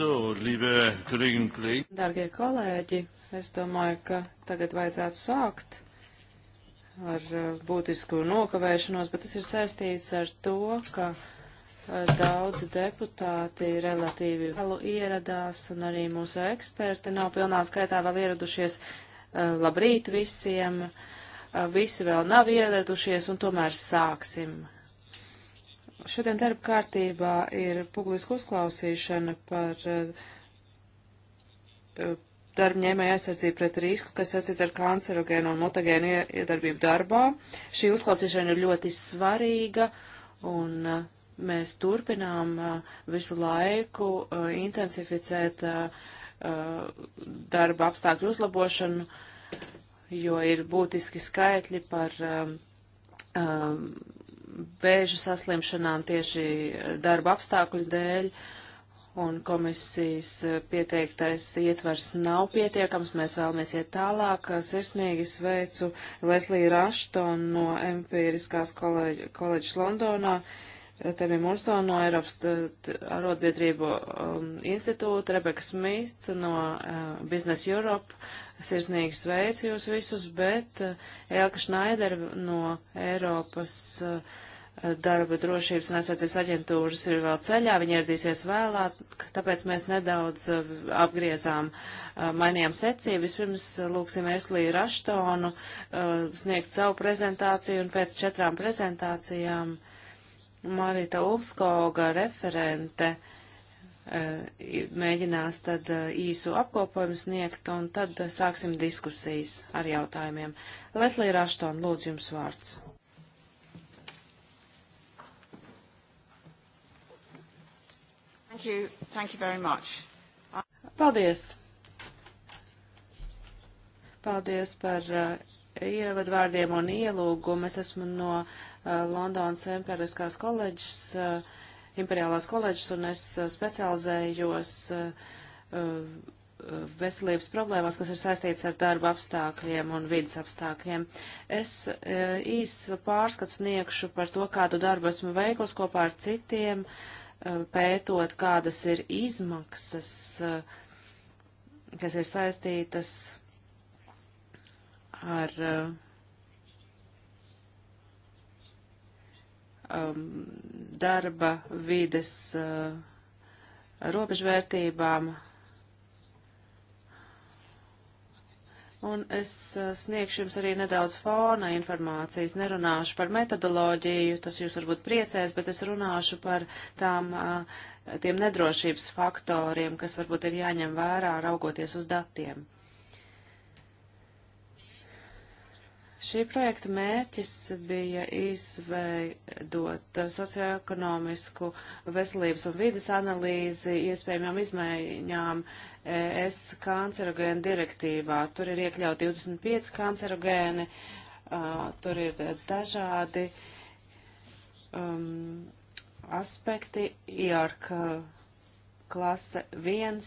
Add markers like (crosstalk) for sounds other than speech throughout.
So, liebe Kolleginnen und Kollegen. Dargie kolēģi, es domāju, ka tagad vajadzētu sākt ar uh, būtisku nokavēšanos, bet tas ir saistīts ar to, ka uh, daudzi deputāti relatīvi vēlu ieradās un arī mūsu eksperti nav pilnā skaitā vēl ieradušies. Uh, labrīt visiem! Visi vēl nav ieradušies un tomēr sāksim Šodien darba kārtībā ir publiska uzklausīšana par eh, darbņēmēja aizsardzību pret risku, kas saistīts ar kancerogēnu un mutagēnu iedarbību darbā. Šī uzklausīšana ir ļoti svarīga un eh, mēs turpinām eh, visu laiku intensificēt darba apstākļu uzlabošanu, jo ir būtiski skaitļi par um, vēža saslimšanām tieši darba apstākļu dēļ, un komisijas pieteiktais ietvars nav pietiekams. Mēs vēlamies iet tālāk. Sirsnīgi sveicu Lesliju Raštonu no Empiriskās koleģ koleģis Londonā. Tevi Murso no Eiropas arotbiedrību um, institūta, Rebeka Smits no uh, Business Europe, sirsnīgi sveicu jūs visus, bet uh, Elka Šnaidera no Eiropas uh, darba drošības un aizsardzības aģentūras ir vēl ceļā, viņi ieradīsies vēlāk, tāpēc mēs nedaudz uh, apgriezām, uh, mainījām secību. Vispirms uh, lūksim Esliju Raštonu sniegt savu prezentāciju, un pēc četrām prezentācijām Marita Ulfskoga referente mēģinās tad īsu apkopojumu sniegt, un tad sāksim diskusijas ar jautājumiem. Leslija Raštona, lūdzu jums vārds. Thank you. Thank you very much. Paldies. Paldies par uh, ievadvārdiem un ielūgumu. Es esmu no uh, Londonas Imperiskās koledžas, uh, Imperiālās koledžas, un es uh, specializējos uh, uh, veselības problēmās, kas ir saistīts ar darba apstākļiem un vidas apstākļiem. Es e, īsu pārskatu sniegšu par to, kādu darbu esmu veikusi kopā ar citiem Eh, pētot, kādas ir izmaksas, eh, kas ir saistītas ar eh, um, darba vides robežvērtībām, un es eh, sniegšu jums arī nedaudz fona informācijas. Nerunāšu par metodoloģiju, tas jūs varbūt priecēs, bet es runāšu par tām, eh, tiem nedrošības faktoriem, kas varbūt ir jāņem vērā raugoties uz datiem. Šī projekta mērķis bija izveidot eh, socioekonomisku veselības un vides analīzi iespējamām izmaiņām ES kancerogēnu direktīvā. Tur ir iekļaut 25 kancerogēni, uh, tur ir dažādi um, aspekti, IARC klase 1.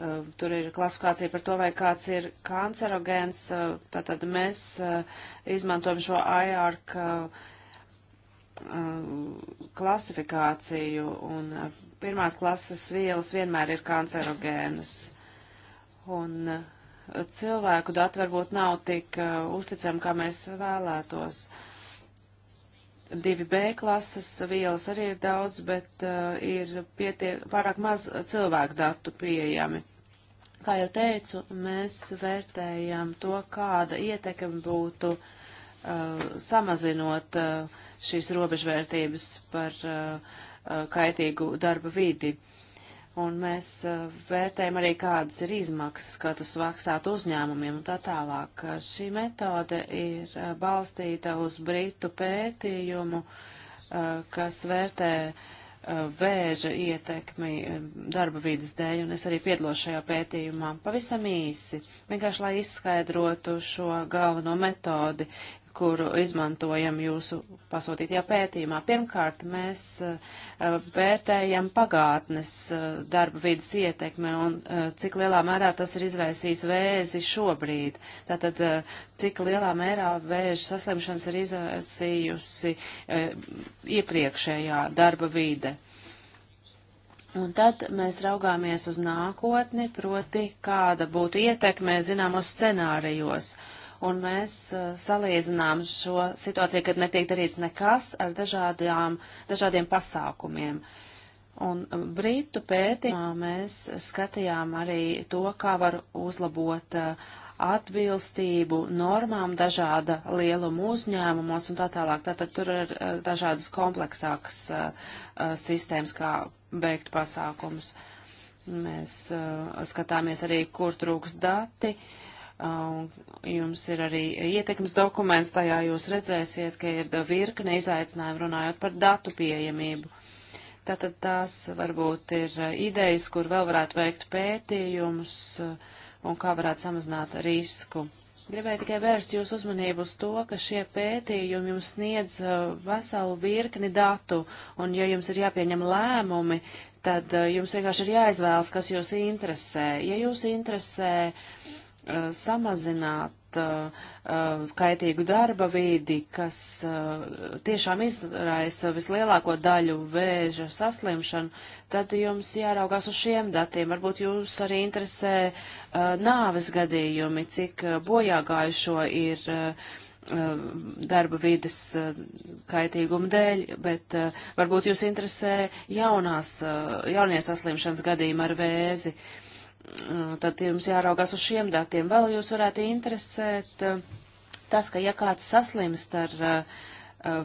Uh, tur ir klasifikācija par to, vai kāds ir kancerogēns. Uh, tātad mēs uh, izmantojam šo IARC klasifikāciju un pirmās klases vielas vienmēr ir kancerogēnas. Un eh, cilvēku dati varbūt nav tik uh, uzticami, kā mēs vēlētos. 2B klases vielas arī ir daudz, bet uh, ir pietiek, pārāk maz cilvēku datu pieejami. Kā jau teicu, mēs vērtējam to, kāda ietekme būtu uh, samazinot uh, šīs robežvērtības par uh, Uh, kaitīgu darba vidi. Un mēs uh, vērtējam arī, kādas ir izmaksas, kā tas maksāt uzņēmumiem un tā tālāk. Uh, šī metode ir balstīta uz Britu pētījumu, kas vērtē vēža ietekmi um, darba vidas dēļ, un es arī piedalos šajā pētījumā. Pavisam īsi, vienkārši lai izskaidrotu šo galveno metodi, kuru izmantojam jūsu pasūtītajā pētījumā. Pirmkārt, mēs eh, vērtējam pagātnes eh, darba vidas ietekme un eh, cik lielā mērā tas ir izraisījis vēzi šobrīd. Tātad, cik lielā mērā vēža saslimšanas ir izraisījusi iepriekšējā darba vide. Un tad mēs raugāmies uz nākotni, proti, kāda būtu ietekme zināmos scenārijos. Uh, un mēs uh, salīdzinām šo situāciju, kad netiek darīts nekas ar dažādām, dažādiem pasākumiem. Un eh, Brītu pētījumā mēs skatījām arī to, kā var uzlabot uh, atbilstību normām dažāda lieluma uzņēmumos un tā tālāk. Tātad tur ir uh, dažādas kompleksākas sistēmas, kā beigt pasākumus. Mēs skatāmies arī, kur trūks dati. Uh, Jums ir arī ietekmes dokuments, tajā jūs redzēsiet, ka ir virkne izaicinājumu runājot par datu pieejamību. Tātad tās varbūt ir idejas, kur vēl varētu veikt pētījumus un kā varētu samazināt risku. Gribēju tikai vērst jūsu uzmanību uz to, ka šie pētījumi jums sniedz uh, veselu virkni datu, un ja jums ir jāpieņem lēmumi, tad uh, jums vienkārši ir jāizvēlas, kas jūs interesē. Ja jūs interesē uh, Uh, samazināt uh, uh, kaitīgu darba vidi, kas tiešām izraisa vislielāko daļu vēža saslimšanu, tad jums jāraugās uz šiem datiem. Varbūt jūs arī interesē nāves gadījumi, cik bojāgājušo ir darba vides kaitīguma dēļ, bet varbūt jūs interesē jaunās, jaunie saslimšanas gadījumi ar vēzi. Uh, Eh, tad jums jāraugās uz šiem datiem. Vēl jūs varētu interesēt eh, tas, ka ja kāds saslimst ar eh,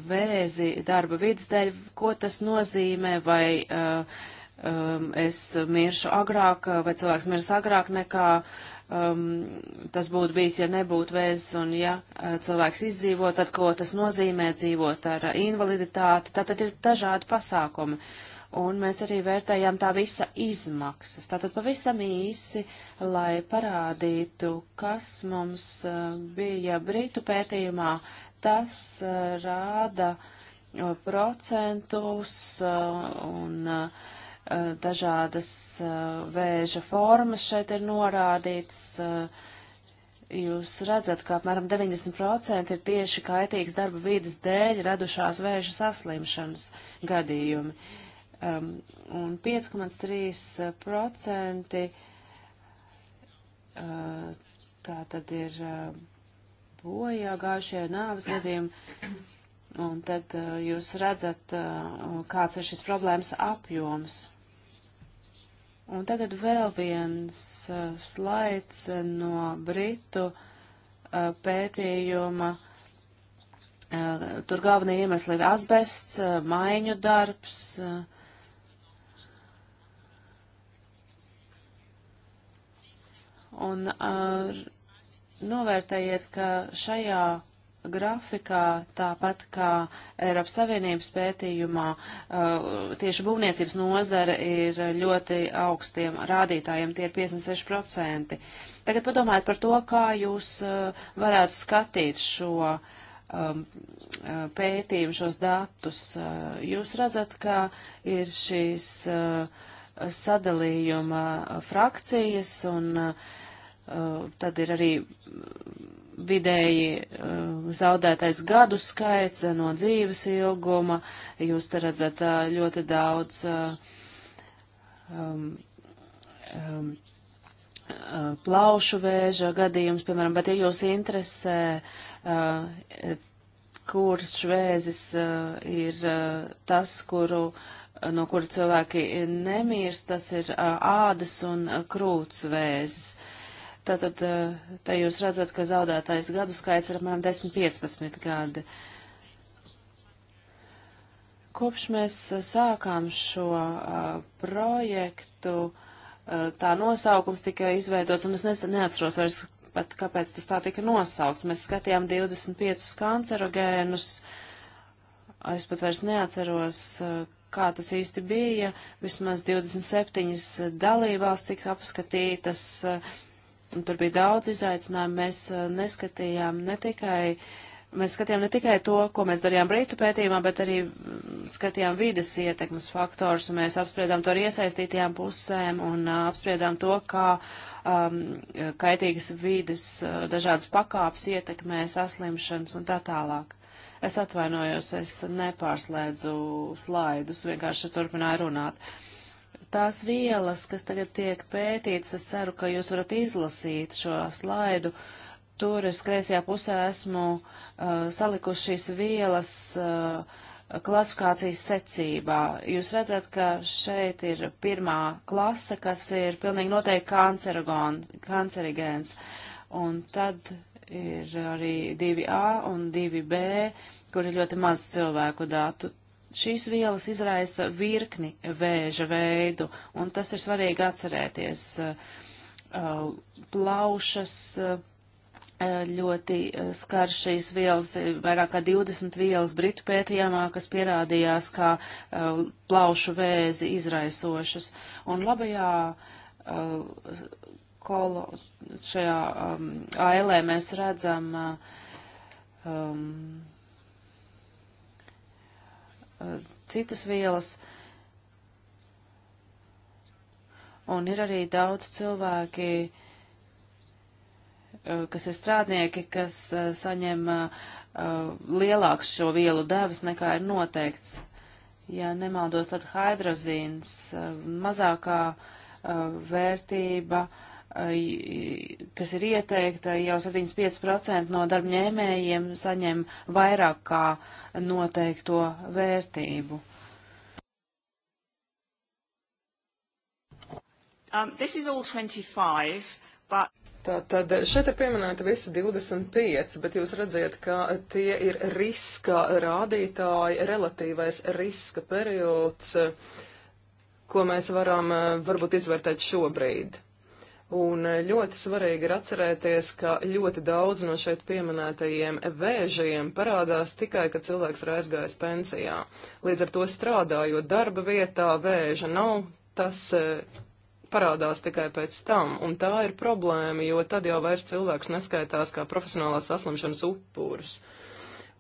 vēzi darba vidas dēļ, ko tas nozīmē, vai um, es miršu agrāk, vai cilvēks mirs agrāk nekā um, tas būtu bijis, ja nebūtu vēzis, un ja cilvēks izdzīvo, tad ko tas nozīmē dzīvot ar invaliditāti, tad, tad ir dažādi pasākumi. Uh, un mēs arī vērtējām tā visa izmaksas. Tātad pavisam īsi, lai parādītu, kas mums eh, bija Britu pētījumā, tas eh, rāda procentus eh, un dažādas vēža formas šeit ir norādītas. Jūs redzat, ka apmēram 90% ir tieši kaitīgas darba vīdes dēļ radušās vēža saslimšanas gadījumi. Uh, um, un 5,3% uh, uh, tā tad ir uh, bojā gājušie nāves gadījumi. Un tad uh, jūs redzat, uh, kāds ir šis problēmas apjoms. Un tagad vēl viens uh, slaids no Britu uh, pētījuma. Uh, tur galvenie iemesli ir asbests, uh, maiņu darbs. Uh, Un ar, uh, novērtējiet, ka šajā grafikā, tāpat kā Eiropas Savienības pētījumā, uh, tieši būvniecības nozara ir ļoti augstiem rādītājiem, tie ir 56%. Tagad padomājiet par to, kā jūs uh, varētu skatīt šo um, pētījumu, šos datus. Jūs redzat, ka ir šīs sadalījuma frakcijas un uh, Uh, tad ir arī vidēji uh, zaudētais gadu skaits uh, no dzīves ilguma. Jūs te redzat ļoti daudz um, um, plaušu vēža gadījums, piemēram, bet ja jūs interesē, uh, kurš vēzis uh, ir uh, tas, kuru, no kura cilvēki nemīrs, tas ir ādas un krūts vēzis. Tātad eh, te jūs redzat, ka zaudētais gadu skaits ir apmēram 10-15 gadi. Kopš mēs eh, sākām šo uh, projektu, uh, tā nosaukums tika izveidots, un es ne, neatceros vairs pat, kāpēc tas tā tika nosaukts. Mēs skatījām 25 kancerogēnus, es pat vairs neatceros, uh, kā tas īsti bija, vismaz 27 dalībās tika apskatītas, Un tur bija daudz izaicinājumu. Mēs uh, neskatījām ne tikai, mēs skatījām ne tikai to, ko mēs darījām Brītu pētījumā, bet arī mm, skatījām vides ietekmes faktors. Mēs apspriedām to ar iesaistītajām pusēm un uh, apspriedām to, kā um, kaitīgas vides uh, dažādas pakāpes ietekmē saslimšanas un tā tālāk. Es atvainojos, es nepārslēdzu slaidus, vienkārši turpināju runāt. Uh, tās vielas, kas tagad tiek pētītas, es ceru, ka jūs varat izlasīt šo slaidu. Tur es kreisajā pusē esmu uh, salikuši šīs vielas uh, klasifikācijas secībā. Jūs redzat, ka šeit ir pirmā klase, kas ir pilnīgi noteikti kancerigēns. Un tad ir arī 2A un 2B, kur ir ļoti maz cilvēku datu. Šīs vielas izraisa virkni vēža veidu, un tas ir svarīgi atcerēties. Eh, eh, plaušas eh, ļoti skar šīs vielas, vairāk kā 20 vielas Britu pētījumā, kas pierādījās kā plaušu vēzi izraisošas. Un labajā kolo, šajā um, ailē e mēs redzam um, Eh, citas vielas. Un ir arī daudz cilvēki, eh, kas ir strādnieki, kas eh, saņem lielāks šo vielu devas nekā ir noteikts. Ja nemaldos, tad hidrozīns mazākā vērtība uh, kas ir ieteikta, jau 75% no darbņēmējiem saņem vairāk kā noteikto vērtību. Um, this is all 25, but... Tātad šeit ir pieminēta visi 25, bet jūs redzat, ka tie ir riska rādītāji, relatīvais riska periods, ko mēs varam uh, varbūt izvērtēt šobrīd. Un ļoti svarīgi ir atcerēties, ka ļoti daudz no šeit pieminētajiem vēžiem parādās tikai, kad cilvēks ir aizgājis pensijā. Līdz ar to strādājot darba vietā, vēža nav, tas eh, parādās tikai pēc tam. Un tā ir problēma, jo tad jau vairs cilvēks neskaitās kā profesionālās saslimšanas upurs.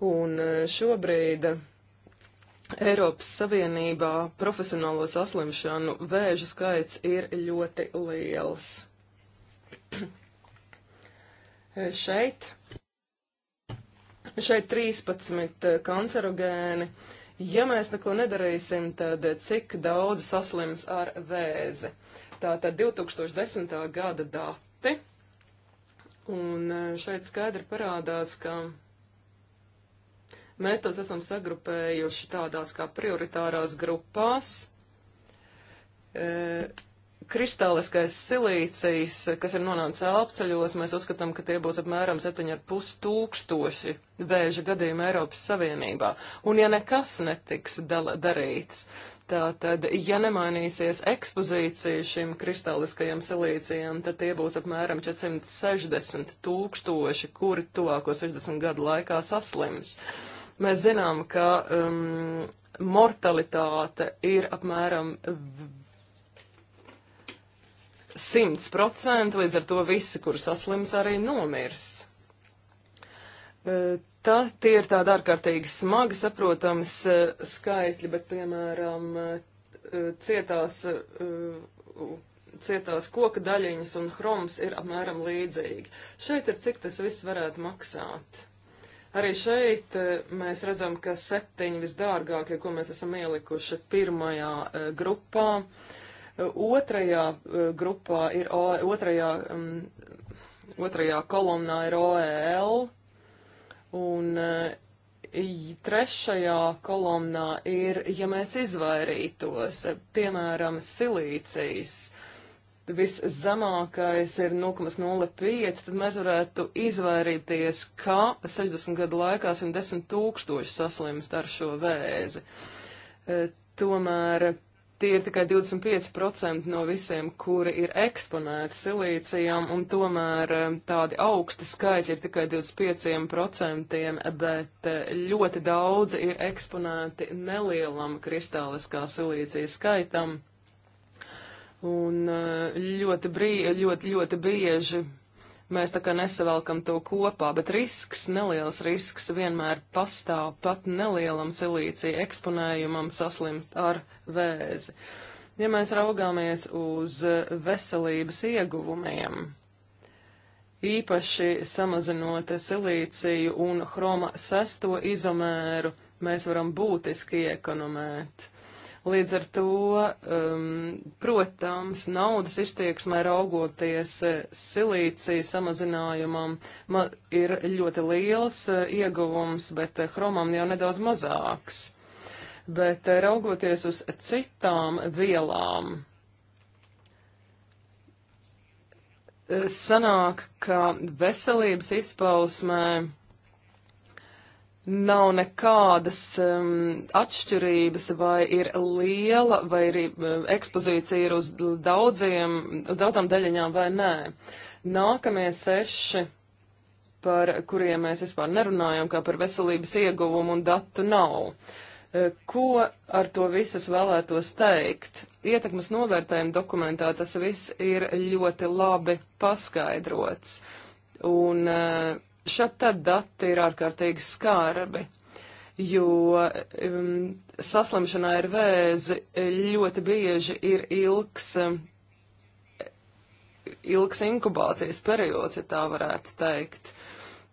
Un eh, šobrīd Eiropas Savienībā profesionālo saslimšanu vēža skaits ir ļoti liels šeit, šeit 13 eh, kancerogēni. Ja mēs neko nedarīsim, tad cik daudz saslims ar vēzi? Tātad 2010. gada dati. Un eh, šeit skaidri parādās, ka mēs tos esam sagrupējuši tādās kā prioritārās grupās. E, kristāliskais silīcijs, kas ir nonācis elpceļos, mēs uzskatām, ka tie būs apmēram 7,5 tūkstoši vēža gadījumu Eiropas Savienībā. Un ja nekas netiks darīts, Tātad, ja nemainīsies ekspozīcija šim kristāliskajam silīcijam, tad tie būs apmēram 460 tūkstoši, kuri tuvāko 60 gadu laikā saslims. Mēs zinām, ka um, mortalitāte ir apmēram 100%, līdz ar to visi, kur saslims, arī nomirs. E, tā, tie ir tādi ārkārtīgi smagi saprotams e, skaitļi, bet, piemēram, e, cietās, cietās koka daļiņas un hroms ir apmēram līdzīgi. Šeit ir, cik tas viss varētu maksāt. Arī šeit mēs redzam, ka septiņi visdārgākie, ko mēs esam ielikuši pirmajā grupā, uh, Otrajā eh, grupā ir, o, otrajā, um, otrajā kolonnā ir OEL, un eh, trešajā kolonnā ir, ja mēs izvairītos, piemēram, silīcijas viszemākais ir 0,05, tad mēs varētu izvairīties, ka 60 gadu laikā 110 tūkstoši saslimst ar šo vēzi. E, tomēr tie ir tikai 25% no visiem, kuri ir eksponēti silīcijam, un tomēr eh, tādi augsti skaitļi ir tikai 25%, bet eh, ļoti daudzi ir eksponēti nelielam kristāliskā silīcija skaitam. Un eh, ļoti, brī, ļoti, ļoti bieži mēs tā kā nesavalkam to kopā, bet risks, neliels risks vienmēr pastāv pat nelielam silīcija eksponējumam saslimt ar vēzi. Ja mēs raugāmies uz veselības ieguvumiem, īpaši samazinot silīciju un hroma sesto izomēru, mēs varam būtiski ekonomēt. Līdz ar to, um, protams, naudas iztieksmē raugoties silīcija samazinājumam ma ir ļoti liels uh, ieguvums, bet uh, chromam jau nedaudz mazāks bet eh, raugoties uz citām vielām, eh, sanāk, ka veselības izpausmē nav nekādas um, atšķirības, vai ir liela, vai ir eh, ekspozīcija ir uz daudziem, daudzām daļiņām vai nē. Nākamie seši, par kuriem mēs vispār nerunājam, kā par veselības ieguvumu un datu nav. Ko ar to visus vēlētos teikt? Ietekmes novērtējuma dokumentā tas viss ir ļoti labi paskaidrots, un eh, šat tad dati ir ārkārtīgi skārbi, jo um, saslimšanā ar vēzi ļoti bieži ir ilgs, eh, ilgs inkubācijas periods, ja tā varētu teikt.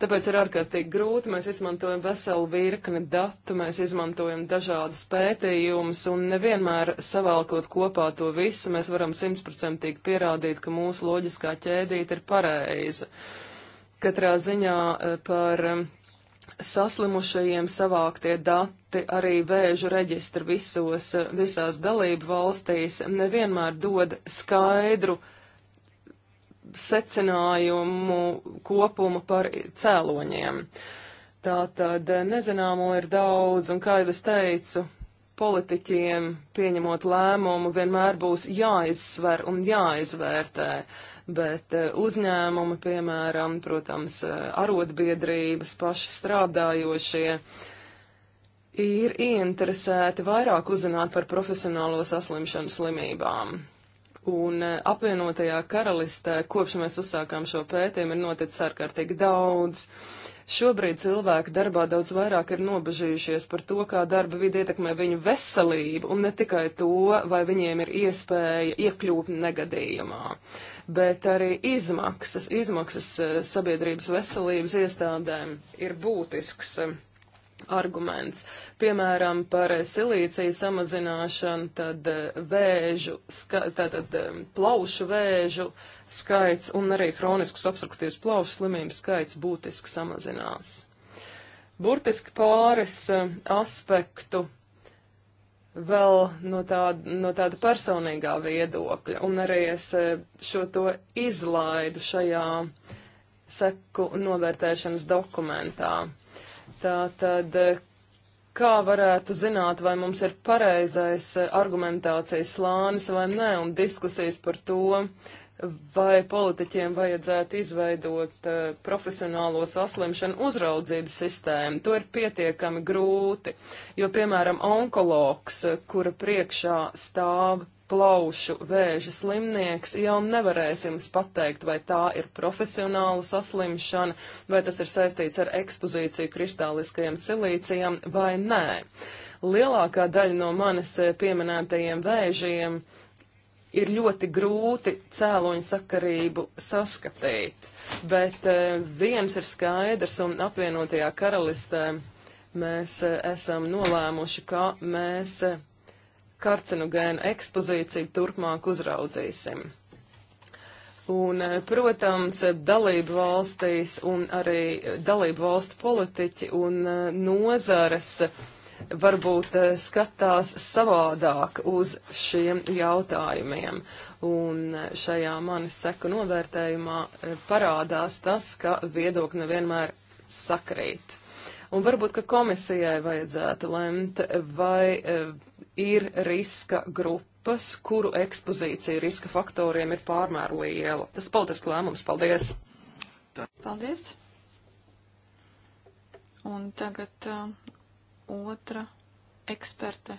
Tāpēc ir ārkārtīgi grūti. Mēs izmantojam veselu virkni datu, mēs izmantojam dažādus pētījumus, un nevienmēr savalkot kopā to visu, mēs varam simtprocentīgi pierādīt, ka mūsu loģiskā ķēdīte ir pareiza. Katrā ziņā e, par e, saslimušajiem savāktie dati arī vēža reģistra visos, e, visās dalību valstīs nevienmēr dod skaidru secinājumu kopumu par cēloņiem. Tātad eh, nezināmo ir daudz, un kā jau es teicu, politiķiem pieņemot lēmumu vienmēr būs jāizsver un jāizvērtē, bet eh, uzņēmumi, piemēram, protams, eh, arotbiedrības, paši strādājošie, ir ieinteresēti vairāk uzzināt par profesionālo saslimšanu slimībām. Un eh, apvienotajā karalistē, kopš mēs uzsākām šo pētījumu, ir noticis ārkārtīgi daudz. Šobrīd cilvēki darbā daudz vairāk ir nobežījušies par to, kā darba vidi ietekmē viņu veselību, un ne tikai to, vai viņiem ir iespēja iekļūt negadījumā, bet arī izmaksas, izmaksas eh, sabiedrības veselības iestādēm ir būtisks arguments. Piemēram, par silīciju samazināšanu, tad eh, vēžu, tātad eh, plaušu vēžu skaits un arī hroniskas obstruktīvas plaušu slimības skaits būtiski samazinās. Burtiski pāris eh, aspektu vēl no tāda, no tāda personīgā viedokļa, un arī es šo to izlaidu šajā seku novērtēšanas dokumentā. Tātad, kā varētu zināt, vai mums ir pareizais argumentācijas slānis vai nē, un diskusijas par to, vai politiķiem vajadzētu izveidot uh, profesionālo saslimšanu uzraudzības sistēmu. To ir pietiekami grūti, jo, piemēram, onkologs, eh, kura priekšā stāv plaušu vēža slimnieks jau nevarēs jums pateikt, vai tā ir profesionāla saslimšana, vai tas ir saistīts ar ekspozīciju kristāliskajiem silīcijam vai nē. Lielākā daļa no manis eh, pieminētajiem vēžiem ir ļoti grūti cēloņu sakarību saskatīt, bet eh, viens ir skaidrs un apvienotajā karalistē mēs eh, esam nolēmuši, ka mēs karcinogēnu ekspozīciju turpmāk uzraudzīsim. Un, eh, protams, dalību valstīs un arī dalību valstu politiķi un eh, nozares varbūt eh, skatās savādāk uz šiem jautājumiem. Un šajā manis seku novērtējumā parādās tas, ka viedokļi nevienmēr sakrīt. Un varbūt, ka komisijai vajadzētu lemt, vai ir riska grupas, kuru ekspozīcija riska faktoriem ir pārmēr liela. Tas politiski lēmums. Paldies! Paldies! Un tagad uh, otra eksperte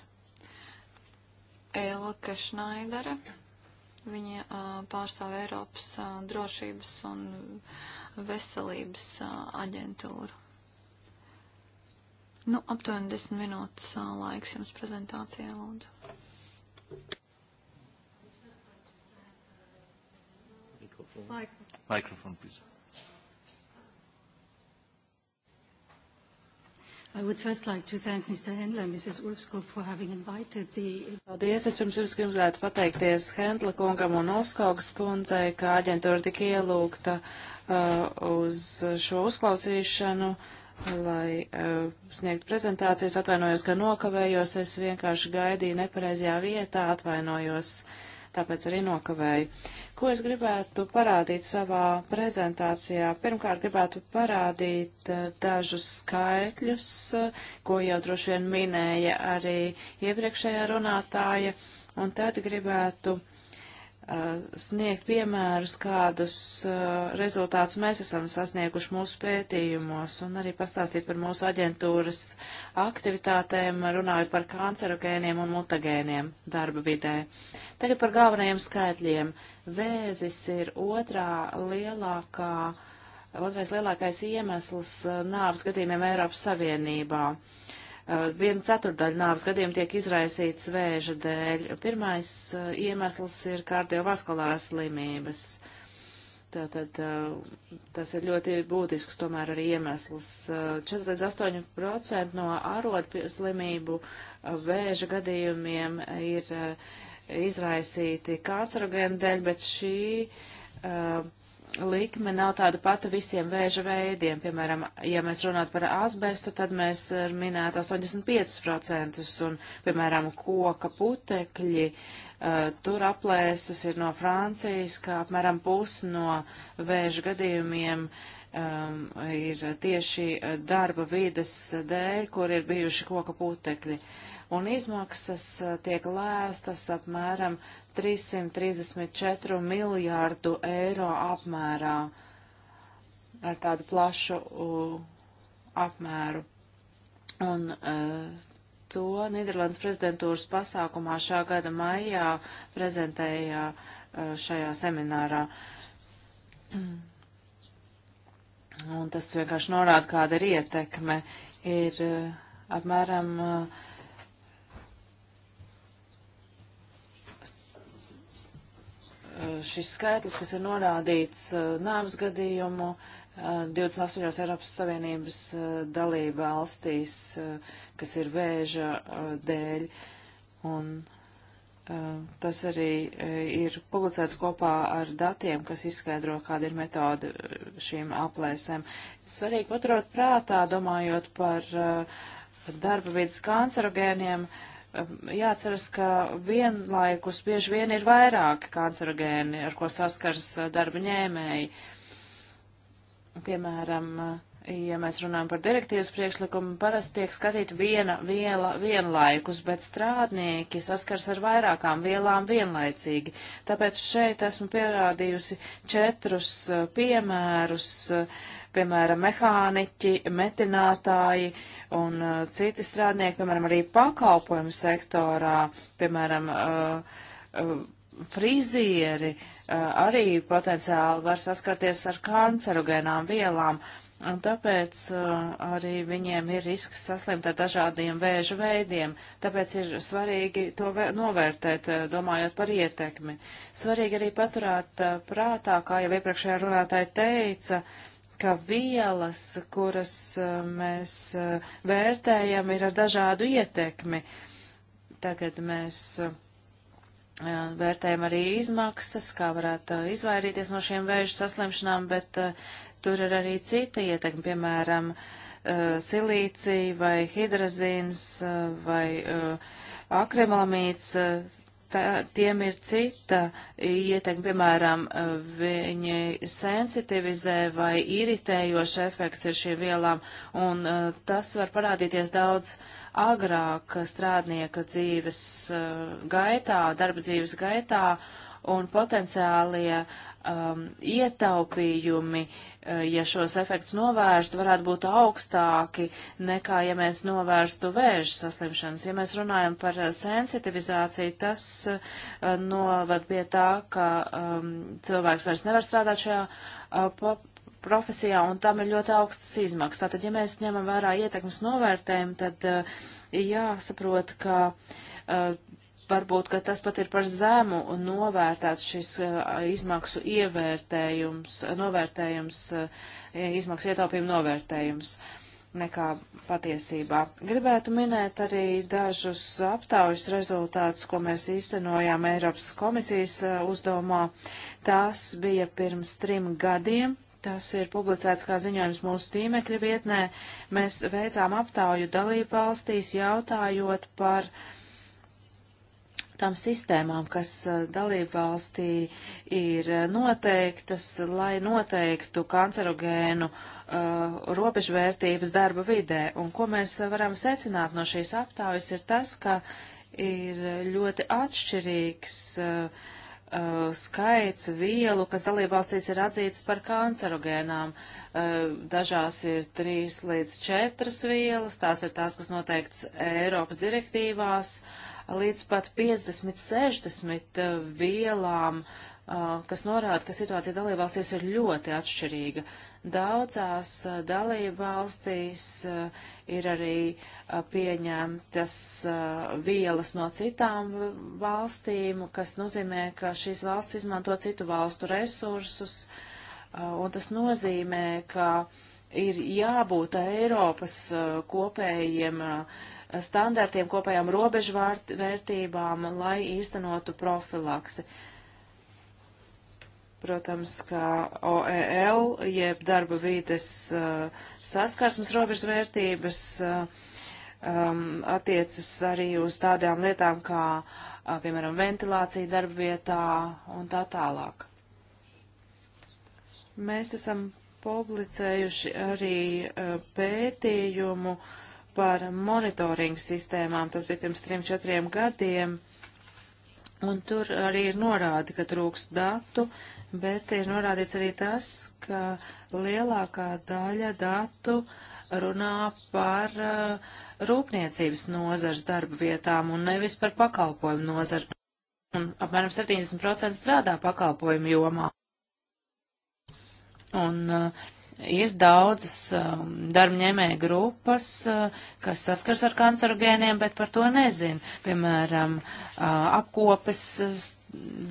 Elka Šnaidere. Viņa uh, pārstāv Eiropas uh, drošības un veselības uh, aģentūru. Nu, aptuveni 10 minūtes laiks jums prezentācijai, lūdzu. Mikrofon. Mikrofon, please. I would first like to thank Mr. Hendler and Mrs. Ulfskog for having invited the... Paldies, es pirms jums gribētu pateikties Hendla kungam un Ulfskogas kundzei, ka aģentūra tika ielūgta uh, uz šo uzklausīšanu. Uh, lai uh, sniegtu prezentācijas. Atvainojos, ka nokavējos, es vienkārši gaidīju nepareizajā vietā, atvainojos, tāpēc arī nokavēju. Ko es gribētu parādīt savā prezentācijā? Pirmkārt, gribētu parādīt uh, dažus skaitļus, uh, ko jau droši vien minēja arī iepriekšējā runātāja, un tad gribētu uh, Uh, sniegt piemērus, kādus uh, rezultātus mēs esam sasnieguši mūsu pētījumos, un arī pastāstīt par mūsu aģentūras aktivitātēm, runājot par kancerogēniem un mutagēniem darba vidē. Tagad par galvenajiem skaitļiem. Vēzis ir otrā lielākā, otrais lielākais iemesls uh, nāves gadījumiem Eiropas Savienībā. Uh, viena ceturdaļa nāves gadījumu tiek izraisīts vēža dēļ. Pirmais iemesls ir kardiovaskulārās slimības. Tātad tas ir ļoti būtisks tomēr arī iemesls. 48% no ārodslimību vēža gadījumiem ir izraisīti kancerogēnu dēļ, bet šī likme nav tāda pati visiem vēža veidiem. Piemēram, ja mēs runātu par asbestu, tad mēs minētu 85%, un, piemēram, koka putekļi, uh, tur aplēses ir no Francijas, kā apmēram pusi no vēža gadījumiem um, ir tieši darba vides dēļ, kur ir bijuši koka putekļi. Un izmaksas uh, tiek lēstas apmēram 334 miljārdu eiro apmērā ar tādu plašu uh, apmēru. Un uh, to Nīderlandes prezidentūras pasākumā šā gada maijā prezentēja uh, šajā seminārā. Un tas vienkārši norāda, kāda ir ietekme. Ir e, apmēram uh, Eh, šis skaitlis, kas ir norādīts eh, nāves gadījumu 28. Eh, Eiropas Savienības dalība valstīs, kas ir vēža dēļ. Un tas arī ir publicēts kopā ar datiem, kas izskaidro, kāda ir metode šīm aplēsēm. Svarīgi paturot prātā, domājot par darba vidas kancerogēniem, uh, jāatceras, ka vienlaikus bieži vien ir vairāki kancerogēni, ar ko saskars darba ņēmēji. Piemēram, ja mēs runājam par direktīvas priekšlikumu, parasti tiek skatīta viena viela vienlaikus, bet strādnieki saskars ar vairākām vielām vienlaicīgi. Tāpēc šeit esmu pierādījusi četrus piemērus. Uh, piemēram, mehāniķi, metinātāji un uh, citi strādnieki, piemēram, arī pakalpojumu sektorā, piemēram, uh, uh frizieri uh, arī potenciāli var saskarties ar kancerogēnām vielām, un tāpēc uh, arī viņiem ir risks saslimt ar dažādiem vēža veidiem, tāpēc ir svarīgi to novērtēt, domājot par ietekmi. Svarīgi arī paturēt prātā, kā jau iepriekšējā runātāja teica, uh, ka vielas, kuras eh, mēs eh, vērtējam, ir ar dažādu ietekmi. Tagad mēs eh, vērtējam arī izmaksas, kā varētu izvairīties no šiem vēža saslimšanām, bet tur ir arī cita ietekme, piemēram, silīcija vai hidrazīns vai akrimalamīts tā, tiem ir cita ietekme, piemēram, viņi sensitivizē vai iritējoši efekts ir šīm vielām, un e, tas var parādīties daudz agrāk strādnieka dzīves e, gaitā, darba dzīves gaitā, un potenciālie um, ietaupījumi, uh, ja šos efektus novērstu, varētu būt augstāki nekā, ja mēs novērstu vēža saslimšanas. Ja mēs runājam par uh, sensitivizāciju, tas uh, novad pie tā, ka um, cilvēks vairs nevar strādāt šajā uh, profesijā, un tam ir ļoti augstas izmaksas. Tātad, ja mēs ņemam vērā ietekmes novērtējumu, tad uh, jāsaprot, ka uh, varbūt, ka tas pat ir par zemu novērtēts šis izmaksu ievērtējums, novērtējums, izmaksu ietaupījumu novērtējums nekā patiesībā. Gribētu minēt arī dažus aptaujas rezultātus, ko mēs īstenojām Eiropas komisijas uzdomā. Tas bija pirms trim gadiem. Tas ir publicēts kā ziņojums mūsu tīmekļa vietnē. Mēs veicām aptauju dalību valstīs jautājot par uh, tām sistēmām, kas eh, dalību valstī ir eh, noteiktas, lai noteiktu kancerogēnu uh, robežvērtības darba vidē. Un ko mēs varam secināt no šīs aptaujas ir tas, ka ir ļoti atšķirīgs uh, skaits vielu, kas dalībvalstīs ir atzītas par kancerogēnām. Dažās ir trīs līdz četras vielas, tās ir tās, kas noteikts Eiropas direktīvās. Uh, līdz pat 50-60 eh, vielām, eh, kas norāda, ka situācija dalībvalstīs ir ļoti atšķirīga. Daudzās eh, dalībvalstīs ir arī pieņemtas vielas no citām valstīm, kas nozīmē, ka šīs valsts izmanto citu valstu resursus, un tas nozīmē, ka ir jābūt Eiropas kopējiem uh, standartiem, kopējām robežvērtībām, lai īstenotu profilaksi. Protams, ka OEL, jeb darba vīdes uh, saskarsmes robežvērtības, uh, um, attiecas arī uz tādām lietām kā, uh, piemēram, ventilācija darba vietā un tā tālāk. Mēs esam publicējuši arī pētījumu uh, par monitoringu sistēmām, tas bija pirms trim, četriem gadiem, un tur arī ir norādi, ka trūkst datu, bet ir norādīts arī tas, ka lielākā daļa datu runā par uh, rūpniecības nozars darba vietām un nevis par pakalpojumu nozaru. Un apmēram 70% strādā pakalpojumu jomā. Un uh, ir daudzas um, darbņēmēja grupas, uh, kas saskars ar kancerogēniem, bet par to nezin. Piemēram, uh, apkopes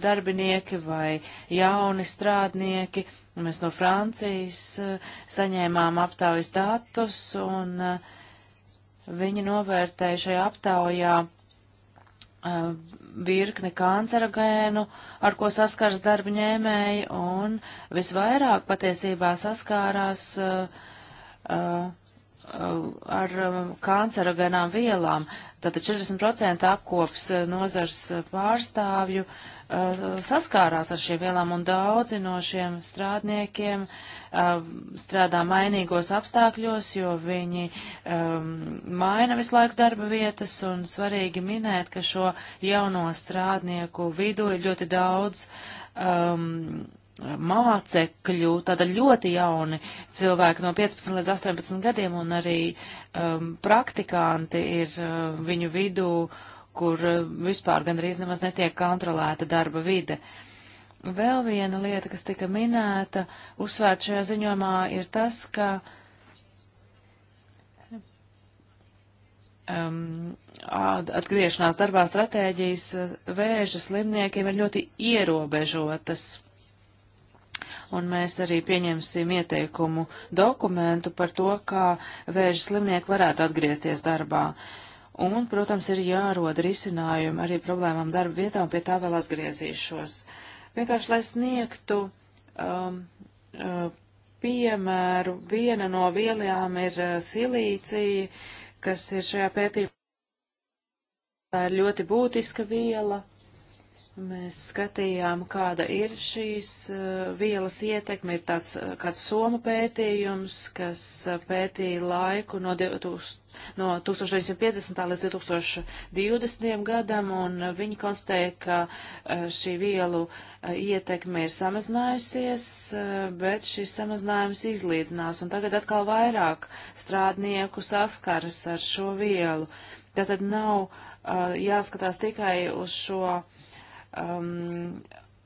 darbinieki vai jauni strādnieki. Mēs no Francijas uh, saņēmām aptaujas datus, un uh, viņi novērtēja šajā aptaujā Uh, virkni kancerogēnu, ar ko saskars darba ņēmēji, un visvairāk patiesībā saskārās uh, uh, ar uh, kancerogēnām vielām. Tātad 40% apkops uh, nozars pārstāvju uh, saskārās ar šiem vielām, un daudzi no šiem strādniekiem uh, Um, strādā mainīgos apstākļos, jo viņi um, maina visu laiku darba vietas, un svarīgi minēt, ka šo jauno strādnieku vidū ir ļoti daudz um, mācekļu, tāda ļoti jauni cilvēki no 15 līdz 18 gadiem, un arī um, praktikanti ir uh, viņu vidū, kur uh, vispār gandrīz nemaz netiek kontrolēta darba vide. Uh, Vēl viena lieta, kas tika minēta, uzsvērt šajā ziņojumā, ir tas, ka um, atgriešanās darbā stratēģijas uh, vēža slimniekiem ir ļoti ierobežotas. Un mēs arī pieņemsim ieteikumu dokumentu par to, kā vēža slimnieki varētu atgriezties darbā. Un, protams, ir jārod risinājumi arī problēmām darba vietā, un pie tā vēl atgriezīšos. Uh, vienkārši, lai sniegtu um, uh, piemēru, viena no vielām ir uh, silīcija, kas ir šajā pētījumā. Tā ir ļoti būtiska viela. Mēs skatījām, kāda ir šīs uh, vielas ietekme. Ir tāds kāds Soma pētījums, kas pētīja laiku no 2000 no 1950. līdz 2020. gadam, un viņi konstatēja, ka e, šī vielu e, ietekme ir samazinājusies, e, bet šis samazinājums izlīdzinās, un tagad atkal vairāk strādnieku saskaras ar šo vielu. Tātad nav uh, jāskatās tikai uz šo um,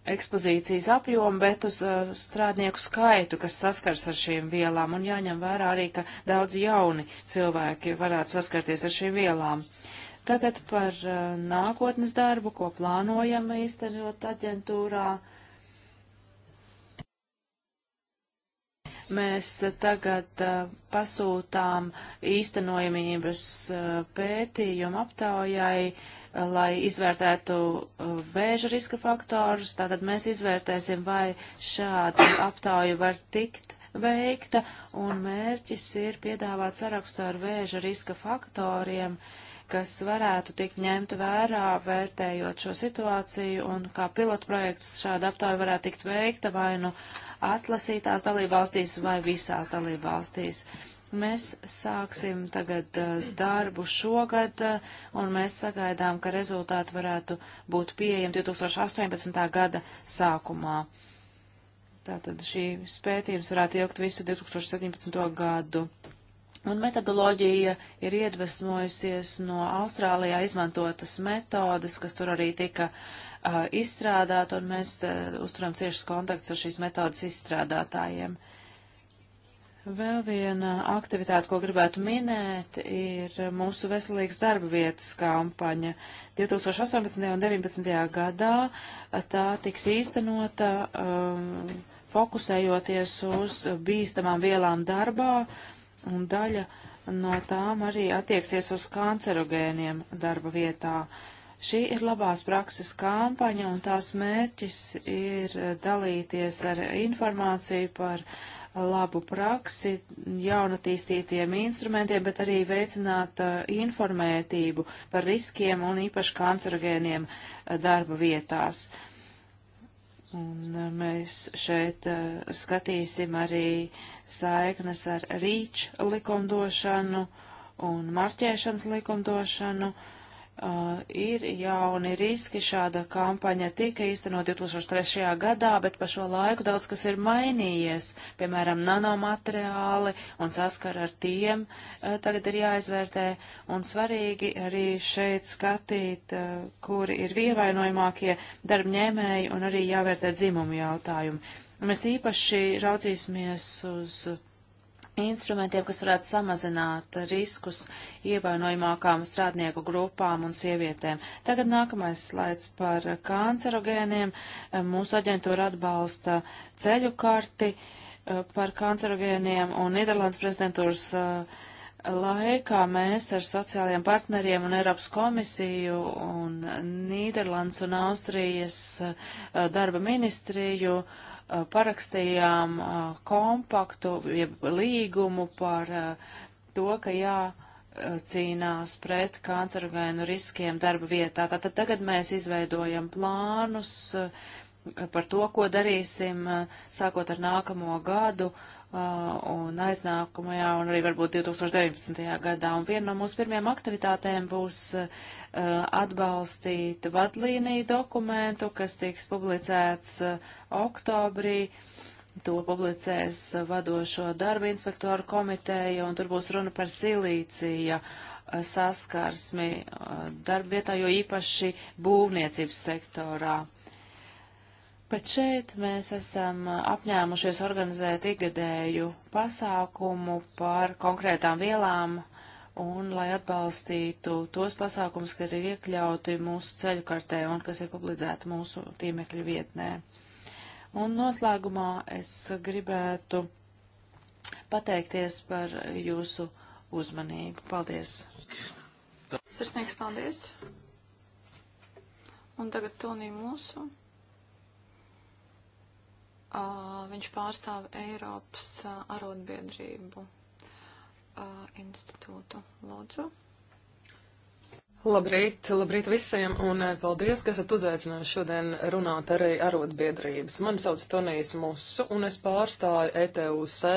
ekspozīcijas apjomu, bet uz uh, strādnieku skaitu, kas saskars ar šīm vielām, un jāņem vērā arī, ka daudz jauni cilvēki varētu saskarties ar šīm vielām. Tagad par uh, nākotnes darbu, ko plānojam īstenot aģentūrā. Mēs uh, tagad pasūtām īstenojamības pētījumu aptaujai lai izvērtētu uh, vēža riska faktorus. Tātad mēs izvērtēsim, vai šāda aptauja var tikt veikta, un mērķis ir piedāvāt sarakstu ar vēža riska faktoriem, kas varētu tikt ņemta vērā, vērtējot šo situāciju, un kā pilotprojekts šāda aptauja varētu tikt veikta vai nu atlasītās dalībvalstīs vai visās dalībvalstīs. valstīs Mēs sāksim tagad uh, darbu šogad, uh, un mēs sagaidām, ka rezultāti varētu būt pieejami 2018. gada sākumā. Tātad šī spētījums varētu ilgt visu 2017. gadu. Un metodoloģija ir iedvesmojusies no Austrālijā izmantotas metodas, kas tur arī tika uh, izstrādāta, un mēs uh, uzturam ciešas kontakts ar šīs metodas izstrādātājiem. Uh, Vēl viena aktivitāte, ko gribētu minēt, ir mūsu veselīgas darba vietas kampaņa. 2018. un 2019. gadā tā tiks īstenota, um, fokusējoties uz bīstamām vielām darbā, un daļa no tām arī attieksies uz kancerogēniem darba vietā. Šī ir labās prakses kampaņa, un tās mērķis ir dalīties ar informāciju par uh, labu praksi jaunatīstītiem instrumentiem, bet arī veicināt uh, informētību par riskiem un īpaši kancerogēniem uh, darba vietās. Un uh, mēs šeit uh, skatīsim arī saiknes ar rīču likumdošanu un marķēšanas likumdošanu. Uh, Uh, ir jauni riski. Šāda kampaņa tika īstenot 2003. gadā, bet pa šo laiku daudz kas ir mainījies. Piemēram, nanomateriāli un saskara ar tiem uh, tagad ir jāizvērtē. Un svarīgi arī šeit skatīt, uh, kuri ir ievainojamākie darbņēmēji un arī jāvērtē dzimumu jautājumi. Mēs īpaši raudzīsimies uz instrumentiem, kas varētu samazināt riskus ievainojumākām strādnieku grupām un sievietēm. Tagad nākamais slaids par kancerogēniem. Mūsu aģentūra atbalsta ceļu karti eh, par kancerogēniem un Nīderlandes prezidentūras eh, laikā mēs ar sociālajiem partneriem un Eiropas komisiju un Nīderlandes un Austrijas eh, darba ministriju uh, Eh, parakstījām eh, kompaktu, jeb līgumu par eh, to, ka jā cīnās pret kancerogēnu riskiem darba vietā. Tātad tagad mēs izveidojam plānus par to, ko darīsim sākot ar nākamo gadu un aiznākamajā un arī varbūt 2019. gadā. Un viena no mūsu pirmajām aktivitātēm būs Uh, atbalstīt vadlīniju dokumentu, kas tiks publicēts uh, oktobrī. To publicēs uh, vadošo darba inspektoru komiteja, un tur būs runa par silīcija saskarsmi darbvietā, jo īpaši būvniecības sektorā. Bet šeit mēs esam apņēmušies organizēt ikgadēju pasākumu par konkrētām vielām, uh, un lai atbalstītu tos pasākums, kas ir iekļauti mūsu ceļu kartē un kas ir publicēti mūsu tīmekļa vietnē. Un noslēgumā es gribētu pateikties par jūsu uzmanību. Paldies! Sirsnīgs paldies! Un tagad Tonī mūsu. Uh, viņš pārstāv Eiropas uh, arotbiedrību uh, institūtu. Lūdzu. Labrīt, labrīt visiem, un paldies, ka esat uzaicinājuši šodien runāt arī arotbiedrības. Mani sauc Tonijs Musu, un es pārstāju ETUC.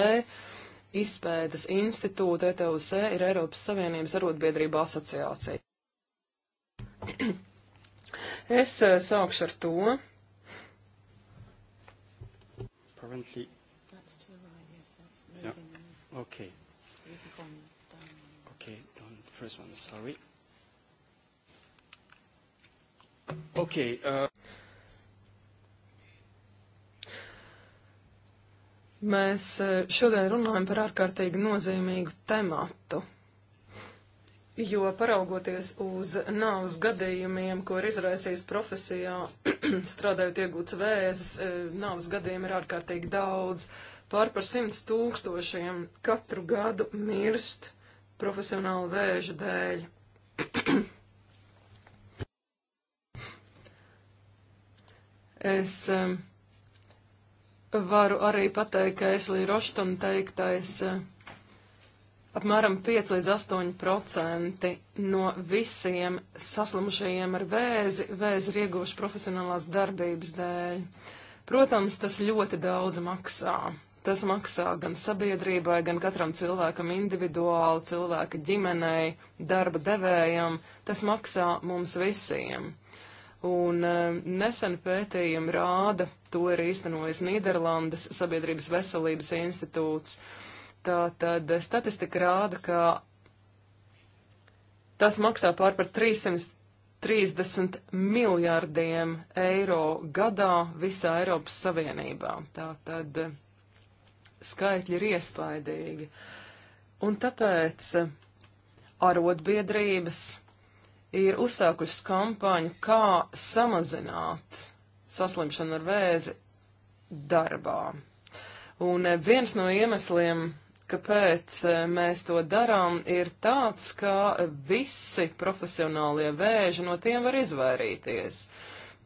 Izpētes institūta ETUC ir Eiropas Savienības arotbiedrība asociācija. (clears throat) es sākšu ar to. Apparently. That's to the right, yes, that's yeah. Okay first one, sorry. Okay. Uh... Mēs uh, šodien runājam par ārkārtīgi nozīmīgu tematu, jo paraugoties uz nāvas gadījumiem, ko ir izraisījis profesijā, (clears throat) strādājot iegūts vēzis, uh, nāvas gadījumi ir ārkārtīgi daudz, pār par simts tūkstošiem katru gadu mirst profesionāla vēža dēļ. es um, varu arī pateikt, ka Eslī Roštam teiktais uh, apmēram 5 līdz 8 procenti no visiem saslimušajiem ar vēzi, vēzi ir ieguvuši profesionālās darbības dēļ. Protams, tas ļoti daudz maksā. Tas maksā gan sabiedrībai, gan katram cilvēkam individuāli, cilvēka ģimenei, darba devējam. Tas maksā mums visiem. Un e, nesen pētījumi rāda, to ir īstenojis Nīderlandes Sabiedrības veselības institūts. Tātad e, statistika rāda, ka tas maksā pār par 300 30 miljārdiem eiro gadā visā Eiropas Savienībā. Tā tad e, skaitļi ir iespaidīgi. Un tāpēc eh, arotbiedrības ir uzsākušas kampaņu, kā samazināt saslimšanu ar vēzi darbā. Un eh, viens no iemesliem, kāpēc eh, mēs to darām, ir tāds, ka visi profesionālie vēži no tiem var izvairīties.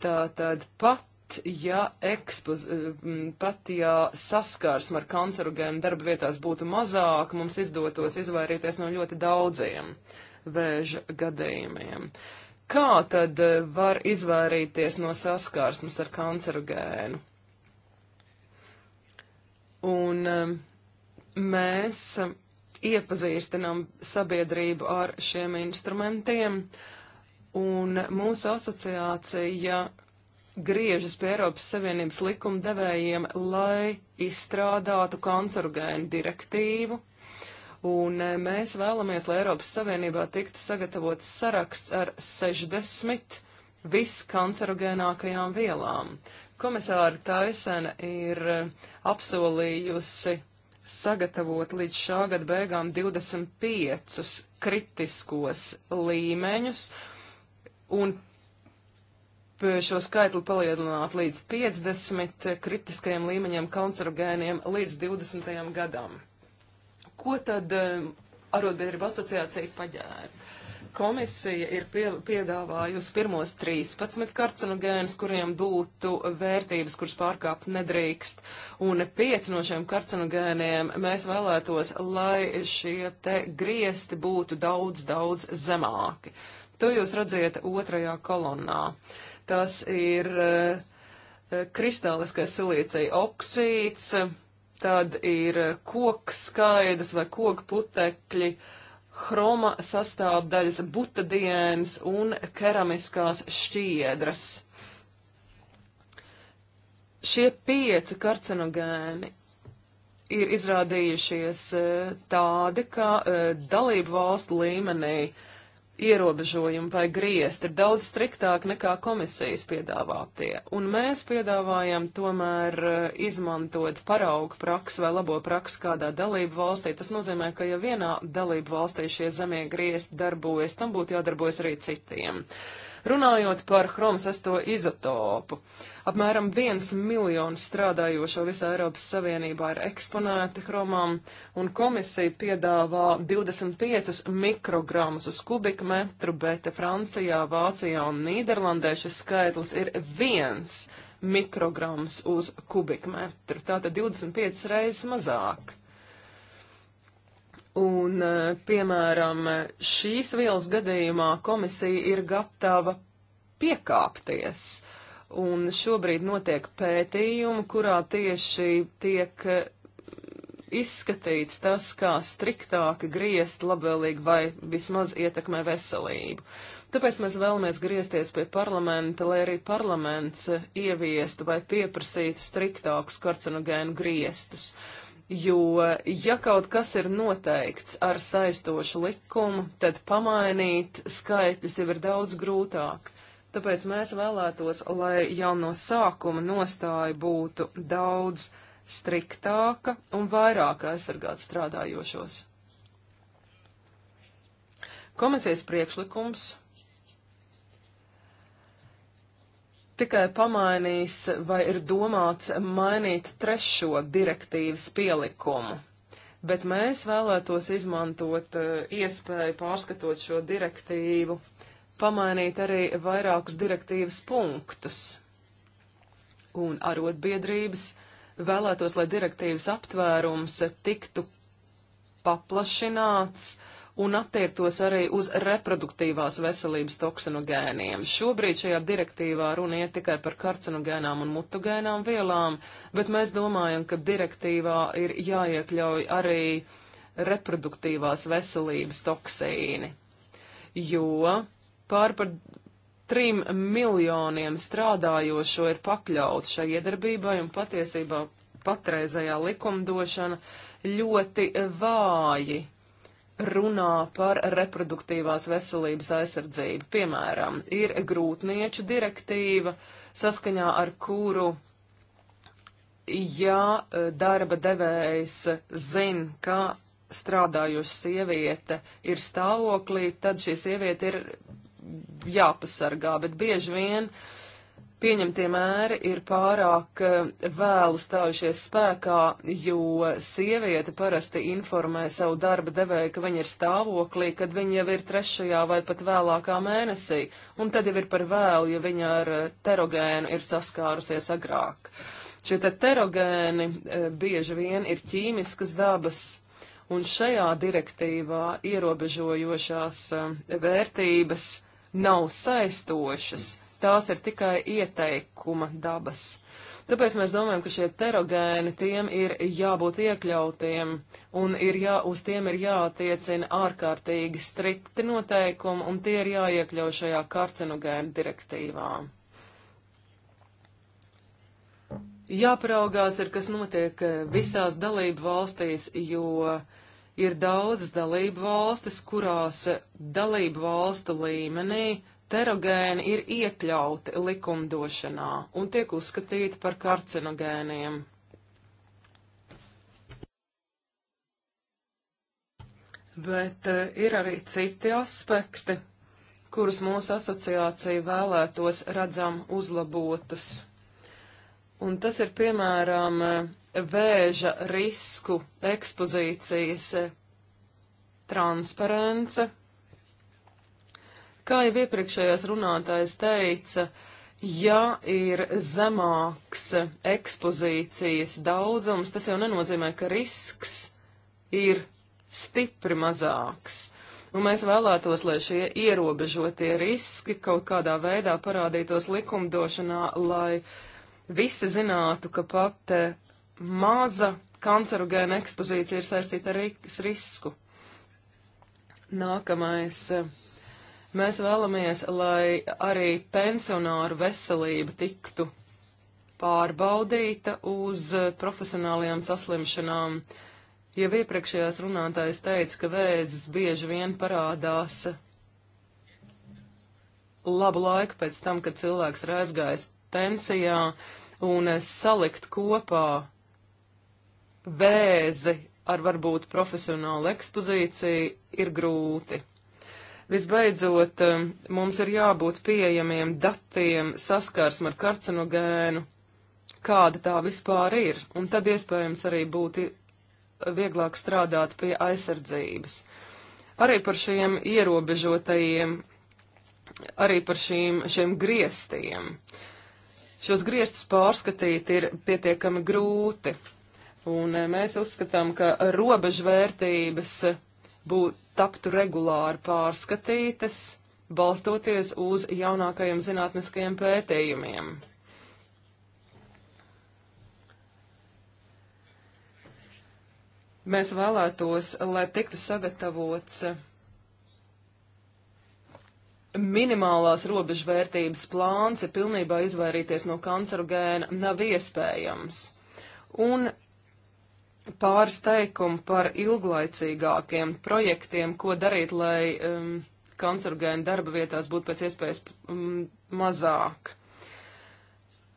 Tātad pat pat ja, ekspoz, eh, pat ja saskarsme ar kancerogēnu darba vietās būtu mazāka, mums izdotos izvairīties no ļoti daudziem vēža gadījumiem. Kā tad eh, var izvairīties no saskarsmes ar kancerogēnu? Un eh, mēs iepazīstinām sabiedrību ar šiem instrumentiem, un mūsu asociācija griežas pie Eiropas Savienības likumdevējiem, lai izstrādātu kancerogēnu direktīvu. Un eh, mēs vēlamies, lai Eiropas Savienībā tiktu sagatavots saraksts ar 60 viskancerogēnākajām vielām. Komisāra Taisena ir eh, apsolījusi sagatavot līdz šā gada beigām 25 kritiskos līmeņus, un šo skaitli palielināt līdz 50 kritiskajiem līmeņiem kancerogēniem līdz 20. gadam. Ko tad um, Arotbiedrība asociācija paģēra? Komisija ir pie, piedāvājusi pirmos 13 karcinogēnus, kuriem būtu vērtības, kuras pārkāpt nedrīkst, un 5 no šiem karcinogēniem mēs vēlētos, lai šie te griesti būtu daudz, daudz zemāki. To jūs redzat otrajā kolonnā. Uh, Tas ir eh, kristāliskais silīcija oksīds, tad ir koks skaidrs vai koka putekļi, hroma sastāvdaļas, butadienas un keramiskās šķiedras. Šie pieci karcinogēni ir izrādījušies eh, tādi, ka eh, dalību valstu līmenī ierobežojumi vai griezti ir daudz striktāk nekā komisijas piedāvātie, un mēs piedāvājam tomēr eh, izmantot paraugu praksu vai labo praksu kādā dalību valstī. Tas nozīmē, ka ja vienā dalību valstī šie zemie griezti darbojas, tam būtu jādarbojas arī citiem. Uh, Runājot par chromasesto izotopu, apmēram viens miljons strādājošo visā Eiropas Savienībā ir eksponēti chromam, un komisija piedāvā 25 mikrogramus uz kubikmetru, bet Francijā, Vācijā un Nīderlandē šis skaitlis ir viens mikrograms uz kubikmetru, tātad 25 reizes mazāk. Un, eh, piemēram, šīs vielas gadījumā komisija ir gatava piekāpties. Un šobrīd notiek pētījumi, kurā tieši tiek eh, izskatīts tas, kā striktāk griezt labvēlīgi vai vismaz ietekmē veselību. Tāpēc mēs vēlamies griezties pie parlamenta, lai arī parlaments ieviestu vai pieprasītu striktākus karcinogēnu griestus jo, ja kaut kas ir noteikts ar saistošu likumu, tad pamainīt skaitļus jau ir daudz grūtāk. Tāpēc mēs vēlētos, lai jau no sākuma nostāja būtu daudz striktāka un vairāk aizsargāt strādājošos. Komisijas priekšlikums tikai pamainīs vai ir domāts mainīt trešo direktīvas pielikumu. Bet mēs vēlētos izmantot eh, iespēju pārskatot šo direktīvu, pamainīt arī vairākus direktīvas punktus. Un arotbiedrības vēlētos, lai direktīvas aptvērums tiktu paplašināts uh, un attiektos arī uz reproduktīvās veselības toksinogēniem. Šobrīd šajā direktīvā runa iet tikai par karcinogēnām un mutagēnām vielām, bet mēs domājam, ka direktīvā ir jāiekļauj arī reproduktīvās veselības toksīni, jo pār par trim miljoniem strādājošo ir pakļauts šai iedarbībai un patiesībā patreizējā likumdošana ļoti vāji runā par reproduktīvās veselības aizsardzību. Piemēram, ir grūtnieču direktīva, saskaņā ar kuru, ja e, darba devējs zin, ka strādājusi sieviete ir stāvoklī, tad šī sieviete ir jāpasargā, bet bieži vien uh, pieņemtie mēri ir pārāk eh, vēlu stājušies spēkā, jo sieviete parasti informē savu darba devēju, ka viņa ir stāvoklī, kad viņa jau ir trešajā vai pat vēlākā mēnesī, un tad jau ir par vēlu, ja viņa ar eh, terogēnu ir saskārusies agrāk. Šie te terogēni eh, bieži vien ir ķīmiskas dabas. Un šajā direktīvā ierobežojošās vērtības nav saistošas, tās ir tikai ieteikuma dabas. Tāpēc mēs domājam, ka šie terogēni tiem ir jābūt iekļautiem un ir jā, uz tiem ir jātiecina ārkārtīgi strikti noteikumi un tie ir jāiekļau šajā karcinogēnu direktīvā. Jāpraugās ir, kas notiek eh, visās dalību valstīs, jo ir daudzas dalību valstis, kurās dalību valstu līmenī terogēni ir iekļauti likumdošanā un tiek uzskatīti par karcinogēniem. Bet eh, ir arī citi aspekti, kurus mūsu asociācija vēlētos redzam uzlabotus. Un tas ir piemēram vēža risku ekspozīcijas eh, transparence Kā jau iepriekšējais runātājs teica, ja ir zemāks ekspozīcijas daudzums, tas jau nenozīmē, ka risks ir stipri mazāks. Un mēs vēlētos, lai šie ierobežotie riski kaut kādā veidā parādītos likumdošanā, lai visi zinātu, ka pat eh, maza kancerogēna ekspozīcija ir saistīta ar risku. Nākamais eh, Mēs vēlamies, lai arī pensionāru veselība tiktu pārbaudīta uz profesionālajām saslimšanām. Jau iepriekšējās runātājs teica, ka vēzis bieži vien parādās labu laiku pēc tam, kad cilvēks ir aizgājis pensijā, un salikt kopā vēzi ar varbūt profesionālu ekspozīciju ir grūti. Visbeidzot, um, mums ir jābūt pieejamiem datiem saskarsme ar karcinogēnu, kāda tā vispār ir, un tad iespējams arī būtu vieglāk strādāt pie aizsardzības. Arī par šiem ierobežotajiem, arī par šīm, šiem griestiem. Šos griestus pārskatīt ir pietiekami grūti, un e, mēs uzskatām, ka robežvērtības būt, taptu regulāri pārskatītas, balstoties uz jaunākajiem zinātniskajiem pētījumiem. Mēs vēlētos, lai tiktu sagatavots minimālās robežvērtības plāns, ja pilnībā izvairīties no kancerogēna nav iespējams. Un pāris teikumu par ilglaicīgākiem projektiem, ko darīt, lai um, kancerogēni darba vietās būtu pēc iespējas um, mazāk.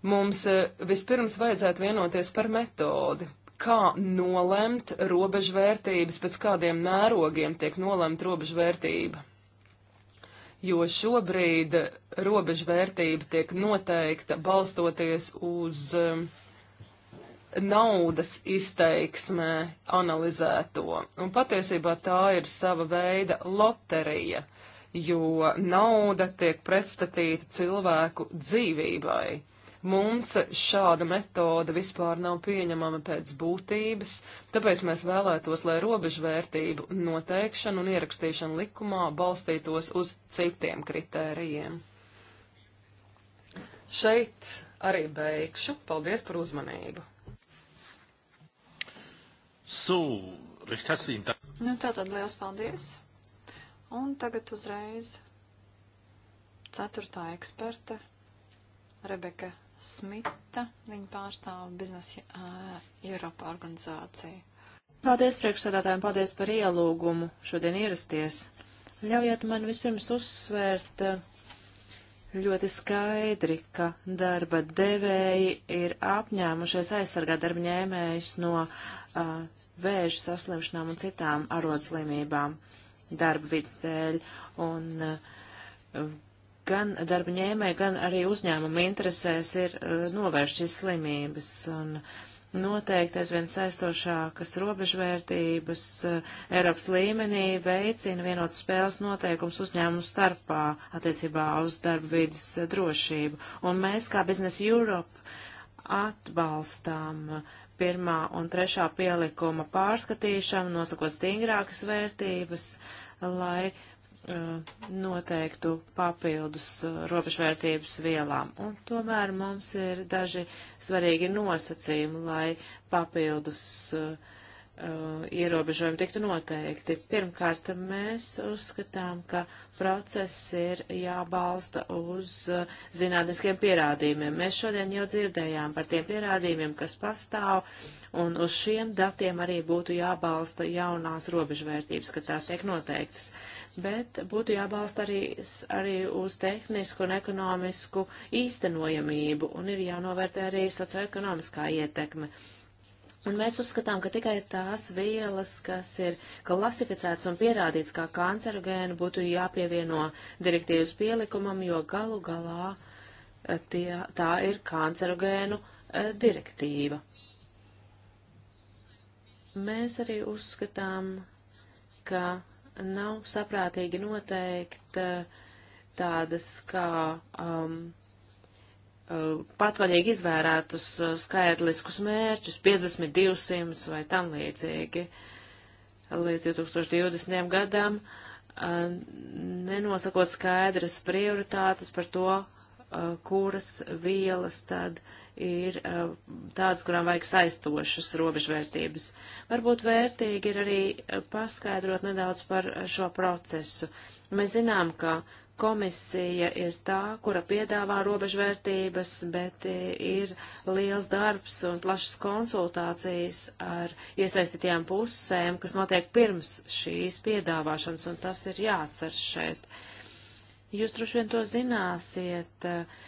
Mums uh, vispirms vajadzētu vienoties par metodi, kā nolemt robežvērtības, pēc kādiem mērogiem tiek nolemt robežvērtība. Jo šobrīd robežvērtība tiek noteikta balstoties uz uh, um, naudas izteiksmē analizēto. Un patiesībā tā ir sava veida loterija, jo nauda tiek pretstatīta cilvēku dzīvībai. Mums šāda metode vispār nav pieņemama pēc būtības, tāpēc mēs vēlētos, lai robežvērtību noteikšana un ierakstīšana likumā balstītos uz citiem kritērijiem. Šeit arī beigšu. Paldies par uzmanību! So, recht herzlichen Dank. Nu, tātad liels paldies. Un tagad uzreiz ceturtā eksperte, Rebeka Smita, viņa pārstāv biznesa uh, Eiropa organizāciju. Paldies priekšsēdētājiem, paldies par ielūgumu šodien ierasties. Ļaujiet man vispirms uzsvērt uh, ļoti skaidri, ka darba devēji ir apņēmušies aizsargāt darba ņēmējus no uh, vēža saslimšanām un citām arodslimībām darba vidas dēļ. Un, uh, gan darba ņēmēji, gan arī uzņēmuma interesēs ir uh, novērst šīs slimības. Un, uh, noteikti aizvien saistošākas robežvērtības eh, Eiropas līmenī veicina vienotas spēles noteikums uzņēmumu starpā attiecībā uz darba vidas eh, drošību. Un mēs kā Business Europe atbalstām eh, pirmā un trešā pielikuma pārskatīšanu, nosakot stingrākas vērtības, lai Uh, noteiktu papildus uh, robežvērtības vielām. Un tomēr mums ir daži svarīgi nosacījumi, lai papildus uh, uh ierobežojumi tiktu noteikti. Pirmkārt, mēs uzskatām, ka process ir jābalsta uz zinātniskiem pierādījumiem. Mēs šodien jau dzirdējām par tiem pierādījumiem, kas pastāv, un uz šiem datiem arī būtu jābalsta jaunās robežvērtības, kad tās tiek noteiktas. Uh, bet būtu jābalsta arī, arī uz tehnisku un ekonomisku īstenojamību, un ir jānovērtē arī socioekonomiskā ietekme. Un mēs uzskatām, ka tikai tās vielas, kas ir klasificētas un pierādīts kā kancerogēni, būtu jāpievieno direktīvas pielikumam, jo galu galā eh, tie, tā ir kancerogēnu eh, direktīva. Mēs arī uzskatām, ka nav saprātīgi noteikt eh, tādas kā um, eh, patvaļīgi izvērētus eh, skaitliskus mērķus, 50, 200 vai tam līdzīgi, līdz 2020. gadam, nenosakot skaidras prioritātes par to, kuras vielas tad uh, ir uh, tādas, kurām vajag saistošas robežvērtības. Varbūt vērtīgi ir arī uh, paskaidrot nedaudz par uh, šo procesu. Mēs zinām, ka komisija ir tā, kura piedāvā robežvērtības, bet ir liels darbs un plašas konsultācijas ar iesaistītajām pusēm, kas notiek pirms šīs piedāvāšanas, un tas ir jāatcer šeit. Jūs droši vien to zināsiet. Uh,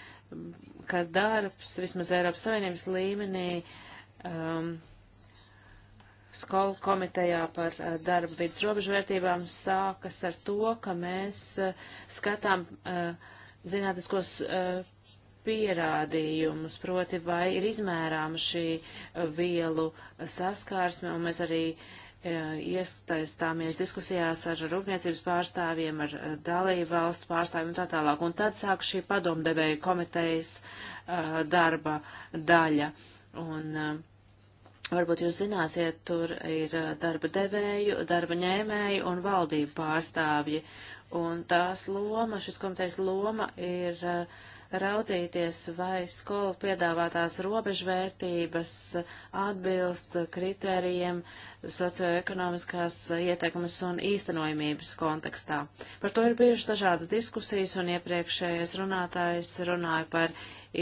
ka darbs vismaz Eiropas Savienības līmenī um, skolu komitejā par uh, darba vidas robežvērtībām sākas ar to, ka mēs uh, skatām uh, zinātniskos uh, pierādījumus, proti vai ir izmērāma šī uh, vielu uh, saskārsme, un mēs arī uh, E, iesaistāmies diskusijās ar rūpniecības pārstāvjiem, ar e, dalību valstu pārstāvjiem un tā tālāk. Un tad sāk šī padomdevēja komitejas uh, darba daļa. Un uh, varbūt jūs zināsiet, tur ir darba devēju, darba ņēmēju un valdību pārstāvji. Un tās loma, šis komitejas loma ir uh, raudzīties, vai skolu piedāvātās robežvērtības atbilst kritērijiem socioekonomiskās ietekmes un īstenojumības kontekstā. Par to ir bijušas dažādas diskusijas, un iepriekšējais runātājs runāja par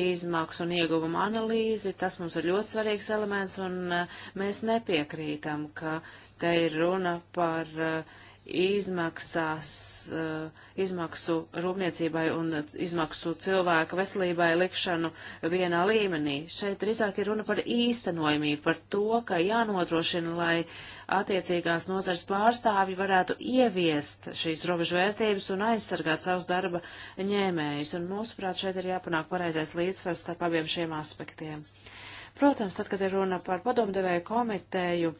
izmaksu un ieguvumu analīzi. Tas mums ir ļoti svarīgs elements, un uh, mēs nepiekrītam, ka te ir runa par uh, izmaksās, eh, izmaksu rūpniecībai un izmaksu cilvēka veselībai likšanu vienā līmenī. Šeit drīzāk ir runa par īstenojumību, par to, ka jānodrošina, lai attiecīgās nozars pārstāvji varētu ieviest šīs robežvērtības un aizsargāt savus darba ņēmējus. Un mūsuprāt, šeit ir jāpanāk pareizais līdzsvars starp abiem šiem aspektiem. Protams, tad, kad ir runa par padomdevēju komiteju,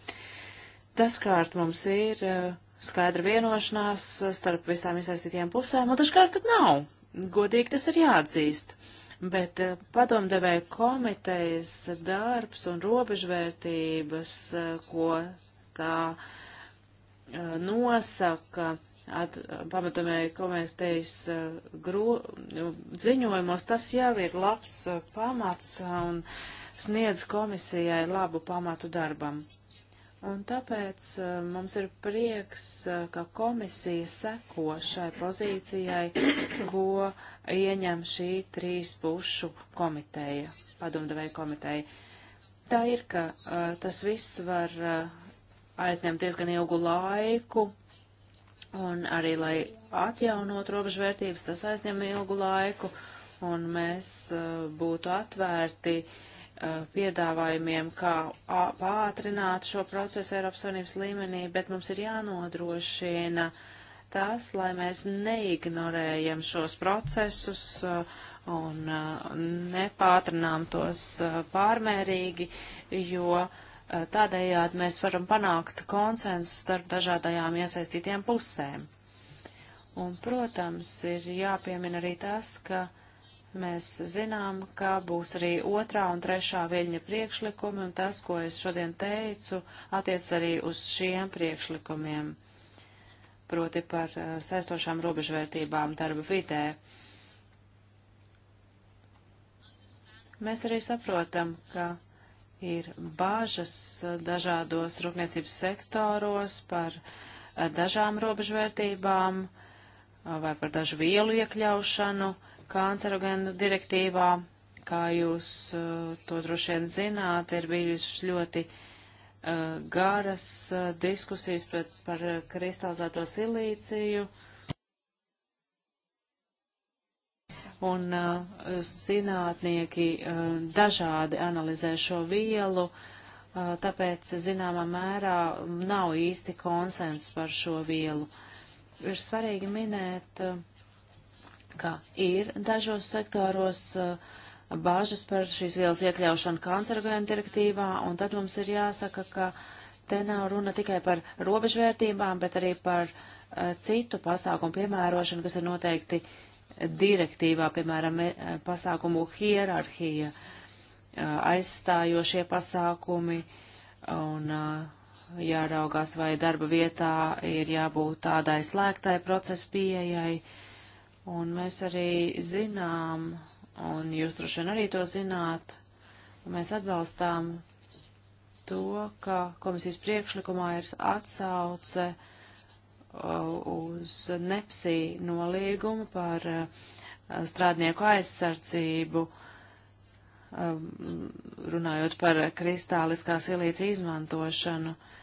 dažkārt mums ir uh, skaidra vienošanās eh, starp visām iesaistītajām pusēm, un dažkārt tad nav. Godīgi tas ir jāatzīst. Bet eh, padomdevēja komitejas darbs un robežvērtības, eh, ko tā nosaka at, pamatamēji komitejas gro, ziņojumos, tas jau ir labs pamats un sniedz komisijai labu pamatu darbam. Un tāpēc uh, mums ir prieks, uh, ka komisija seko šai pozīcijai, (coughs) ko ieņem šī trīs pušu komiteja, padomdevēja komiteja. Tā ir, ka uh, tas viss var aizņemt diezgan ilgu laiku, un arī, lai atjaunot robežvērtības, tas aizņem ilgu laiku, un mēs būtu atvērti uh, Eh, piedāvājumiem, kā pātrināt šo procesu Eiropas Savienības līmenī, bet mums ir jānodrošina tas, lai mēs neignorējam šos procesus eh, un eh, nepātrinām tos pārmērīgi, jo tādējādi mēs varam panākt konsensus starp dažādajām iesaistītiem pusēm. Un, protams, ir jāpiemina arī tas, ka uh, Mēs zinām, ka būs arī otrā un trešā viļņa priekšlikumi, un tas, ko es šodien teicu, attiec arī uz šiem priekšlikumiem, proti par eh, saistošām robežvērtībām darba vidē. Mēs arī saprotam, ka ir bāžas dažādos rūpniecības sektoros par eh, dažām robežvērtībām eh, vai par dažu vielu iekļaušanu kancerogēnu direktīvā, kā jūs uh, to droši vien zināt, ir bijušas ļoti uh, garas uh, diskusijas pret, par kristalizēto silīciju. Un zinātnieki dažādi analizē šo vielu, tāpēc zināmā mērā nav īsti konsens par šo vielu. Ir svarīgi minēt, uh, ka ir dažos sektoros uh, bāžas par šīs vielas iekļaušanu kancerogēnu direktīvā, un tad mums ir jāsaka, ka te nav runa tikai par robežvērtībām, bet arī par uh, citu pasākumu piemērošanu, kas ir noteikti direktīvā, piemēram, me, uh, pasākumu hierarhija, uh, aizstājošie pasākumi, un uh, jāraugās, vai darba vietā ir jābūt tādai slēgtai procesa pieejai. Uh, Un mēs arī zinām, un jūs droši vien arī to zināt, mēs atbalstām to, ka komisijas priekšlikumā ir atsauce uz nepsī nolīgumu par strādnieku aizsardzību, runājot par kristāliskā silīca izmantošanu. Uh,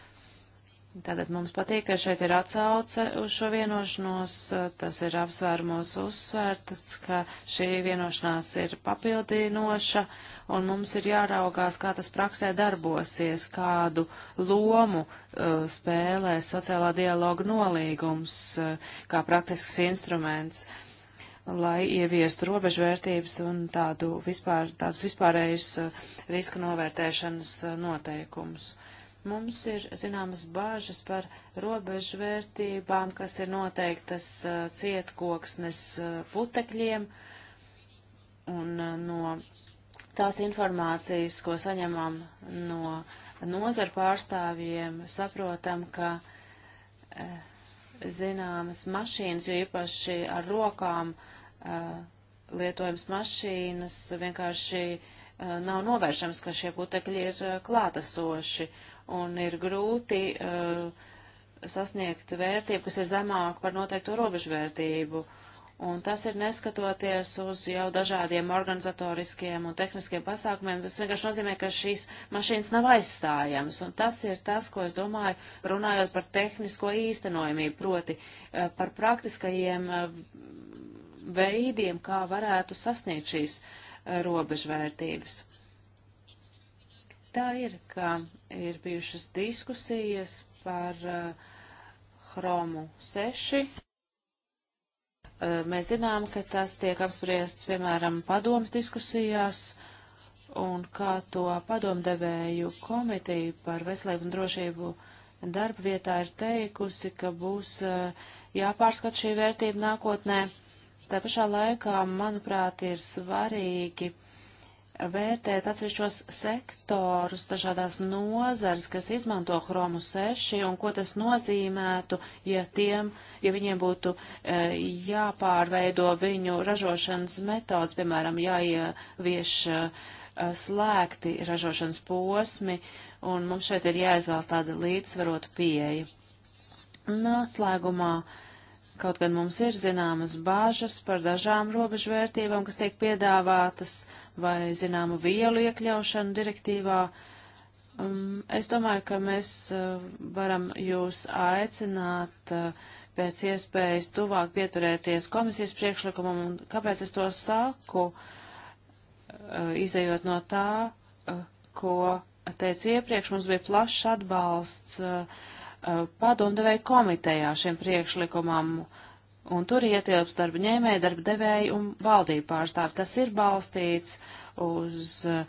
Tātad mums patīk, ka šeit ir atsauce uz šo vienošanos, tas ir apsvērumos uzsvērtas, ka šī vienošanās ir papildinoša, un mums ir jāraugās, kā tas praksē darbosies, kādu lomu uh, spēlē sociālā dialoga nolīgums, uh, kā praktisks instruments, lai ieviestu robežvērtības un tādu vispār, tādus vispārējus uh, riska novērtēšanas uh, noteikumus. Mums ir zināmas bāžas par robežu vērtībām, kas ir noteiktas uh, cietkoksnes uh, putekļiem un uh, no tās informācijas, ko saņemam no nozar pārstāvjiem, saprotam, ka eh, zināmas mašīnas, jo īpaši ar rokām eh, lietojams mašīnas, vienkārši eh, nav novēršams, ka šie putekļi ir klātesoši un ir grūti uh, sasniegt vērtību, kas ir zemāka par noteikto robežvērtību. Un tas ir neskatoties uz jau dažādiem organizatoriskiem un tehniskiem pasākumiem, tas vienkārši nozīmē, ka šīs mašīnas nav aizstājamas. Un tas ir tas, ko es domāju, runājot par tehnisko īstenojumību, proti uh, par praktiskajiem uh, veidiem, kā varētu sasniegt šīs uh, robežvērtības. Tā ir, ka ir bijušas diskusijas par uh, Chromu 6. Uh, mēs zinām, ka tas tiek apspriests, piemēram, padomas diskusijās, un kā to padomdevēju komiteju par veselību un drošību darba vietā ir teikusi, ka būs uh, jāpārskat šī vērtība nākotnē. Tā pašā laikā, manuprāt, ir svarīgi vērtēt atsevišķos sektorus, dažādās nozars, kas izmanto chromu 6, un ko tas nozīmētu, ja, tiem, ja viņiem būtu e, jāpārveido viņu ražošanas metodas, piemēram, jāievieš e, slēgti ražošanas posmi, un mums šeit ir jāizvēlas tāda līdzsvarota pieeja. Noslēgumā. Kaut gan mums ir zināmas bāžas par dažām robežvērtībām, kas tiek piedāvātas uh, vai zināmu vielu iekļaušanu direktīvā. Um, es domāju, ka mēs uh, varam jūs aicināt uh, pēc iespējas tuvāk pieturēties komisijas priekšlikumam, un kāpēc es to saku, uh, izējot no tā, uh, ko teicu iepriekš, mums bija plašs atbalsts uh, uh, padomdevēja komitejā šiem priekšlikumam. Uh, Un tur ietilps darba ņēmēji, darba devēji un valdību pārstāvi. Tas ir balstīts uz eh,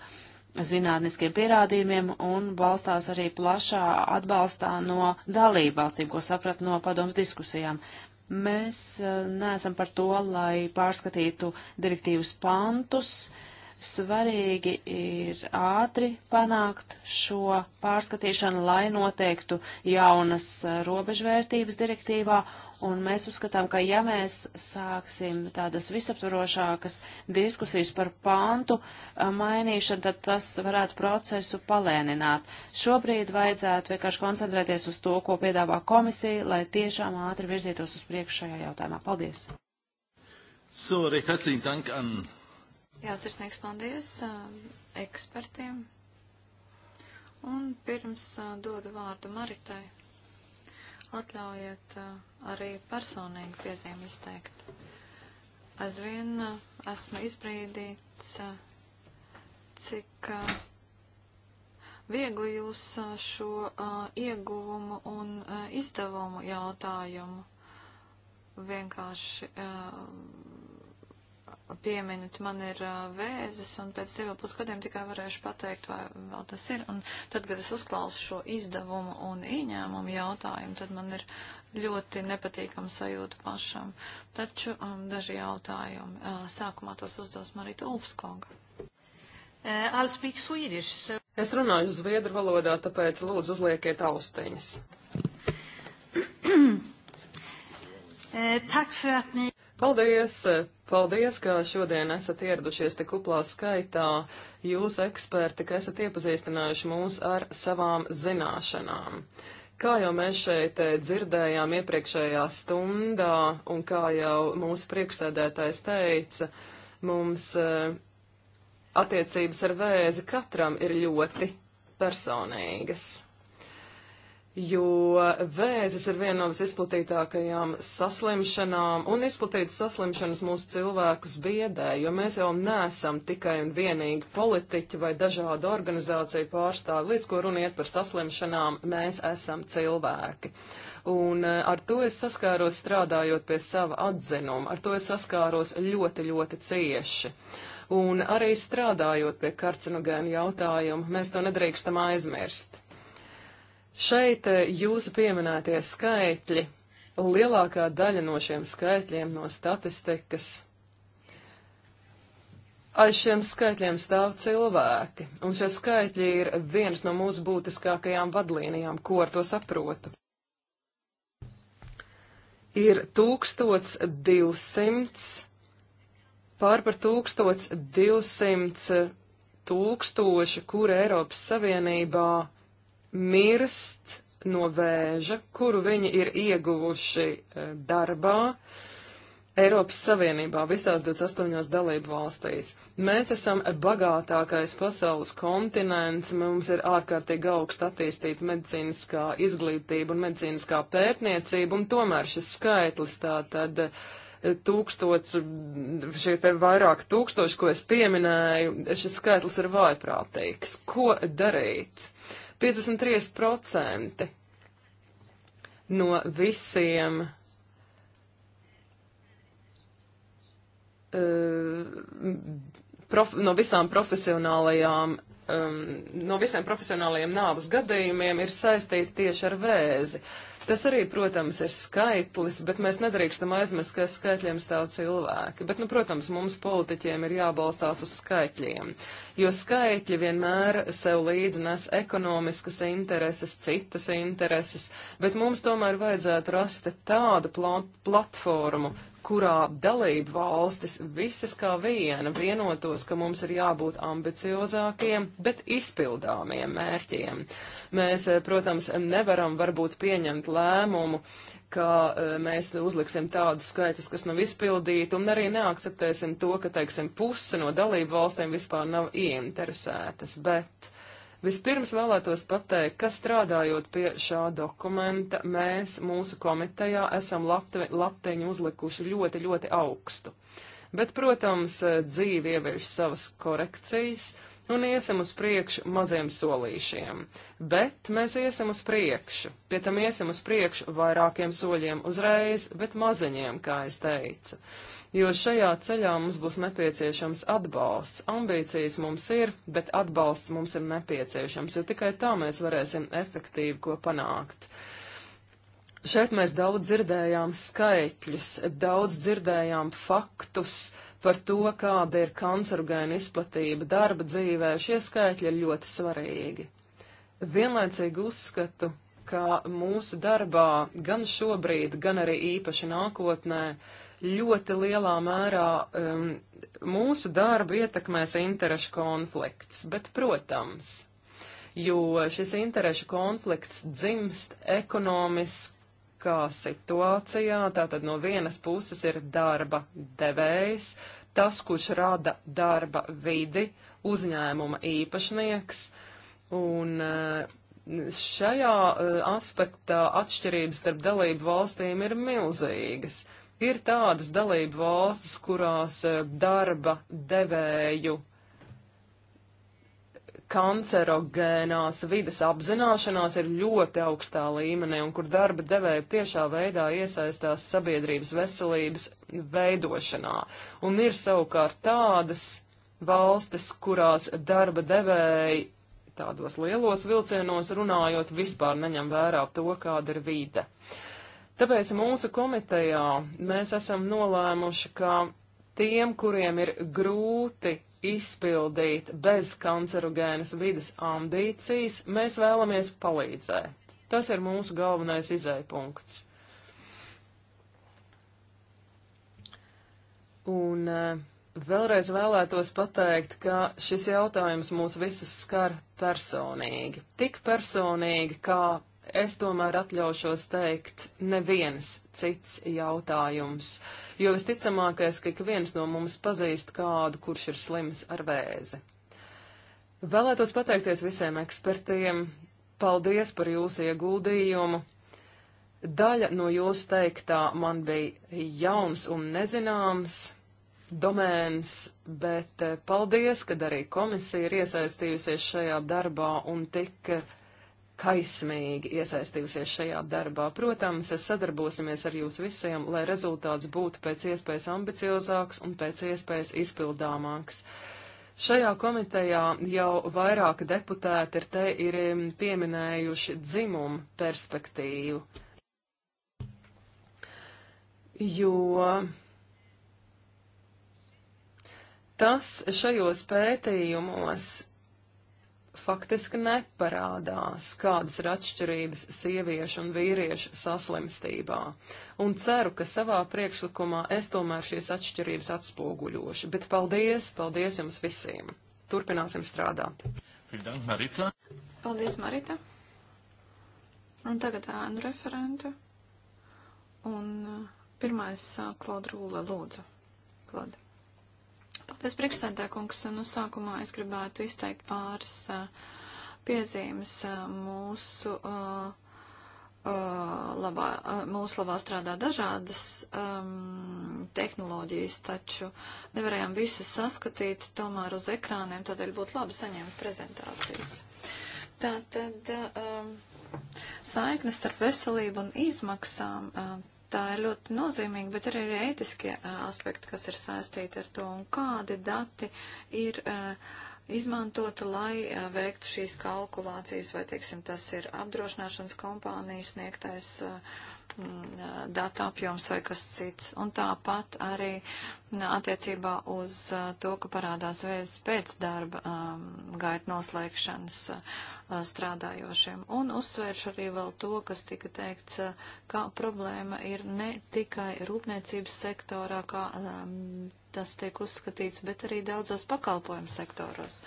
zinātniskiem pierādījumiem un balstās arī plašā atbalstā no dalību valstīm, ko saprat no padoms diskusijām. Mēs eh, neesam par to, lai pārskatītu direktīvas pantus, uh, svarīgi ir ātri panākt šo pārskatīšanu, lai noteiktu jaunas eh, robežvērtības direktīvā, un mēs uzskatām, ka ja mēs sāksim tādas visaptvarošākas diskusijas par pantu eh, mainīšanu, tad tas varētu procesu palēnināt. Šobrīd vajadzētu vienkārši koncentrēties uz to, ko piedāvā komisija, lai tiešām ātri virzītos uz priekšu šajā jautājumā. Paldies! So, recht herzlichen Dank an Jā, sirsnīgs paldies ekspertiem. Un pirms dodu vārdu Maritai, atļaujiet arī personīgi piezīmi izteikt. Aizvien esmu izbrīdīts, cik viegli jūs šo ieguvumu un izdevumu jautājumu vienkārši pieminat, man ir uh, vēzis, un pēc diviem pusgadiem tikai varēšu pateikt, vai vēl tas ir. Un tad, kad es uzklausu šo izdevumu un ieņēmumu jautājumu, tad man ir ļoti nepatīkama sajūta pašam. Taču um, daži jautājumi. Uh, sākumā tos uzdos Marita Ulfskonga. Uh, so... Es runāju zviedru valodā, tāpēc lūdzu uzliekiet austiņas. (clears throat) Tak för att ni Paldies! Paldies, ka šodien esat ieradušies tik uplā skaitā. Jūs, eksperti, ka esat iepazīstinājuši mūs ar savām zināšanām. Kā jau mēs šeit dzirdējām iepriekšējā stundā, un kā jau mūsu priekšsēdētājs teica, mums e, attiecības ar vēzi katram ir ļoti personīgas jo vēzis ir viena no visizplatītākajām saslimšanām, un izplatītas saslimšanas mūsu cilvēkus biedē, jo mēs jau nesam tikai un vienīgi politiķi vai dažādu organizāciju pārstāvi, līdz ko runiet par saslimšanām, mēs esam cilvēki. Un eh, ar to es saskāros strādājot pie sava atzinuma, ar to es saskāros ļoti, ļoti cieši. Un arī strādājot pie karcinogēnu jautājumu, mēs to nedrīkstam aizmirst. Šeit eh, jūsu pieminētie skaitļi, lielākā daļa no šiem skaitļiem no statistikas. Aiz šiem skaitļiem stāv cilvēki, un šie skaitļi ir viens no mūsu būtiskākajām vadlīnijām, ko ar to saprotu. Ir 1200, pār par 1200 tūkstoši, kur Eiropas Savienībā mirst no vēža, kuru viņi ir ieguvuši e, darbā Eiropas Savienībā visās 28 dalību valstīs. Mēs esam bagātākais pasaules kontinents, mums ir ārkārtīgi augsta attīstīta medicīniskā izglītība un medicīniskā pētniecība, un tomēr šis skaitlis tā tad e, tūkstots, šie te vairāk tūkstoši, ko es pieminēju, šis skaitlis ir vājprātīgs. Ko darīt? Uh, 53% no visiem eh, prof, no visām profesionālajām, um, no visiem profesionālajiem nāvas gadījumiem ir saistīti tieši ar vēzi. Uh, Tas arī, protams, ir skaitlis, bet mēs nedrīkstam aizmirst, ka skaitļiem stāv cilvēki. Bet, nu, protams, mums politiķiem ir jābalstās uz skaitļiem, jo skaitļi vienmēr sev līdzi nes ekonomiskas intereses, citas intereses, bet mums tomēr vajadzētu rast tādu pl platformu, kurā dalību valstis visas kā viena vienotos, ka mums ir jābūt ambiciozākiem, bet izpildāmiem mērķiem. Mēs, eh, protams, nevaram varbūt pieņemt lēmumu, ka eh, mēs uzliksim tādus skaitļus, kas nav izpildīti, un arī neakceptēsim to, ka, teiksim, puse no dalību valstīm vispār nav ieinteresētas, bet Vispirms vēlētos pateikt, ka strādājot pie šā dokumenta, mēs mūsu komitejā esam lapte, lapteņu uzlikuši ļoti, ļoti augstu. Bet, protams, dzīve ievieš savas korekcijas un iesim uz priekšu maziem solīšiem. Bet mēs iesim uz priekšu, pie tam iesim uz priekšu vairākiem soļiem uzreiz, bet maziņiem, kā es teicu jo šajā ceļā mums būs nepieciešams atbalsts. Ambīcijas mums ir, bet atbalsts mums ir nepieciešams, jo tikai tā mēs varēsim efektīvi ko panākt. Šeit mēs daudz dzirdējām skaitļus, daudz dzirdējām faktus par to, kāda ir kancerogēna izplatība darba dzīvē. Šie skaitļi ir ļoti svarīgi. Vienlaicīgi uzskatu, ka mūsu darbā gan šobrīd, gan arī īpaši nākotnē ļoti lielā mērā um, mūsu darbu ietekmēs interešu konflikts, bet, protams, jo šis interešu konflikts dzimst ekonomiskā situācijā, tātad no vienas puses ir darba devējs, tas, kurš rada darba vidi, uzņēmuma īpašnieks, un uh, šajā uh, aspektā atšķirības starp dalību valstīm ir milzīgas. Ir tādas dalību valstis, kurās eh, darba devēju kancerogēnās vidas apzināšanās ir ļoti augstā līmenī un kur darba devēja tiešā veidā iesaistās sabiedrības veselības veidošanā. Un ir savukārt tādas valstis, kurās darba devēji tādos lielos vilcienos runājot vispār neņem vērā to, kāda ir vide. Uh, Tāpēc mūsu komitejā mēs esam nolēmuši, ka tiem, kuriem ir grūti izpildīt bez kancerogēnas vidas ambīcijas, mēs vēlamies palīdzēt. Tas ir mūsu galvenais izēpunkts. Un eh, vēlreiz vēlētos pateikt, ka šis jautājums mūs visus skar personīgi. Tik personīgi, kā es tomēr atļaušos teikt neviens cits jautājums, jo visticamākais, ka ik viens no mums pazīst kādu, kurš ir slims ar vēzi. Vēlētos pateikties visiem ekspertiem, paldies par jūsu ieguldījumu. Daļa no jūsu teiktā man bija jauns un nezināms domēns, bet paldies, ka arī komisija ir iesaistījusies šajā darbā un tik kaismīgi iesaistījusies šajā darbā. Protams, es sadarbosimies ar jūs visiem, lai rezultāts būtu pēc iespējas ambiciozāks un pēc iespējas izpildāmāks. Šajā komitejā jau vairāki deputāti ir te ir pieminējuši dzimumu perspektīvu, jo tas šajos pētījumos faktiski neparādās, kādas ir atšķirības sieviešu un vīriešu saslimstībā. Un ceru, ka savā priekšlikumā es tomēr šīs atšķirības atspoguļošu. Bet paldies, paldies jums visiem! Turpināsim strādāt! Marita. Paldies, Marita! Un tagad ēnu referenta. Un uh, pirmais Klauda uh, Rūle, lūdzu. Klauda. Paldies, priekšstādā kungs. Nu, sākumā es gribētu izteikt pāris piezīmes mūsu. Uh, Uh, labā, uh, mūsu labā strādā dažādas um, tehnoloģijas, taču nevarējām visu saskatīt tomēr uz ekrāniem, tādēļ būtu labi saņemt prezentācijas. Tātad um, saiknes starp veselību un izmaksām, um, tā ir ļoti nozīmīga, bet arī ir ētiskie aspekti, kas ir saistīti ar to, un kādi dati ir izmantota, lai veiktu šīs kalkulācijas, vai, teiksim, tas ir apdrošināšanas kompānijas sniegtais uh, Mm, datu apjoms vai kas cits. Un tāpat arī mm, attiecībā uz uh, to, ka parādās vēzis pēc darba um, gaita noslēgšanas uh, strādājošiem. Un uzsvēršu arī vēl to, kas tika teikts, uh, ka problēma ir ne tikai rūpniecības sektorā, kā um, tas tiek uzskatīts, bet arī daudzos pakalpojumu sektoros.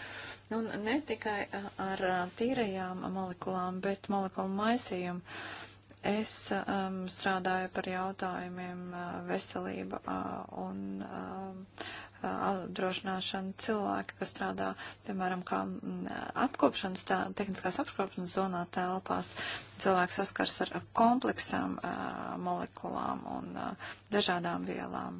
Un ne tikai ar tīrajām molekulām, bet molekulu maisījumu Es um, strādāju par jautājumiem uh, veselība uh, un um, uh, apdrošināšana cilvēki, kas strādā, piemēram, kā mm, apkopšanas, tā, tehniskās apkopšanas zonā telpās, cilvēks saskars ar kompleksām molekulām un dažādām vielām.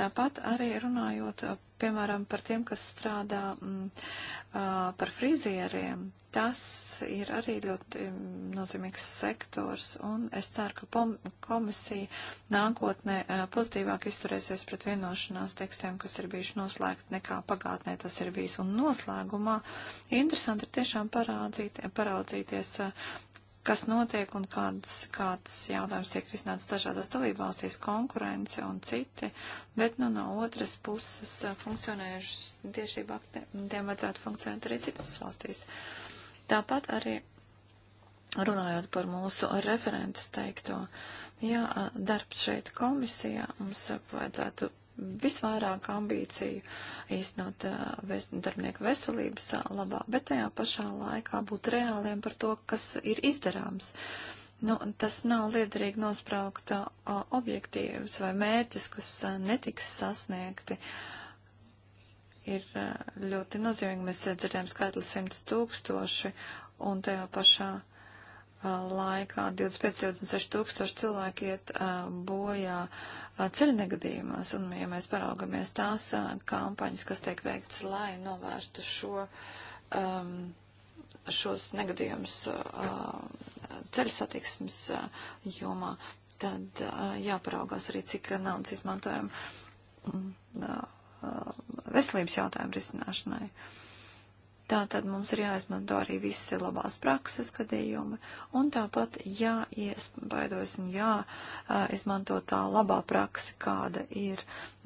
Tāpat arī runājot, piemēram, par tiem, kas strādā m, mm, par frizieriem, tas ir arī ļoti nozīmīgs sektors, un es ceru, ka komisija nākotnē pozitīvāk izturēsies pret vienošanās tekstiem, kas ir bijuši noslēgti, nekā pagātnē tas ir bijis. Un noslēgumā interesanti ir tiešām parādzīties, kas notiek un kāds, kāds jautājums tiek risināts dažādās dalībvalstīs, konkurence un citi, bet nu no otras puses eh, funkcionējušas tiešību aktiem vajadzētu funkcionēt arī citās valstīs. Tāpat arī runājot par mūsu referentes teikto, jā, eh, darbs šeit komisijā mums vajadzētu visvairāk ambīciju īstenot eh, ves, darbinieku veselības eh, labā, bet tajā pašā laikā būt reāliem par to, kas ir izdarāms. Nu, tas nav liederīgi nospraukt eh, objektīvus vai mērķus, kas a, netiks sasniegti. Ir a, ļoti nozīmīgi, mēs dzirdējam skaitli simts tūkstoši un tajā pašā uh, laikā 25-26 tūkstoši cilvēki iet uh, bojā uh, ceļnegadījumos, un ja mēs paraugamies tās uh, kampaņas, kas tiek veikts, lai novērstu šo, um, šos negadījumus ceļu satiksmes jomā, tad jāparaugās arī, cik naudas izmantojam veselības jautājumu risināšanai. Uh, Tā tad mums ir jāizmanto arī visi labās prakses gadījumi, un tāpat jāiespaidojas un jāizmanto tā labā prakse, kāda ir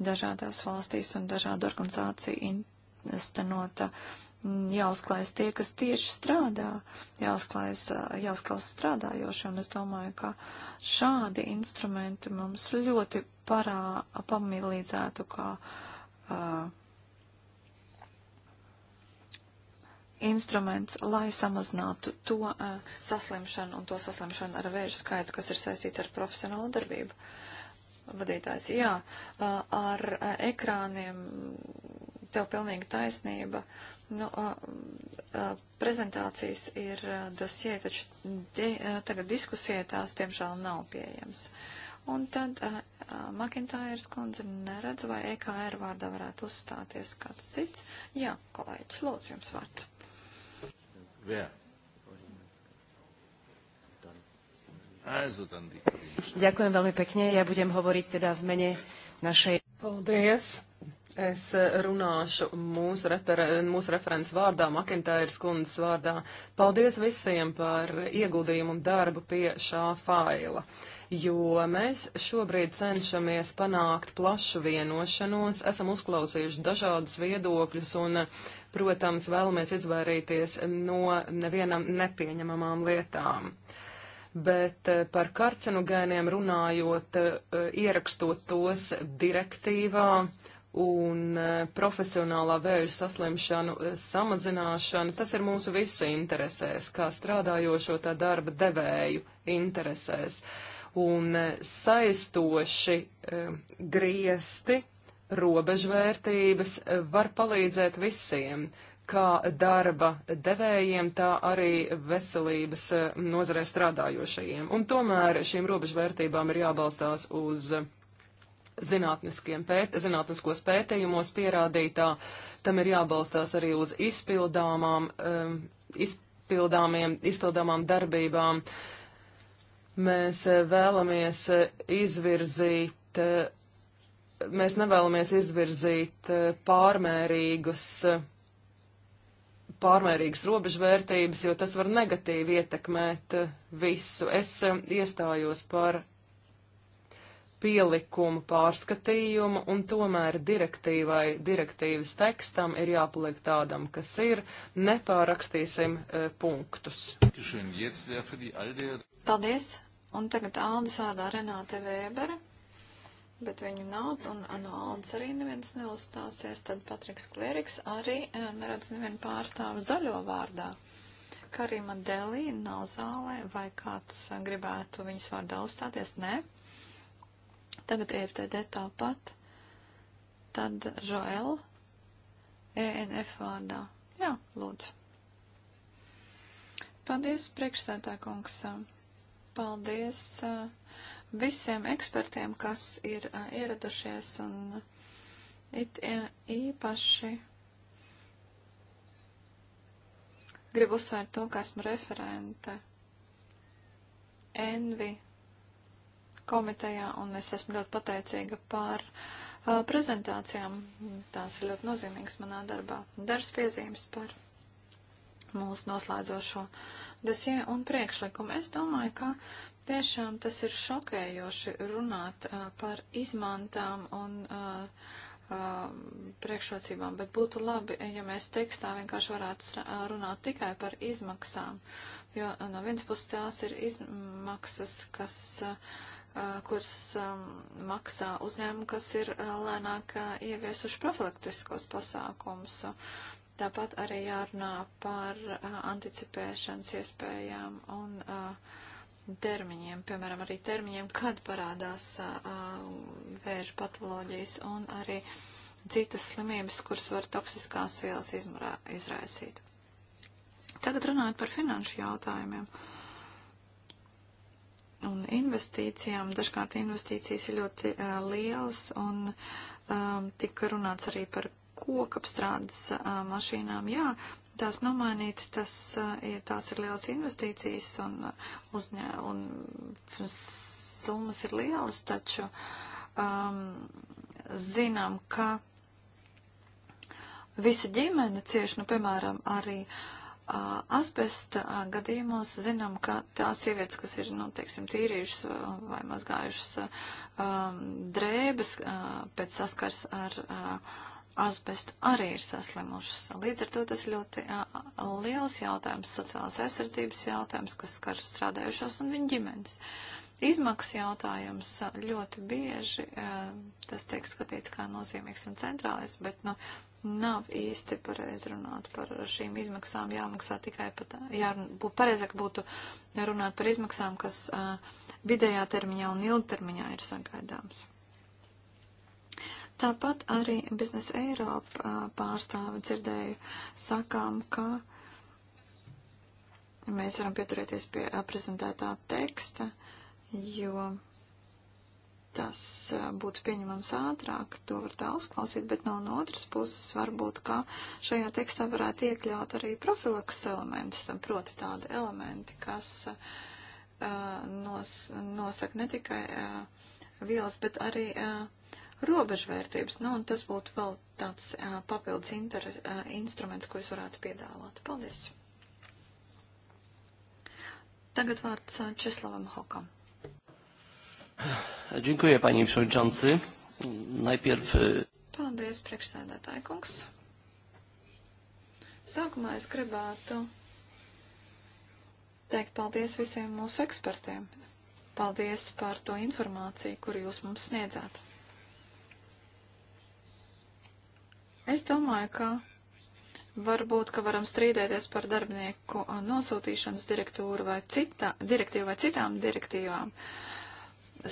dažādās valstīs un dažādu organizāciju instanota. Jāuzklājas tie, kas tieši strādā, jāuzklājas, jāuzklājas strādājošie, un es domāju, ka šādi instrumenti mums ļoti parā pamīlīdzētu kā. Uh, instruments, lai samazinātu to uh, saslimšanu un to saslimšanu ar vēža skaitu, kas ir saistīts ar profesionālu darbību. Vadītājs, jā, uh, ar uh, ekrāniem tev pilnīga taisnība. Nu, uh, uh, prezentācijas ir uh, dosie, taču di, uh, tagad diskusijai tās, diemžēl, nav pieejams. Un tad uh, Makintājas kundze neredz, vai EKR vārdā varētu uzstāties kāds cits. Jā, kolēģis, lūdzu jums vārdu. Wer? Ďakujem veľmi pekne. Ja budem hovoriť teda v mene našej. Paldies. Es eh, runāšu mūsu, refer mūsu referents vārdā, Makintēras kundas vārdā. Paldies visiem par ieguldījumu un darbu pie šā faila, jo mēs šobrīd cenšamies panākt plašu vienošanos, esam uzklausījuši dažādus viedokļus un uh, Protams, vēlamies izvairīties no nevienam nepieņemamām lietām. Bet eh, par karcinogēniem runājot, eh, ierakstot tos direktīvā, un eh, profesionālā vēža saslimšanu samazināšana, tas ir mūsu visu interesēs, kā strādājošo tā darba devēju interesēs. Un saistoši e, griesti robežvērtības eh, var palīdzēt visiem, kā darba devējiem, tā arī veselības eh, nozarē strādājošajiem. Un tomēr šīm robežvērtībām ir jābalstās uz zinātniskiem pēt, zinātniskos pētījumos pierādītā, tam ir jābalstās arī uz izpildāmām, um, izpildāmiem, izpildāmām darbībām. Mēs eh, vēlamies izvirzīt mēs nevēlamies izvirzīt eh, pārmērīgus, eh, pārmērīgas robežvērtības, jo tas var negatīvi ietekmēt eh, visu. Es iestājos par pielikumu pārskatījumu, un tomēr direktīvai, direktīvas tekstam ir jāpaliek tādam, kas ir, nepārakstīsim e, punktus. Paldies, un tagad Aldis vārdā Renāte Vēbere bet viņu nav, un no Aldas arī neviens neuzstāsies, tad Patriks Kleriks arī eh, neredz nevienu pārstāvu zaļo vārdā. Karima Delī nav zālē, vai kāds eh, gribētu viņas vārdā uzstāties? Nē. Tagad EFTD tāpat. Tad Joel ENF vārdā. Jā, lūdzu. Paldies, priekšsētā kungs. Paldies. Uh, visiem ekspertiem, kas ir uh, ieradušies un it īpaši gribu uzsvērt to, ka esmu referente Envi komitejā un es esmu ļoti pateicīga par uh, prezentācijām. Tās ir ļoti nozīmīgas manā darbā. Dažas piezīmes par mūsu noslēdzošo dosie un priekšlikumu. Es domāju, ka Tiešām tas ir šokējoši runāt uh, par izmantām un uh, priekšrocībām, bet būtu labi, ja mēs tekstā vienkārši varētu runāt tikai par izmaksām, jo no vienas puses tās ir izmaksas, kas, kuras maksā uzņēmumi, kas ir lēnāk ieviesuši profilaktiskos pasākums. Tāpat arī jārunā par anticipēšanas iespējām un uh, termiņiem, piemēram, arī termiņiem, kad parādās vēža patoloģijas un arī citas slimības, kuras var toksiskās vielas izmarā, izraisīt. Tagad runājot par finanšu jautājumiem un investīcijām. Dažkārt investīcijas ir ļoti uh, lielas un um, tika runāts arī par kokapstrādes uh, mašīnām. Jā, tās nomainīt, tas, ja eh, tās ir lielas investīcijas un, eh, uzņē, un summas ir lielas, taču um, zinām, ka visa ģimene cieši, nu, piemēram, arī uh, asbesta uh, gadījumos zinām, ka tās sievietes, kas ir, nu, teiksim, tīrījušas vai mazgājušas um, drēbes uh, pēc saskars ar uh, asbestu arī ir saslimušas. Līdz ar to tas ļoti a, liels jautājums, sociālās aizsardzības jautājums, kas skar strādājušos un viņu ģimenes. Izmaksu jautājums ļoti bieži a, tas tiek skatīts kā nozīmīgs un centrālais, bet nu, nav īsti pareizi runāt par šīm izmaksām. Jāmaksā tikai pat, jā, būtu pareizāk būtu runāt par izmaksām, kas a, vidējā termiņā un ilgtermiņā ir sagaidāms. Tāpat arī Biznesa Eiropa pārstāvi dzirdēju sakām, ka mēs varam pieturēties pie prezentētā teksta, jo tas būtu pieņemams ātrāk, to var tā uzklausīt, bet no, no otras puses varbūt, ka šajā tekstā varētu iekļaut arī profilaks elementus, proti tādi elementi, kas uh, nos, nosaka ne tikai uh, vielas, bet arī uh, robežvērtības. Nu, un tas būtu vēl tāds uh, papildus inter, uh, instruments, ko es varētu piedāvāt. Paldies! Tagad vārds uh, Česlavam Hokam. Dziękuję, panie przewodniczący. Najpierw... Paldies, priekšsēdētāji kungs. Sākumā es gribētu teikt paldies visiem mūsu ekspertiem. Paldies par to informāciju, kuru jūs mums sniedzāt. Es domāju, ka varbūt, ka varam strīdēties par darbinieku nosūtīšanas direktūru vai citā, direktīvu vai citām direktīvām.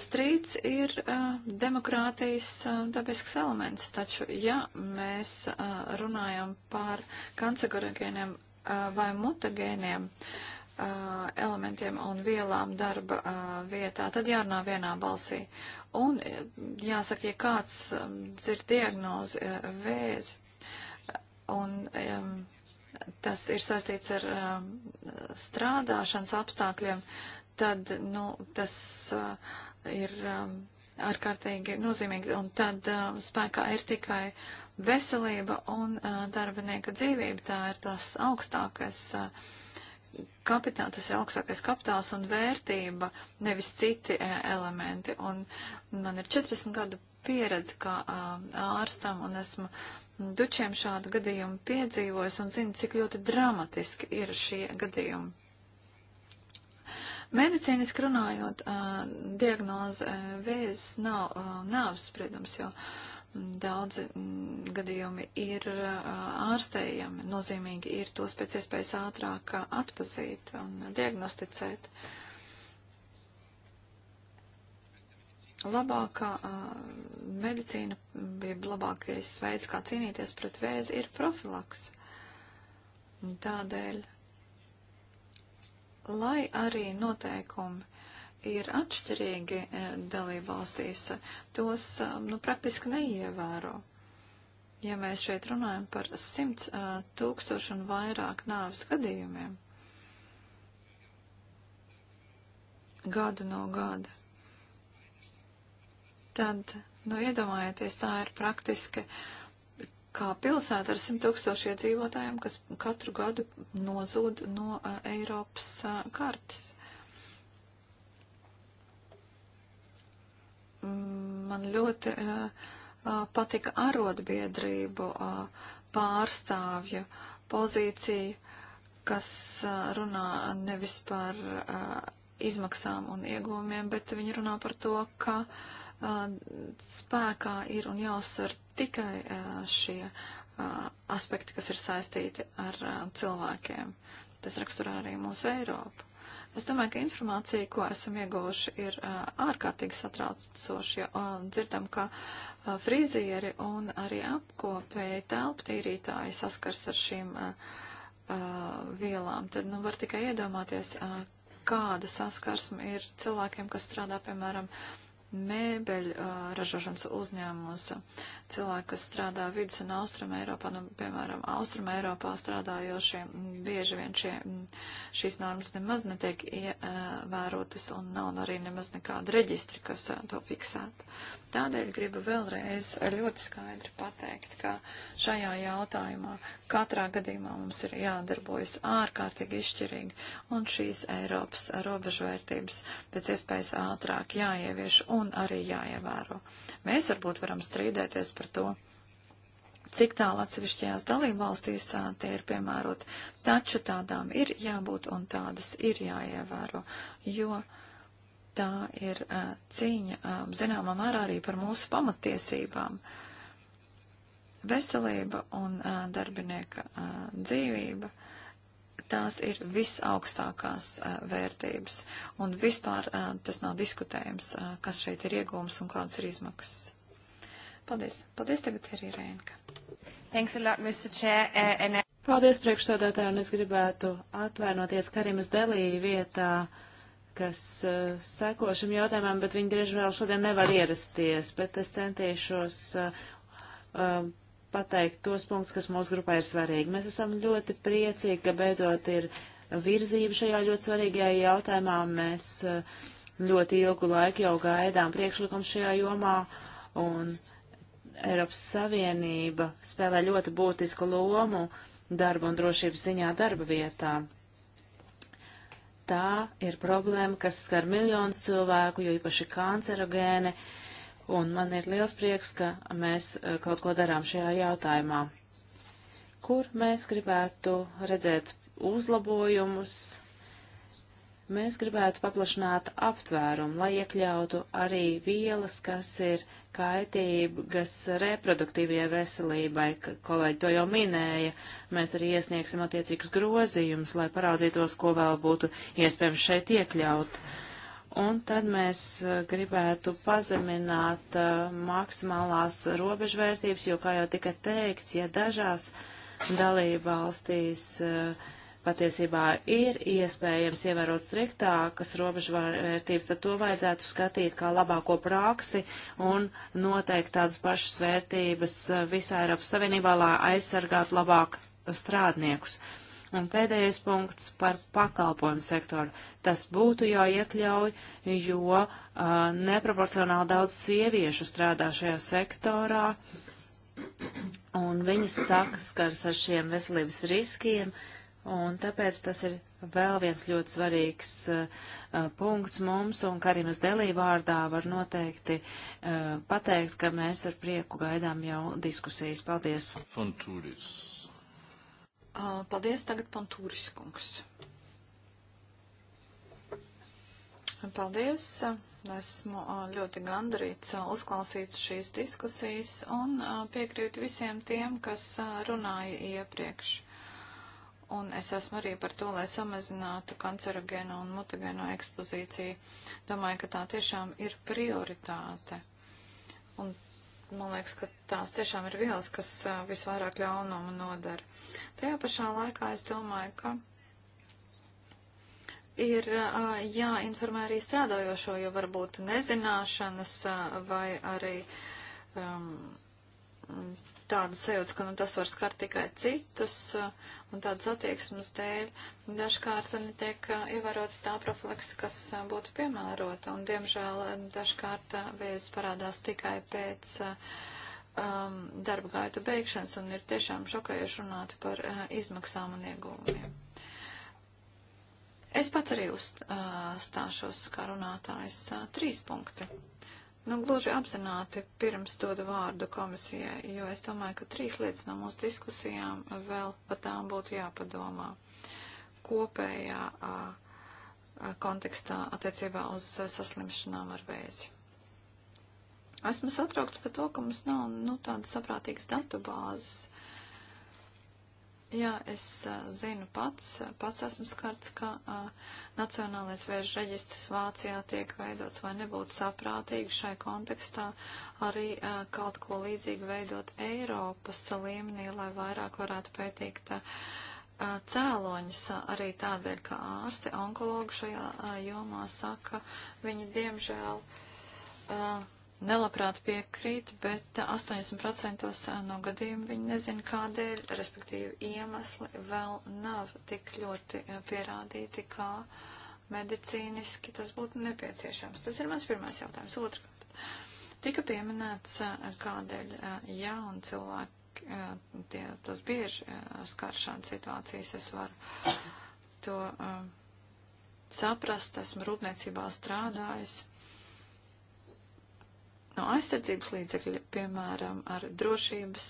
Strīds ir uh, demokrātijas uh, dabisks elements, taču ja mēs uh, runājam par kancerogēniem uh, vai mutagēniem, uh, elementiem un vielām darba vietā, tad jārunā vienā balsī. Un jāsaka, ja kāds dzird diagnozi vēzi, un tas ir saistīts ar strādāšanas apstākļiem, tad, nu, tas ir ārkārtīgi nozīmīgi, un tad spēkā ir tikai veselība un darbinieka dzīvība, tā ir tas augstākais. Uh, kapitāls, tas ir augstākais kapitāls un vērtība, nevis citi e, elementi. Un man ir 40 gadu pieredze kā ārstam un esmu dučiem šādu gadījumu piedzīvojis un zinu, cik ļoti dramatiski ir šie gadījumi. Medicīniski runājot, diagnoze e, vēzis nav nāvs spriedums, jo. Uh, Daudzi mm, gadījumi ir ārstējami, nozīmīgi ir tos pēc iespējas ātrāk atpazīt un diagnosticēt. Labākā medicīna, jeb labākais veids, kā cīnīties pret vēzi, ir profilaks. Tādēļ, lai arī noteikumi ir atšķirīgi e, dalībvalstīs, tos e, nu, praktiski neievēro. Ja mēs šeit runājam par simts e, tūkstošu un vairāk nāves gadījumiem gadu no gada, tad, nu, iedomājieties, tā ir praktiski kā pilsēta ar simt tūkstošu iedzīvotājiem, kas katru gadu nozūd no uh, Eiropas uh, kartes. man ļoti patika arotbiedrību pārstāvju pozīcija, kas runā nevis par izmaksām un iegūmiem, bet viņi runā par to, ka spēkā ir un jāuzsver tikai šie aspekti, kas ir saistīti ar cilvēkiem. Tas raksturā arī mūsu Eiropu. Es domāju, ka informācija, ko esam ieguvuši, ir ārkārtīgi satraucoša, jo dzirdam, ka frizieri un arī apkopēji telptīrītāji saskars ar šīm vielām. Tad nu, var tikai iedomāties, kāda saskarsme ir cilvēkiem, kas strādā, piemēram, mēbeļu ražošanas uzņēmumus, cilvēki, kas strādā vidus un austrum Eiropā, nu, piemēram, austrum Eiropā strādājošie, bieži vien šie, šīs normas nemaz netiek ievērotas un nav arī nemaz nekāda reģistri, kas to fiksētu. Tādēļ gribu vēlreiz ļoti skaidri pateikt, ka šajā jautājumā katrā gadījumā mums ir jādarbojas ārkārtīgi izšķirīgi, un šīs Eiropas robežvērtības pēc iespējas ātrāk jāievieš un arī jāievēro. Mēs varbūt varam strīdēties par to cik tālu atsevišķajās dalībvalstīs tie ir piemērot, taču tādām ir jābūt un tādas ir jāievēro, jo uh, tā ir uh, cīņa um, zināmā mērā arī par mūsu pamatiesībām. Veselība un uh, darbinieka uh, dzīvība, tās ir visaugstākās uh, vērtības. Un vispār uh, tas nav diskutējams, uh, kas šeit ir iegūms un kādas ir izmaksas. Paldies. Paldies tagad arī Rēnka. Thanks a lot, Mr. Chair. Uh, and I... Paldies, priekšsēdētāji, un es gribētu atvainoties Karimas Delī vietā. Uh, kas uh, seko šim jautājumam, bet viņi drīz vēl šodien nevar ierasties, bet es centīšos uh, uh, pateikt tos punktus, kas mūsu grupā ir svarīgi. Mēs esam ļoti priecīgi, ka beidzot ir virzība šajā ļoti svarīgajā jautājumā. Mēs ļoti ilgu laiku jau gaidām priekšlikumu šajā jomā, un Eiropas Savienība spēlē ļoti būtisku lomu darba un drošības ziņā darba vietā tā ir problēma, kas skar miljonus cilvēku, jo īpaši kancerogēni, un man ir liels prieks, ka mēs eh, kaut ko darām šajā jautājumā. Kur mēs gribētu redzēt uzlabojumus? Mēs gribētu paplašināt aptvērumu, lai iekļautu arī vielas, kas ir uh, kaitīgas reproduktīvajai veselībai, ka kolēģi to jau minēja. Mēs arī iesniegsim attiecīgus grozījumus, lai parādzītos, ko vēl būtu iespējams šeit iekļaut. Un tad mēs eh, gribētu pazemināt uh, maksimālās robežvērtības, jo, kā jau tika teikts, ja dažās dalība valstīs uh, patiesībā ir iespējams ievērot striktākas robežvērtības, tad to vajadzētu skatīt kā labāko praksi un noteikt tādas pašas vērtības visā Eiropas Savienībā, lai aizsargātu labāk strādniekus. Un pēdējais punkts par pakalpojumu sektoru. Tas būtu jāiekļauj, jo uh, neproporcionāli daudz sieviešu strādā šajā sektorā, un viņas sakas skars ar šiem veselības riskiem. Uh, Un tāpēc tas ir vēl viens ļoti svarīgs uh, punkts mums, un Karimas Delī vārdā var noteikti uh, pateikt, ka mēs ar prieku gaidām jau diskusijas. Paldies! Pantūris. Uh, paldies tagad Pantūris kungs. Paldies! Esmu uh, ļoti gandarīts uh, uzklausīt šīs diskusijas un uh, piekrīt visiem tiem, kas runāja iepriekš un es esmu arī par to, lai samazinātu kancerogēno un mutagēno ekspozīciju. Domāju, ka tā tiešām ir prioritāte. Un man liekas, ka tās tiešām ir vielas, kas visvairāk ļaunumu nodara. Tajā pašā laikā es domāju, ka ir jāinformē arī strādājošo, jo varbūt nezināšanas vai arī um, tādas sajūtas, ka nu, tas var skart tikai citus uh, un tādas attieksmes dēļ. Dažkārt netiek uh, ievērota tā profilaks, kas uh, būtu piemērota, un diemžēl dažkārt vēzis parādās tikai pēc um, darba gaitu beigšanas, un ir tiešām šokējuši runāt par uh, izmaksām un iegūmiem. Es pats arī uzstāšos kā runātājs. Trīs punkti. Nu, gluži apzināti pirms dodu vārdu komisijai, jo es domāju, ka trīs lietas no mūsu diskusijām vēl par tām būtu jāpadomā. Kopējā a, a, kontekstā attiecībā uz saslimšanām ar vēzi. Esmu satraukts par to, ka mums nav nu, tādas saprātīgas datubāzes Jā, es zinu pats, pats esmu skarts, ka a, Nacionālais vēža reģistrs Vācijā tiek veidots vai nebūtu saprātīgi šai kontekstā arī a, kaut ko līdzīgu veidot Eiropas līmenī, lai vairāk varētu pētīt a, cēloņus arī tādēļ, ka ārsti, onkologi šajā jomā saka, viņi diemžēl. Uh, nelabprāt piekrīt, bet 80% no gadījumu viņi nezina, kādēļ, respektīvi iemesli vēl nav tik ļoti eh, pierādīti, kā medicīniski tas būtu nepieciešams. Tas ir mans pirmais jautājums. Otrkārt, tika pieminēts, eh, kādēļ eh, jauni cilvēki, tie, tas bieži skar šādas situācijas, es varu to saprast, esmu rūpniecībā strādājis no aizsardzības līdzekļa, piemēram, ar drošības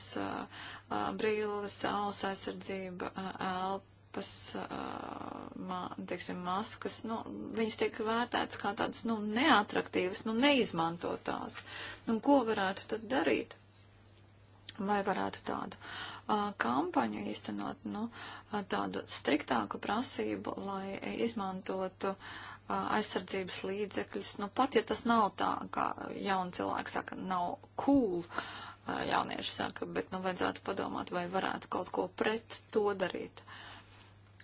brīles, auss aizsardzība, elpas, mā, teiksim, maskas, nu, viņas tiek vērtētas kā tādas, nu, neatraktīvas, nu, neizmantotās. Nu, ko varētu tad darīt? Vai varētu tādu uh, kampaņu īstenot, nu, tādu striktāku prasību, lai izmantotu uh, aizsardzības līdzekļus. Nu, pat ja tas nav tā, kā jauni cilvēki saka, nav cool, jaunieši saka, bet nu vajadzētu padomāt, vai varētu kaut ko pret to darīt.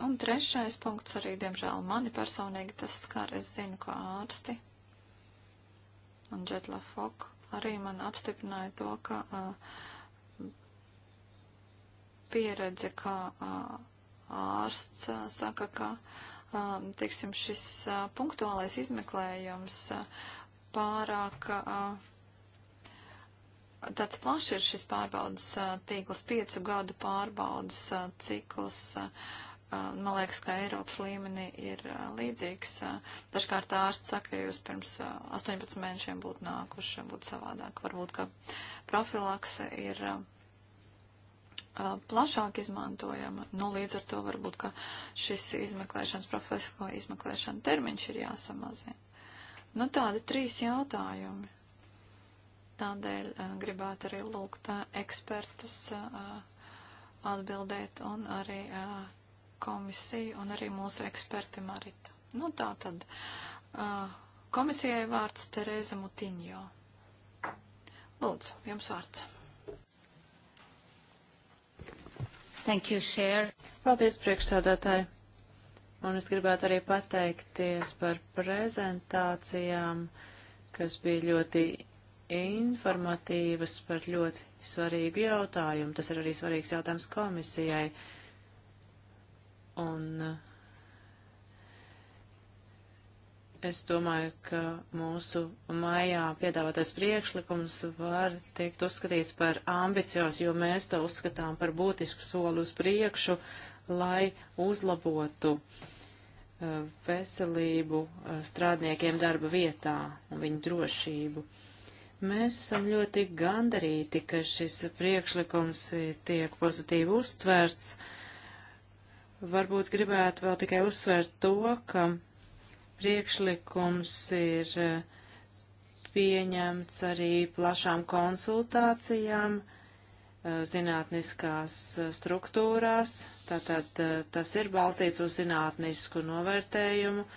Un trešais punkts arī, diemžēl, mani personīgi tas skar, es zinu, kā ārsti. Un Džetla Fok arī man apstiprināja to, ka uh, pieredze, kā uh, ārsts uh, saka, ka uh, Um, teiksim, šis uh, punktuālais izmeklējums uh, pārāk uh, tāds plašs ir šis pārbaudas tīkls, piecu gadu pārbaudas cikls. Man liekas, ka Eiropas līmenī ir līdzīgs. Dažkārt ārsts saka, ja jūs pirms 18 mēnešiem būtu nākuši, būtu savādāk. Varbūt, ka profilakse ir plašāk izmantojama. Nu, līdz ar to varbūt, ka šis izmeklēšanas, profesisko izmeklēšana termiņš ir jāsamazina. Nu, tādi trīs jautājumi. Tādēļ gribētu arī lūgt ekspertus atbildēt un arī komisiju un arī mūsu eksperti Marita. Nu, tā tad komisijai vārds Tereza Mutiņo. Lūdzu, jums vārds. Thank you, Chair. Paldies, priekšsādātāji. Un es gribētu arī pateikties par prezentācijām, kas bija ļoti informatīvas par ļoti svarīgu jautājumu. Tas ir arī svarīgs jautājums komisijai. Un uh, Es domāju, ka mūsu maijā piedāvātais priekšlikums var tikt uzskatīts par ambiciozu, jo mēs to uzskatām par būtisku soli uz priekšu, lai uzlabotu uh, veselību uh, strādniekiem darba vietā un viņu drošību. Mēs esam ļoti gandarīti, ka šis priekšlikums tiek pozitīvi uztverts. Varbūt gribētu vēl tikai uzsvērt to, ka Priekšlikums ir eh, pieņemts arī plašām konsultācijām eh, zinātniskās eh, struktūrās, tātad tas ir balstīts uz zinātnisku novērtējumu,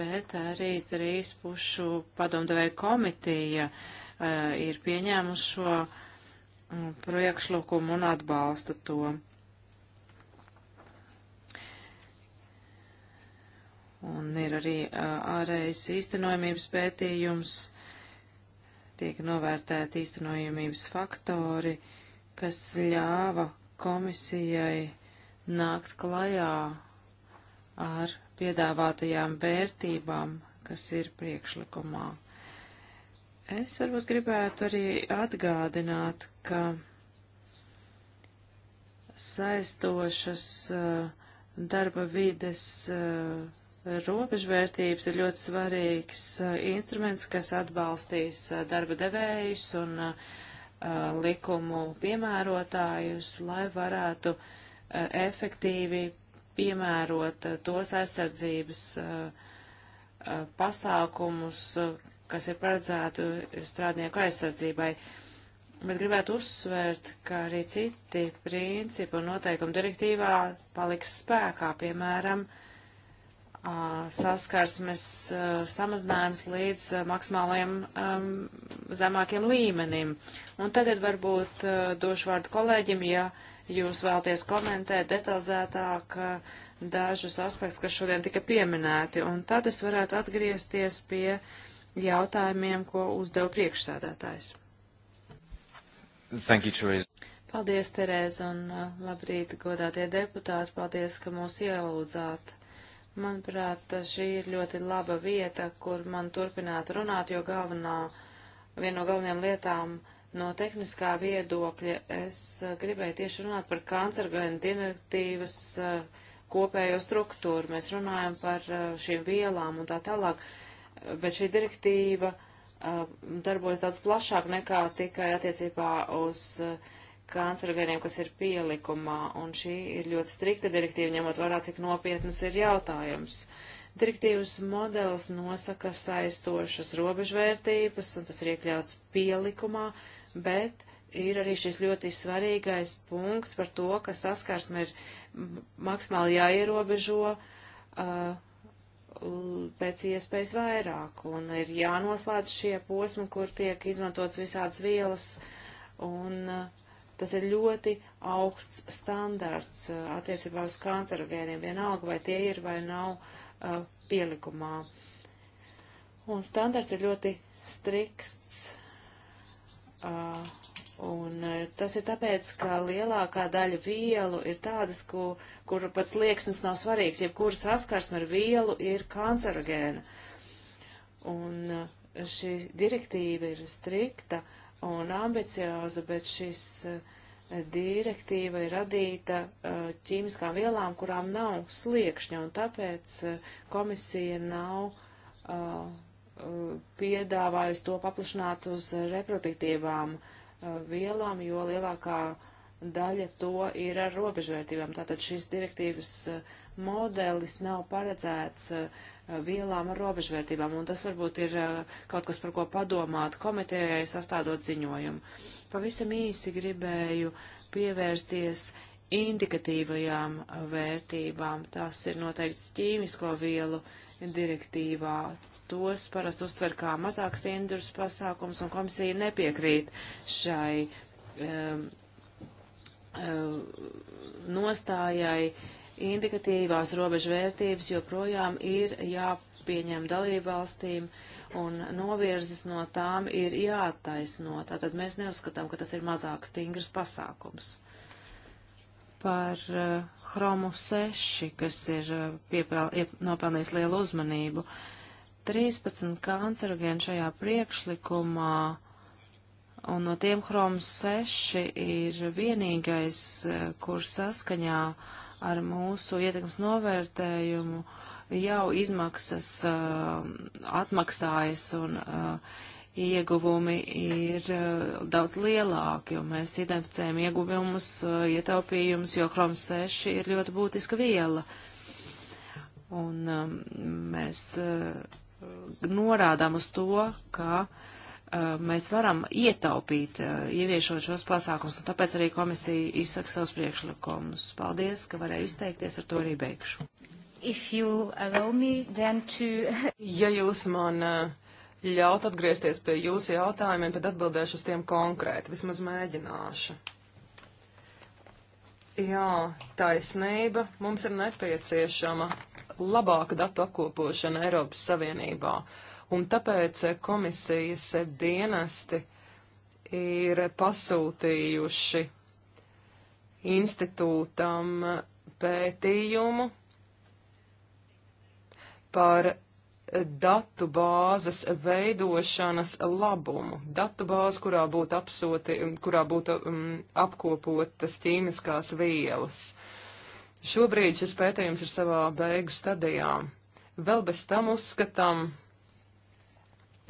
bet arī trīs pušu padomdevēja komitīja uh, ir pieņēmuši šo mm, priekšlikumu un atbalsta to. Un ir arī ārējais īstenojamības pētījums, tiek novērtēti īstenojamības faktori, kas ļāva komisijai nākt klajā ar piedāvātajām vērtībām, kas ir priekšlikumā. Es varbūt gribētu arī atgādināt, ka saistošas darba vides Robežvērtības ir ļoti svarīgs uh, instruments, kas atbalstīs uh, darba devējus un uh, likumu piemērotājus, lai varētu efektīvi piemērot tos aizsardzības pasākumus, kas ir paredzēti strādnieku aizsardzībai. Bet gribētu uzsvērt, ka arī citi principi un noteikumi direktīvā paliks spēkā, piemēram, uh, saskarsmes samazinājums līdz maksimālajiem um, zemākiem līmenim. Un tagad varbūt došu vārdu kolēģim, ja jūs vēlties komentēt detalizētāk dažus aspektus, kas šodien tika pieminēti. Un tad es varētu atgriezties pie jautājumiem, ko uzdeva priekšsēdētājs. Thank you, Therese. Paldies, Terēza, un labrīt, godātie deputāti. Paldies, ka mūs ielūdzāt Manuprāt, šī ir ļoti laba vieta, kur man turpināt runāt, jo galvenā, viena no galvenajām lietām no tehniskā viedokļa es eh, gribēju tieši runāt par kancergēnu direktīvas eh, kopējo struktūru. Mēs runājam par eh, šīm vielām un tā tālāk, bet šī direktīva darbojas daudz plašāk nekā tikai attiecībā uz uh, kancerogēniem, kas ir pielikumā, un šī ir ļoti strikta direktīva, ņemot vērā, cik nopietnas ir jautājums. Direktīvas modelis nosaka saistošas robežvērtības, un tas ir iekļauts pielikumā, bet ir arī šis ļoti svarīgais punkts par to, ka saskarsme ir maksimāli jāierobežo uh, pēc iespējas vairāk, un ir jānoslēdz šie posmi, kur tiek izmantots visādas vielas, un uh, Tas ir ļoti augsts standarts uh, attiecībā uz kancerogēniem, vienalga vai tie ir vai nav uh, pielikumā. Un standarts ir ļoti strikts. Uh, un uh, tas ir tāpēc, ka lielākā daļa vielu ir tādas, ku, kur pats liekas nav svarīgs, jebkura saskarsme ar vielu ir kancerogēna. Un uh, šī direktīva ir strikta, un ambicioza, bet šis eh, direktīva ir radīta eh, ķīmiskām vielām, kurām nav sliekšņa, un tāpēc eh, komisija nav piedāvājusi to paplašināt uz reproduktīvām vielām, jo lielākā daļa to ir ar robežvērtībām. Tātad šis direktīvas modelis nav paredzēts uh, Eh, vielām ar robežvērtībām, un tas varbūt ir eh, kaut kas, par ko padomāt komitejai sastādot ziņojumu. Pavisam īsi gribēju pievērsties indikatīvajām eh, vērtībām. Tas ir noteikts ķīmisko vielu direktīvā. Tos parasti uztver kā mazāk stingrus pasākums, un komisija nepiekrīt šai um, um, nostājai. Uh, indikatīvās robežvērtības joprojām ir jāpieņem dalībvalstīm un novirzes no tām ir jāattaisno. Tātad mēs neuzskatām, ka tas ir mazāk stingrs pasākums. Par uh, Chromu 6, kas ir uh, piepel, iep, nopelnījis lielu uzmanību, 13 kancerogēni šajā priekšlikumā un no tiem Chroms 6 ir vienīgais, eh, kur saskaņā uh, ar mūsu ietekmes novērtējumu jau izmaksas uh, atmaksājas un uh, ieguvumi ir uh, daudz lielāki, un mēs identificējam ieguvumus, uh, ietaupījumus, jo chrom 6 ir ļoti būtiska viela. Un um, mēs uh, norādām uz to, ka uh, uh, mēs varam ietaupīt, uh, ieviešot šos pasākums, un tāpēc arī komisija izsaka savus priekšlikumus. Paldies, ka varēju izteikties, ar to arī beigšu. Me, to... (laughs) Ja jūs man uh, ļaut atgriezties pie jūsu jautājumiem, tad atbildēšu uz tiem konkrēti, vismaz mēģināšu. Jā, taisnība. Mums ir nepieciešama labāka datu apkopošana Eiropas Savienībā. Uh, un tāpēc eh, komisijas dienesti ir pasūtījuši institūtam eh, pētījumu par eh, datu bāzes veidošanas labumu. Datu bāzi, kurā būtu, apsoti, mm, kurā būtu um, apkopotas ķīmiskās vielas. Šobrīd šis pētījums ir savā beigu stadijā. Vēl bez tam uzskatām,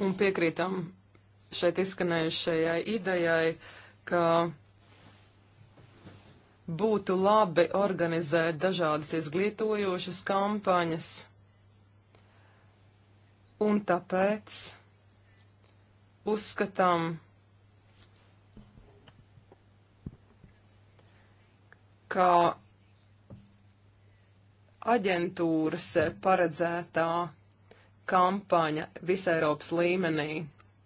un piekrītam šeit izskanējušajai idejai, ka būtu labi organizēt dažādas izglītojošas kampaņas, un tāpēc uzskatām, ka aģentūras paredzētā kampaņa visai Eiropas līmenī,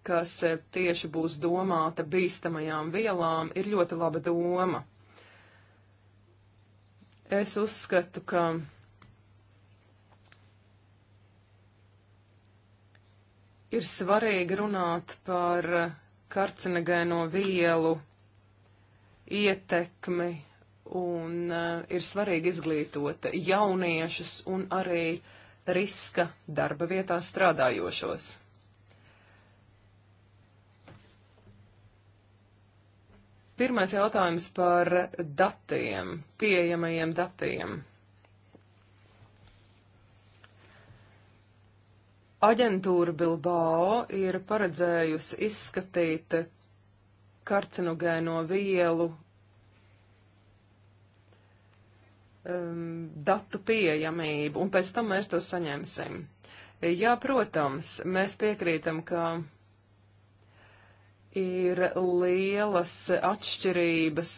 kas eh, tieši būs domāta bīstamajām vielām, ir ļoti laba doma. Es uzskatu, ka ir svarīgi runāt par karcinogēno vielu ietekmi un uh, ir svarīgi izglītot jauniešus un arī uh, riska darba vietā strādājošos. Pirmais jautājums par datiem, pieejamajiem datiem. Aģentūra Bilbao ir paredzējusi izskatīt karcinogēno vielu um, datu pieejamību, un pēc tam mēs to saņemsim. Jā, protams, mēs piekrītam, ka ir lielas atšķirības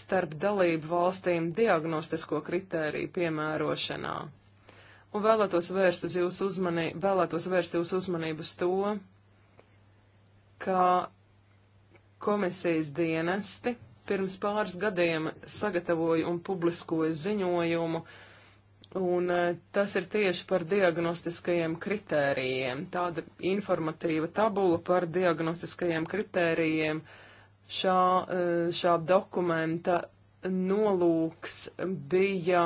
starp dalību valstīm diagnostisko kritēriju piemērošanā. Un vēlētos vērst, uz jūsu uzmanību, vēlētos vērst jūsu uzmanību uz to, ka komisijas dienesti pirms pāris gadiem sagatavoju un publiskoju ziņojumu, un e, tas ir tieši par diagnostiskajiem kritērijiem. Tāda informatīva tabula par diagnostiskajiem kritērijiem šā, e, šā dokumenta nolūks bija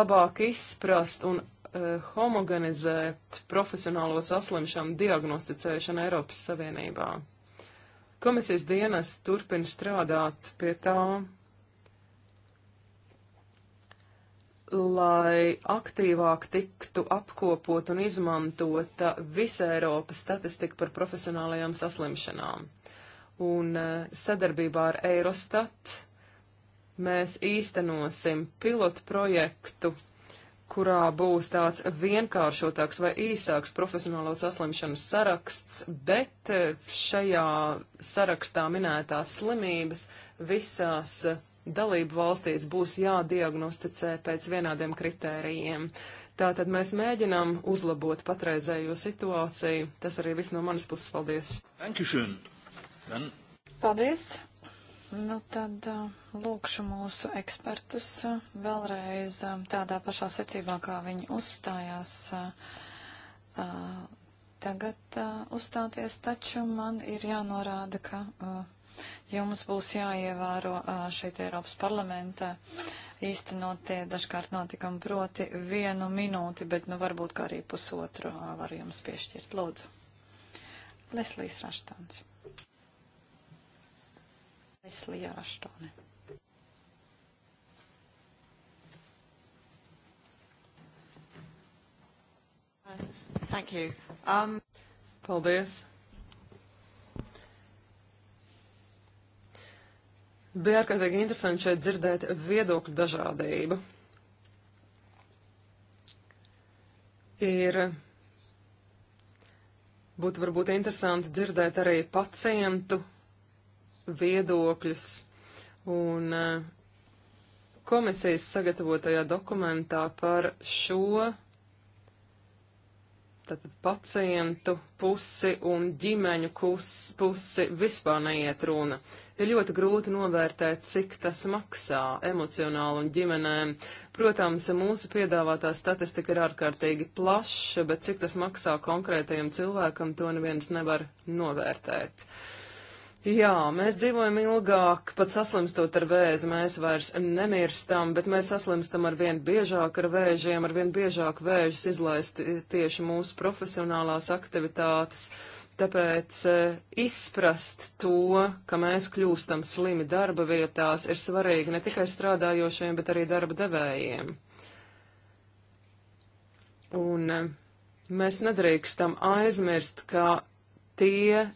labāk izprast un e, homogenizēt profesionālo saslimšanu diagnosticēšanu Eiropas Savienībā. Komisijas dienas turpina strādāt pie tā, lai aktīvāk tiktu apkopot un izmantota visa Eiropas statistika par profesionālajām saslimšanām. Un e, sadarbībā ar Eurostat mēs īstenosim pilotu projektu kurā būs tāds vienkāršotāks vai īsāks profesionālo saslimšanu saraksts, bet eh, šajā sarakstā minētās slimības visās eh, dalību valstīs būs jādiagnosticē pēc vienādiem kritērijiem. Tātad mēs mēģinām uzlabot patreizējo situāciju. Tas arī viss no manas puses. Paldies! Dankušen. Dan. Paldies! Nu tad lūkšu mūsu ekspertus vēlreiz tādā pašā secībā, kā viņi uzstājās. Tagad uzstāties, taču man ir jānorāda, ka jums būs jāievēro šeit Eiropas parlamentā īstenotie dažkārt notikumi proti vienu minūti, bet nu varbūt kā arī pusotru var jums piešķirt. Lūdzu. Leslīs Raštons. Leslie Araštone. Thank you. Um... Paldies. Bija ārkārtīgi interesanti šeit dzirdēt viedokļu dažādību. Ir būtu varbūt interesanti dzirdēt arī pacientu viedokļus. Un eh, komisijas sagatavotajā dokumentā par šo tātad pacientu pusi un ģimeņu kus, pusi vispār neiet runa. Ir ļoti grūti novērtēt, cik tas maksā emocionāli un ģimenēm. Protams, mūsu piedāvātā statistika ir ārkārtīgi plaša, bet cik tas maksā konkrētajam cilvēkam, to neviens nevar novērtēt. Uh, Jā, mēs dzīvojam ilgāk, pat saslimstot ar vēzi, mēs vairs nemirstam, bet mēs saslimstam ar vien biežāk ar vēžiem, ar vien biežāk vēžas izlaist tieši mūsu profesionālās aktivitātes. Tāpēc e, izprast to, ka mēs kļūstam slimi darba vietās, ir svarīgi ne tikai strādājošiem, bet arī darba devējiem. Un e, mēs nedrīkstam aizmirst, ka tie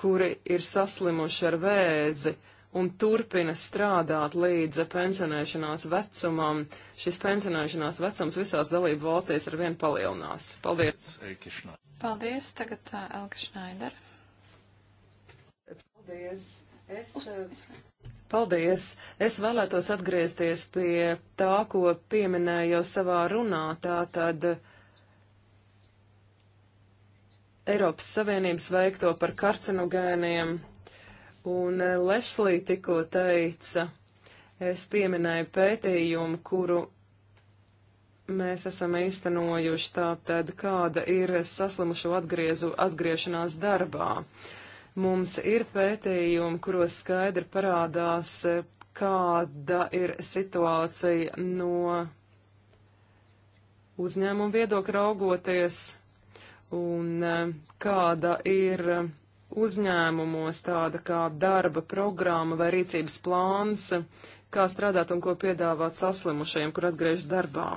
kuri ir saslimuši ar vēzi un turpina strādāt līdz pensionēšanās vecumam. Šis pensionēšanās vecums visās dalību valstīs ar vien palielinās. Paldies! Paldies! Tagad uh, Elka Šnaidera. Paldies! Es, uh, Paldies! Es vēlētos atgriezties pie tā, ko pieminēju savā runā. Tātad Eiropas Savienības veikto par karcinogēniem, un eh, Lešlī tikko teica, es pieminēju pētījumu, kuru mēs esam īstenojuši, tātad kāda ir saslimušo atgriezu, atgriešanās darbā. Mums ir pētījumi, kuros skaidri parādās, kāda ir situācija no uzņēmuma viedokļa raugoties un eh, kāda ir uzņēmumos tāda kā darba programma vai rīcības plāns, kā strādāt un ko piedāvāt saslimušajiem, kur atgriežas darbā.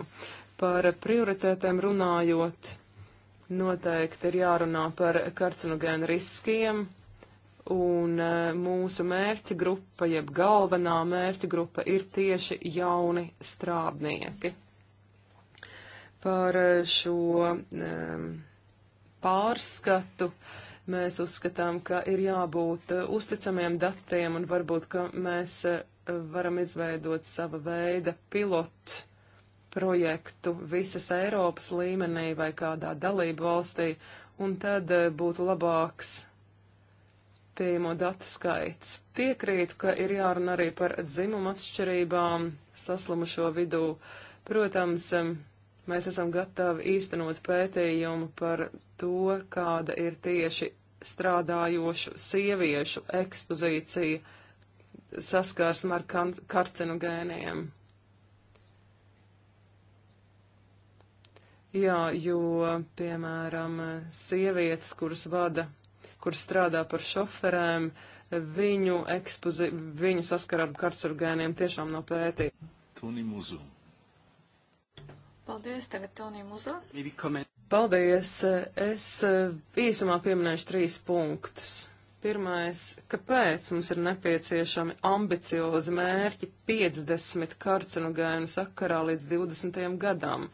Par prioritētēm runājot, noteikti ir jārunā par karcinogēnu riskiem, un eh, mūsu mērķa grupa, jeb galvenā mērķa grupa ir tieši jauni strādnieki. Par eh, šo um, pārskatu. Mēs uzskatām, ka ir jābūt uh, uzticamiem datiem un varbūt, ka mēs uh, varam izveidot sava veida pilotu projektu visas Eiropas līmenī vai kādā dalību valstī, un tad uh, būtu labāks pieejamo datu skaits. Piekrītu, ka ir jārunā arī par dzimumu atšķirībām saslimušo vidū. Protams, um, Mēs esam gatavi īstenot pētījumu par to, kāda ir tieši strādājošu sieviešu ekspozīcija saskarsme ar karcinogēniem. Jā, jo, piemēram, sievietes, kuras vada, kuras strādā par šoferēm, viņu ekspozi, viņu saskara ar karcinogēniem tiešām nav no pētījuma. Tuni Muzuma. Paldies, tagad Tonija Muzla. Paldies, es eh, īsumā pieminēšu trīs punktus. Pirmais, kāpēc mums ir nepieciešami ambiciozi mērķi 50 karcinogēnu sakarā līdz 20. gadam?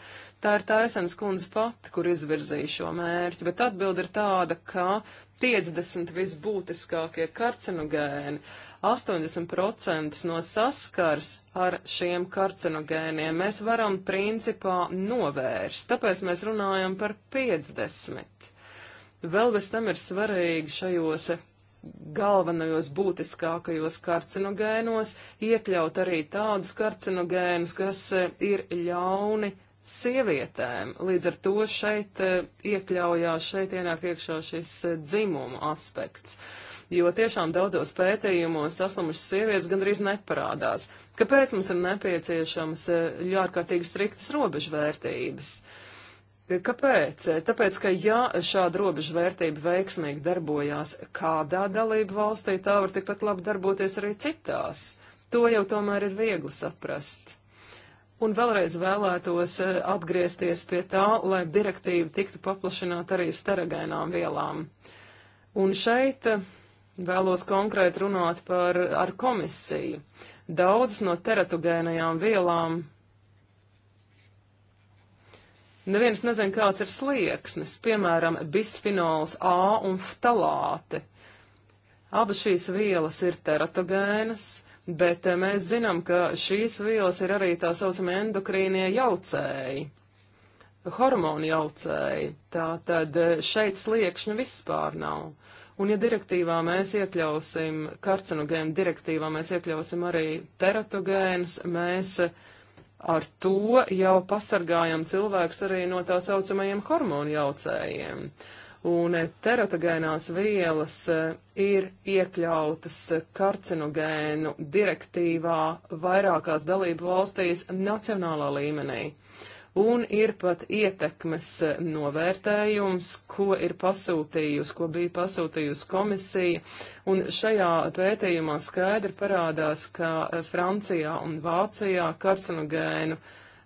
Tā ir Taisens kundze pati, kur izvirzīja šo mērķi, bet atbilde ir tāda, ka 50 visbūtiskākie karcinogēni. 80% no saskars ar šiem karcinogēniem mēs varam principā novērst, tāpēc mēs runājam par 50. Vēl bez tam ir svarīgi šajos galvenajos būtiskākajos karcinogēnos iekļaut arī tādus karcinogēnus, kas ir ļauni sievietēm. Līdz ar to šeit eh, iekļaujās, šeit ienāk iekšā šis eh, dzimuma aspekts. Jo tiešām daudzos pētījumos saslimušas sievietes gandrīz neparādās. Kāpēc mums ir nepieciešams eh, ļārkārtīgi striktas robežvērtības? Kāpēc? Tāpēc, ka ja šāda robežvērtība veiksmīgi darbojās kādā dalību valstī, tā var tikpat labi darboties arī citās. To jau tomēr ir viegli saprast. Un vēlreiz vēlētos eh, atgriezties pie tā, lai direktīva tiktu paplašināta arī uz teragainām vielām. Un šeit eh, vēlos konkrēti runāt par ar komisiju. Daudzas no teratogēnajām vielām. Neviens nezin, kāds ir slieksnis, piemēram, bisfinols A un ftalāti. Abas šīs vielas ir teratogēnas, bet eh, mēs zinām, ka šīs vielas ir arī tā saucamie endokrīnie jaucēji hormonu jaucēji. Tātad eh, šeit sliekšņa vispār nav. Un ja direktīvā mēs iekļausim karcinogēnu, direktīvā mēs iekļausim arī teratogēnus, mēs eh, ar to jau pasargājam cilvēks arī no tā saucamajiem hormonu jaucējiem. Uh, un teratogēnās vielas eh, ir iekļautas karcinogēnu direktīvā vairākās dalību valstīs nacionālā līmenī. Un ir pat ietekmes eh, novērtējums, ko ir pasūtījusi, ko bija pasūtījusi komisija. Un šajā pētījumā skaidri parādās, ka eh, Francijā un Vācijā karcinogēnu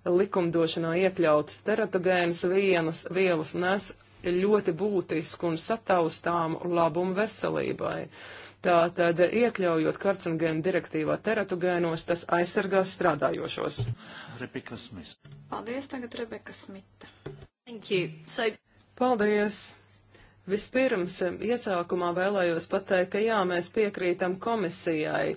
likumdošanā iekļautas teratogēnas vienas vielas nes ļoti būtisku un sataustāmu labumu veselībai. Tātad, iekļaujot karcinogēnu direktīvā teratogēnos, tas aizsargās strādājošos. Rebeka Smita. Paldies, tagad Rebeka Smita. Thank you. So... Paldies. Vispirms, iesākumā vēlējos pateikt, ka jā, mēs piekrītam komisijai.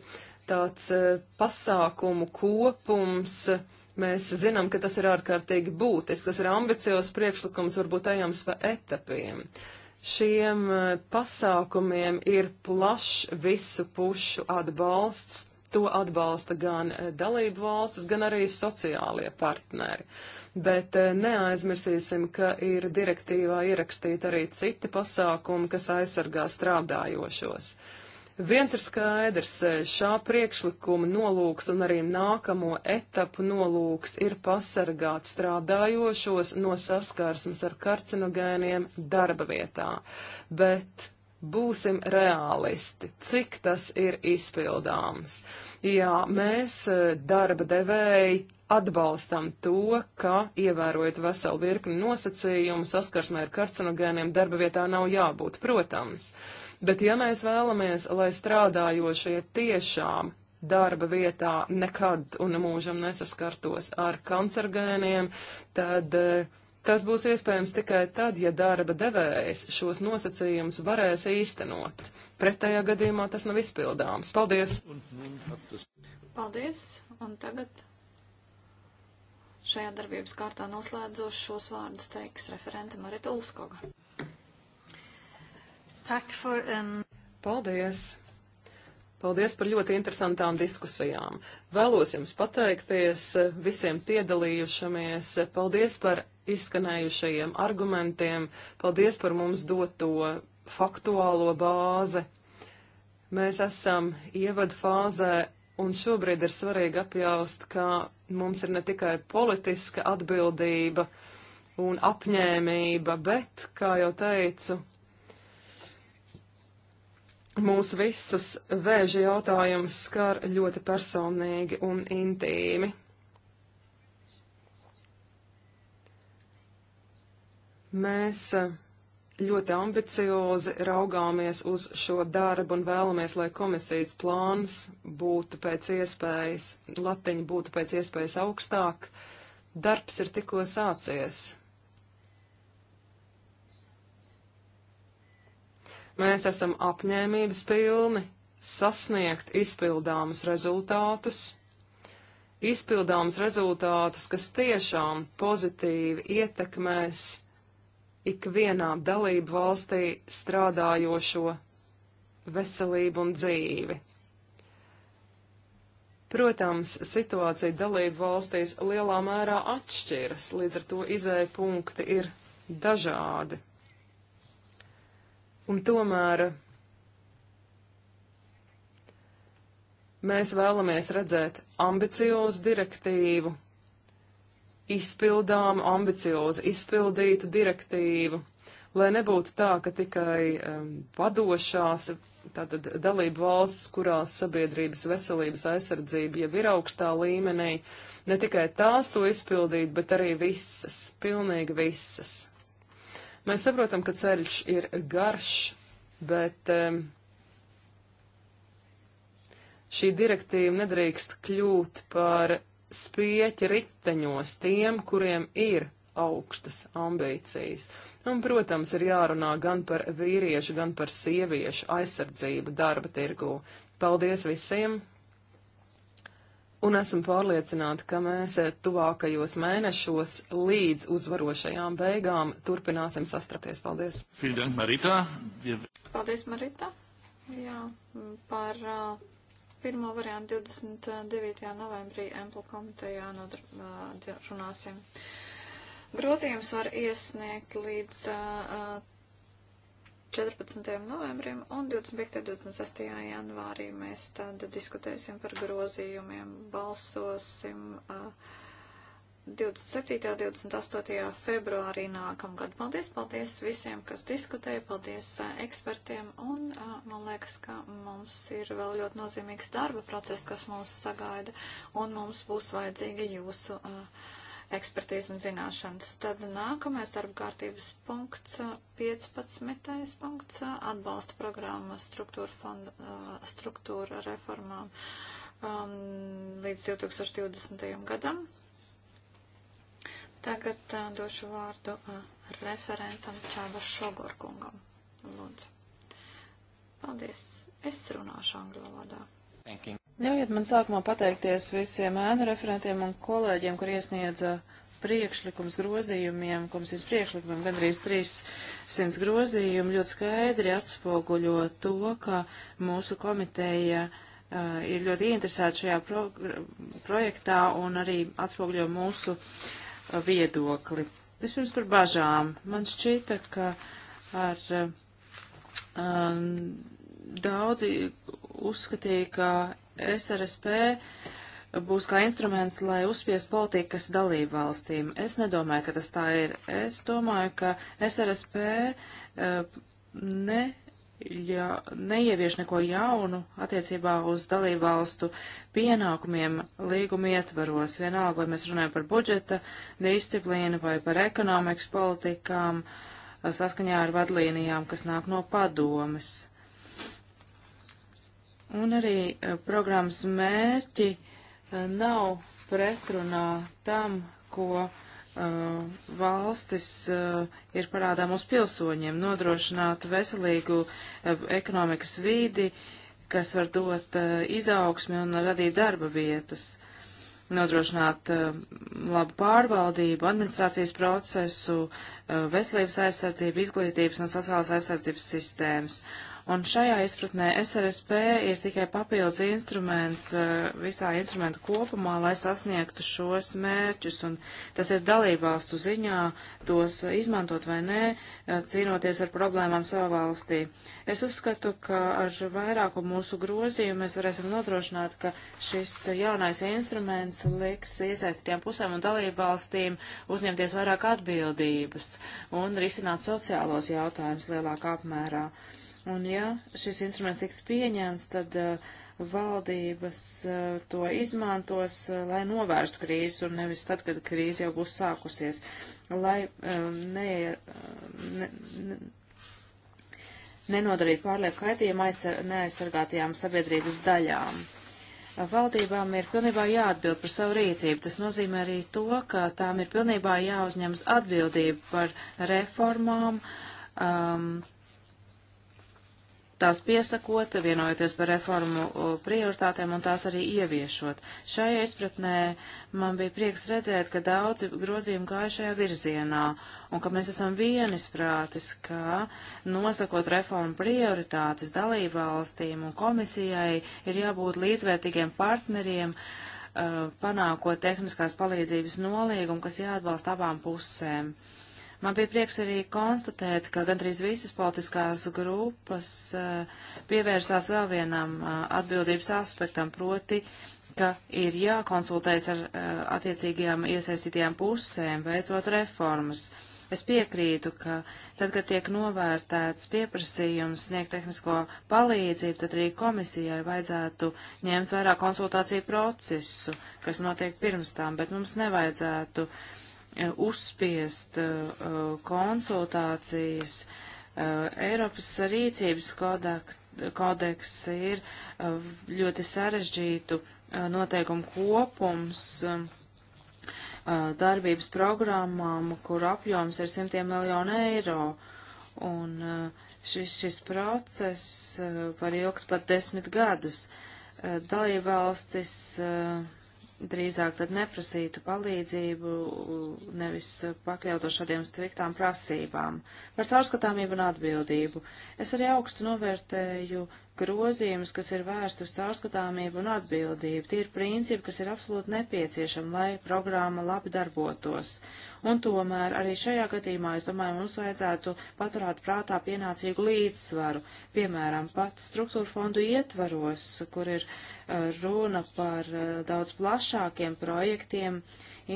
Tāds eh, pasākumu kopums. Uh, Mēs zinām, ka tas ir ārkārtīgi būtisks, tas ir ambiciozs priekšlikums, varbūt ejams pa etapiem. Šiem e, pasākumiem ir plašs visu pušu atbalsts. To atbalsta gan e, dalību valstis, gan arī sociālie partneri. Bet e, neaizmirsīsim, ka ir direktīvā ierakstīta arī citi pasākumi, kas aizsargā strādājošos. Uh, Viens ir skaidrs, šā priekšlikuma nolūks un arī nākamo etapu nolūks ir pasargāt strādājošos no saskarsmes ar karcinogēniem darba vietā. Bet būsim realisti, cik tas ir izpildāms. Jā, mēs eh, darba devēji atbalstam to, ka, ievērojot veselu virkni nosacījumu, saskarsmē ar karcinogēniem darba vietā nav jābūt, protams. Uh, Bet ja mēs vēlamies, lai strādājošie tiešām darba vietā nekad un mūžam nesaskartos ar kancergēniem, tad eh, tas būs iespējams tikai tad, ja darba devējs šos nosacījumus varēs īstenot. Pretējā gadījumā tas nav izpildāms. Paldies! Paldies! Un tagad šajā darbības kārtā noslēdzos šos vārdus teiks referente Marita Ulskoga. Paldies! Paldies par ļoti interesantām diskusijām. Vēlos jums pateikties visiem piedalījušamies. Paldies par izskanējušajiem argumentiem. Paldies par mums doto faktuālo bāzi. Mēs esam ievadu fāzē un šobrīd ir svarīgi apjaust, ka mums ir ne tikai politiska atbildība un apņēmība, bet, kā jau teicu, mūs visus vēža jautājums skar ļoti personīgi un intīmi. Mēs eh, ļoti ambiciozi raugāmies uz šo darbu un vēlamies, lai komisijas plāns būtu pēc iespējas, latiņa būtu pēc iespējas augstāk. Darbs ir tikko sācies. Mēs esam apņēmības pilni sasniegt izpildāmus rezultātus, izpildāmus rezultātus, kas tiešām pozitīvi ietekmēs ikvienā dalību valstī strādājošo veselību un dzīvi. Protams, situācija dalību valstīs lielā mērā atšķiras, līdz ar to izēja punkti ir dažādi. Un tomēr mēs vēlamies redzēt ambiciozu direktīvu, izpildāmu ambiciozu, izpildītu direktīvu, lai nebūtu tā, ka tikai um, padošās, tātad dalību valsts, kurās sabiedrības veselības aizsardzība jau ir augstā līmenī, ne tikai tās to izpildīt, bet arī visas, pilnīgi visas. Mēs saprotam, ka ceļš ir garš, bet um, šī direktīva nedrīkst kļūt par spieķi riteņos tiem, kuriem ir augstas ambīcijas. Un, protams, ir jārunā gan par vīriešu, gan par sieviešu aizsardzību darba tirgū. Paldies visiem! un esmu pārliecināta, ka mēs eh, tuvākajos mēnešos līdz uzvarošajām beigām turpināsim sastrapties. Paldies! Paldies, Marita! Jā, par uh, pirmo variantu 29. novembrī Emplu komitejā uh, runāsim. Grozījums var iesniegt līdz uh, 14. novembrim un 25. 26. janvārī mēs tad diskutēsim par grozījumiem, balsosim. Uh, 27. un 28. februārī nākamgad. Paldies, paldies visiem, kas diskutēja, paldies uh, ekspertiem, un uh, man liekas, ka mums ir vēl ļoti nozīmīgs darba process, kas mūs sagaida, un mums būs vajadzīga jūsu. Uh, ekspertīzi un zināšanas. Tad nākamais darba kārtības punkts, 15. punkts, atbalsta programma struktūra, fonda, struktūra reformām um, līdz 2020. gadam. Tagad uh, došu vārdu uh, referentam Čāba Šogorkungam. Lūdzu. Paldies. Es runāšu angļu valodā. Thank you. Ļaujiet man sākumā pateikties visiem ēnu referentiem un kolēģiem, kur iesniedza priekšlikums grozījumiem, komisijas priekšlikumiem gandrīz 300 grozījumi ļoti skaidri atspoguļo to, ka mūsu komiteja uh, ir ļoti interesēta šajā pro projektā un arī atspoguļo mūsu uh, viedokli. Vispirms par bažām. Man šķita, ka ar um, daudzi uzskatīja, ka SRSP būs kā instruments, lai uzspiest politikas dalību valstīm. Es nedomāju, ka tas tā ir. Es domāju, ka SRSP eh, ne, ja, neievieš neko jaunu attiecībā uz dalību valstu pienākumiem līguma ietvaros. Vienalga, vai mēs runājam par budžeta disciplīnu vai par ekonomikas politikām eh, saskaņā ar vadlīnijām, kas nāk no padomes Un arī e, programmas mērķi e, nav pretrunā tam, ko e, valstis ir parādā mūsu pilsoņiem nodrošināt veselīgu ekonomikas vīdi, kas var dot izaugsmi un radīt darba vietas nodrošināt uh, labu pārvaldību, administrācijas procesu, uh, veselības aizsardzību, izglītības un sociālās aizsardzības sistēmas. Un šajā izpratnē SRSP ir tikai papildus instruments eh, visā instrumentu kopumā, lai sasniegtu šos mērķus, un tas ir dalībvalstu ziņā tos izmantot vai nē, eh, cīnoties ar problēmām savā valstī. Es uzskatu, ka ar vairāku mūsu grozījumu mēs varēsim nodrošināt, ka šis jaunais instruments liks iesaistītiem pusēm un dalībvalstīm uzņemties vairāk atbildības un risināt sociālos jautājumus lielākā apmērā. Uh, Un ja šis instruments tiks pieņemts, tad uh, valdības uh, to izmantos, uh, lai novērstu krīzes un nevis tad, kad krīze jau būs sākusies, lai um, ne, uh, ne, ne, nenodarītu pārlieku kaitījumu neaizsargātajām sabiedrības daļām. Valdībām ir pilnībā jāatbild par savu rīcību. Tas nozīmē arī to, ka tām ir pilnībā jāuzņemas atbildība par reformām, um, tās piesakot, vienojoties par reformu uh, prioritātēm un tās arī ieviešot. Šajā izpratnē man bija prieks redzēt, ka daudzi grozījumi gāja šajā virzienā un ka mēs esam vienisprātis, ka nosakot reformu prioritātes dalībvalstīm un komisijai ir jābūt līdzvērtīgiem partneriem, uh, panākot tehniskās palīdzības nolīgumu, kas jāatbalsta abām pusēm. Uh, Man bija prieks arī konstatēt, ka gandrīz visas politiskās grupas eh, pievērsās vēl vienam eh, atbildības aspektam, proti, ka ir jākonsultējas ar eh, attiecīgajām iesaistītajām pusēm, veicot reformas. Es piekrītu, ka tad, kad tiek novērtēts pieprasījums sniegt tehnisko palīdzību, tad arī komisijai vajadzētu ņemt vērā konsultāciju procesu, kas notiek pirms tām, bet mums nevajadzētu uh, Eh, uzspiest eh, konsultācijas. Eh, Eiropas rīcības kodeks ir ļoti sarežģītu noteikumu kopums darbības programmām, kur apjoms ir simtiem miljonu eiro. Un šis, šis process var ilgt pat desmit gadus. Dalībvalstis uh, drīzāk tad neprasītu palīdzību, nevis pakļautu šādiem striktām prasībām. Par caurskatāmību un atbildību. Es arī augstu novērtēju grozījumus, kas ir vērsti uz caurskatāmību un atbildību. Tie ir principi, kas ir absolūti nepieciešami, lai programma labi darbotos. Un tomēr arī šajā gadījumā, es domāju, mums vajadzētu paturēt prātā pienācīgu līdzsvaru, piemēram, pat struktūra fondu ietvaros, kur ir uh, runa par uh, daudz plašākiem projektiem,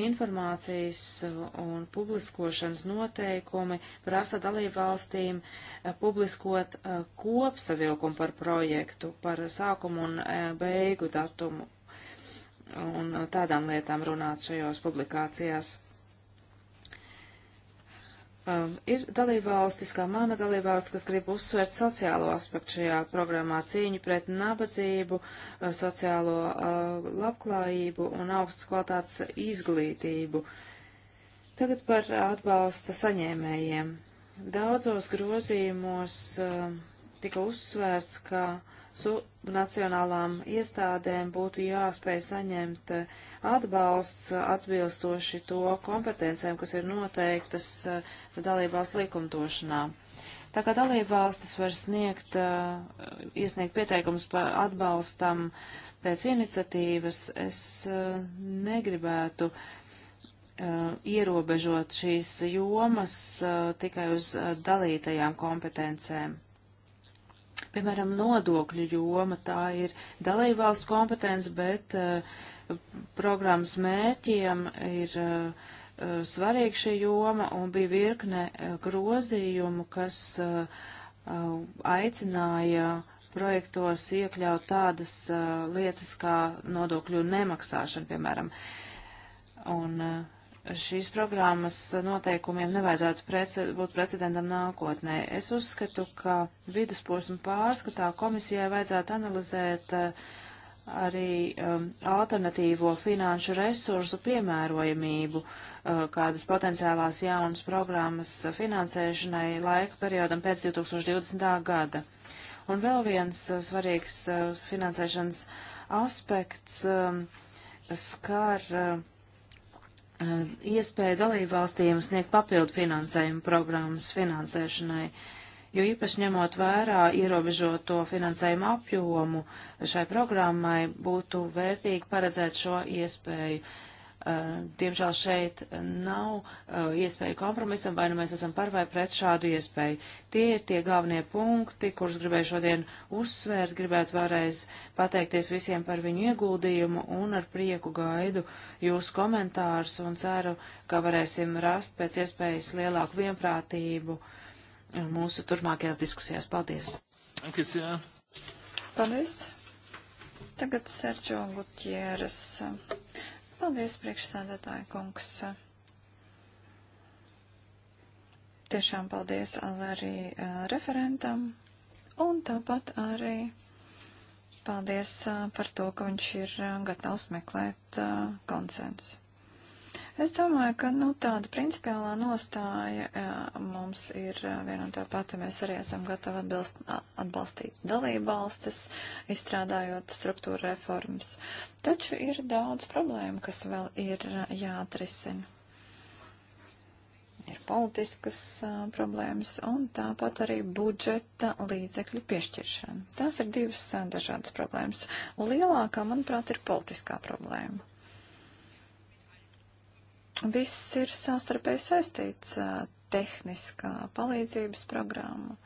informācijas uh, un publiskošanas noteikumi prasa dalību valstīm uh, publiskot uh, kopsavilkumu par projektu, par sākumu un uh, beigu datumu un tādām lietām runāt šajos publikācijās. Um, ir dalībvalstis, kā mana dalībvalsts, kas grib uzsvērt sociālo aspektu šajā programmā - cīņu pret nabadzību, uh, sociālo uh, labklājību un augstas kvalitātes izglītību. Tagad par atbalsta saņēmējiem. Daudzos grozījumos uh, tika uzsvērts, ka su nacionālām iestādēm būtu jāspēj saņemt eh, atbalsts atbilstoši to kompetencēm, kas ir noteiktas eh, dalībās likumdošanā. Tā kā dalībvalstis var sniegt, eh, iesniegt pieteikums par atbalstam pēc iniciatīvas, es negribētu ierobežot šīs jomas tikai uz dalītajām kompetencēm. Piemēram, nodokļu joma tā ir dalībvalstu kompetence, bet uh, programmas mērķiem ir uh, svarīga šī joma un bija virkne eh, grozījumu, kas uh, aicināja projektos iekļaut tādas lietas kā nodokļu nemaksāšana, piemēram. Un uh, šīs programmas noteikumiem nevajadzētu prece, būt precedentam nākotnē. Es uzskatu, ka vidusposma pārskatā komisijai vajadzētu analizēt eh, arī um, alternatīvo finanšu resursu piemērojamību, uh, kādas potenciālās jaunas programmas finansēšanai laika periodam pēc 2020. gada. Un vēl viens uh, svarīgs uh, finansēšanas aspekts um, skar uh, Eh, iespēju dalībvalstīm sniegt papildu finansējumu programmas finansēšanai, jo īpaši ņemot vērā ierobežoto finansējumu apjomu šai programmai, būtu vērtīgi paredzēt šo iespēju. Eh, diemžēl šeit nav eh, iespēju kompromisam, vai nu mēs esam par vai pret šādu iespēju. Tie ir tie galvenie punkti, kurus gribēju šodien uzsvērt, gribētu vēlreiz pateikties visiem par viņu ieguldījumu un ar prieku gaidu jūsu komentārus un ceru, ka varēsim rast pēc iespējas lielāku vienprātību eh, mūsu turpmākajās diskusijās. Paldies! Paldies! Tagad Sergio Gutieres. Paldies, priekšsādātāja kungs. Tiešām paldies arī uh, referentam un tāpat arī paldies uh, par to, ka viņš ir uh, gatavs meklēt konsensu. Es domāju, ka nu, tāda principiālā nostāja e, mums ir e, viena un tā pati. Mēs arī esam gatavi atbilst, atbalstīt dalību valstis, izstrādājot struktūra reformas. Taču ir daudz problēmu, kas vēl ir e, jāatrisina ir politiskas a, problēmas un tāpat arī budžeta līdzekļu piešķiršana. Tās ir divas a, dažādas problēmas. Lielākā, manuprāt, ir politiskā problēma viss ir savstarpēji saistīts tehniskā palīdzības programma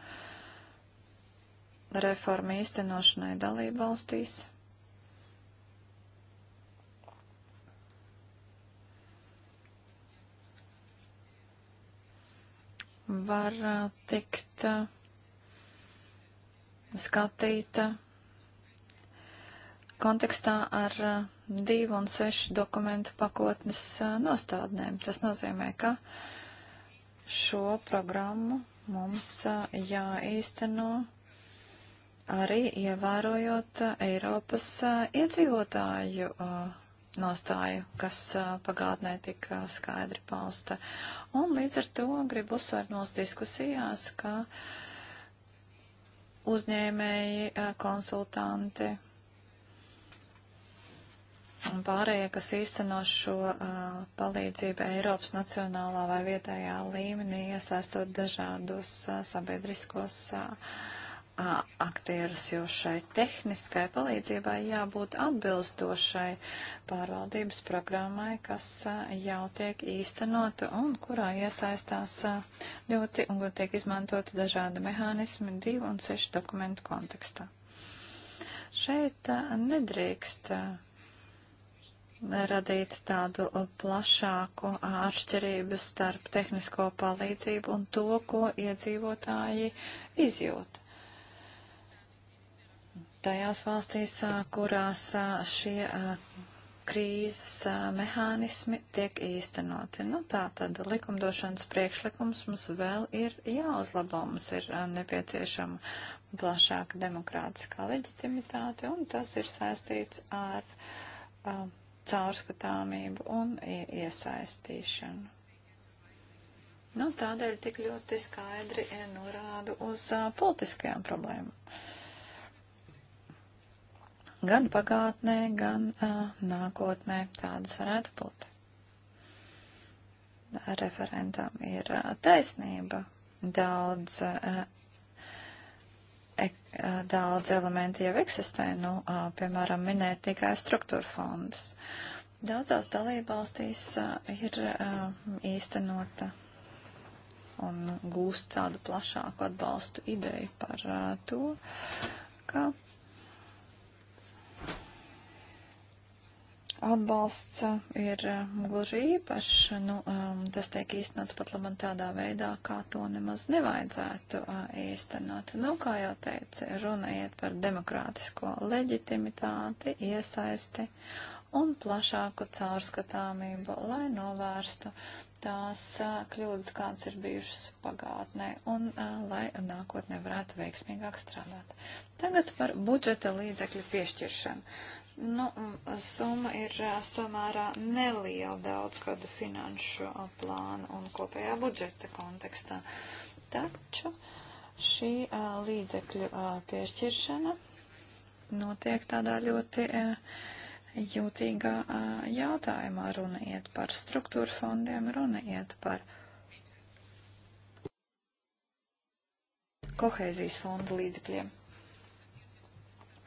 reforma īstenošanai dalību valstīs. Var tikt skatīta kontekstā ar eh, divu un sešu dokumentu pakotnes eh, nostādnēm. Tas nozīmē, ka šo programmu mums eh, jāīsteno arī ievērojot Eiropas iedzīvotāju nostāju, kas pagātnē tika skaidri pausta. Un līdz ar to gribu uzsvērt mūsu diskusijās, ka uzņēmēji, konsultanti, Un pārējie, kas īsteno šo uh, palīdzību Eiropas nacionālā vai vietējā līmenī, iesaistot dažādus uh, sabiedriskos uh, aktierus, jo šai tehniskai palīdzībai jābūt atbilstošai pārvaldības programmai, kas jau tiek īstenota un kurā iesaistās ļoti un kur tiek izmantoti dažādi mehānismi divu un sešu dokumentu kontekstā. Šeit nedrīkst radīt tādu uh, plašāku atšķirību starp tehnisko palīdzību un to, ko iedzīvotāji izjūt. Tajās valstīs, uh, kurās uh, šie krīzes mehānismi tiek īstenoti. Nu, tā tad likumdošanas priekšlikums mums vēl ir jāuzlabo, mums ir nepieciešama plašāka demokrātiskā leģitimitāte, un tas ir saistīts ar um, caurskatāmību un iesaistīšanu. Nu, tādēļ tik ļoti skaidri e, norādu uz uh, politiskajām problēmām. Gan pagātnē, gan uh, nākotnē tādas varētu būt. Referentam ir uh, taisnība. Daudz uh, E, daudz elementi jau eksistē, nu, piemēram, minēt tikai struktūra fondus. Daudzās dalībvalstīs ir īstenota un gūst tādu plašāku atbalstu ideju par to, ka atbalsts uh, ir uh, gluži īpašs. Nu, um, tas tiek īstenots pat labam tādā veidā, kā to nemaz nevajadzētu uh, īstenot. Nu, kā jau teicu, runa iet par demokrātisko leģitimitāti, iesaisti un plašāku caurskatāmību, lai novērstu tās uh, kļūdas, kādas ir bijušas pagātnē, un uh, lai nākotnē varētu veiksmīgāk strādāt. Tagad par budžeta līdzekļu piešķiršanu. Nu, summa ir samērā neliela daudzgadu finanšu plānu un kopējā budžeta kontekstā. Taču šī līdzekļu piešķiršana notiek tādā ļoti jūtīgā jautājumā. Runa iet par struktūra fondiem, runa iet par kohēzijas fonda līdzekļiem.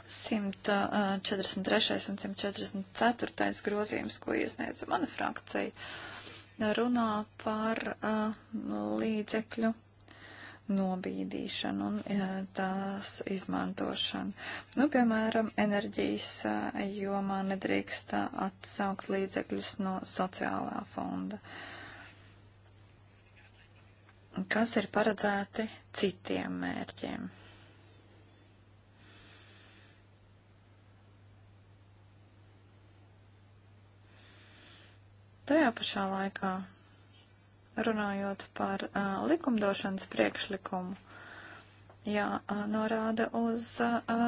143. Uh, un 144. grozījums, ko iesniedza mana frakcija, runā par uh, līdzekļu nobīdīšanu un uh, tās izmantošanu. Nu, piemēram, enerģijas uh, jomā nedrīkst uh, atsaukt līdzekļus no sociālā fonda. Kas ir paredzēti citiem mērķiem? Tajā pašā laikā, runājot par uh, likumdošanas priekšlikumu, jānorāda uz uh,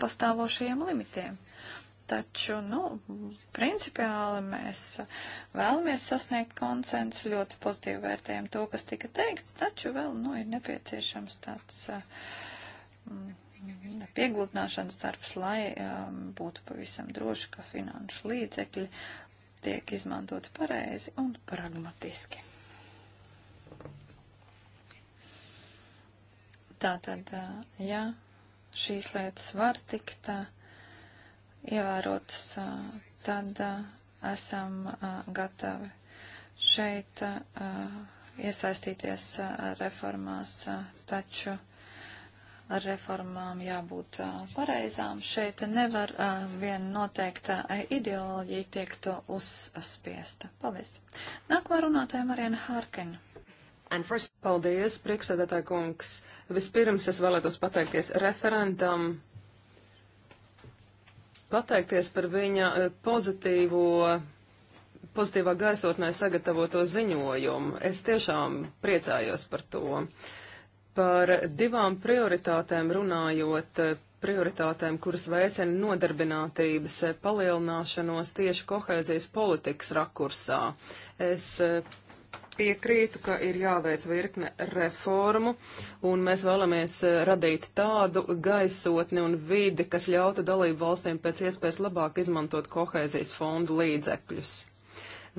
pastāvošajiem limitiem. Taču, nu, principiāli mēs vēlamies sasniegt konsensu, ļoti pozitīvi vērtējam to, kas tika teikts, taču vēl, nu, ir nepieciešams tāds mm, piegludināšanas darbs, lai um, būtu pavisam droši, ka finanšu līdzekļi tiek izmantoti pareizi un pragmatiski. Tātad, ja šīs lietas var tikt ievērotas, tad esam gatavi šeit iesaistīties reformās, taču reformām jābūt pareizām. Šeit nevar viena noteikta ideoloģija tiektu uzspiesta. Paldies. Nākamā runātāja Mariana Hārkina. First... Paldies, priekšsēdētāja kungs. Vispirms es vēlētos pateikties referentam, pateikties par viņa pozitīvo pozitīvā gaisotnē sagatavoto ziņojumu. Es tiešām priecājos par to. Par divām prioritātēm runājot, prioritātēm, kuras veicina nodarbinātības palielināšanos tieši kohēzijas politikas rakursā. Es eh, piekrītu, ka ir jāveic virkne reformu, un mēs vēlamies eh, radīt tādu gaisotni un vidi, kas ļautu dalību valstīm pēc iespējas labāk izmantot kohēzijas fondu līdzekļus.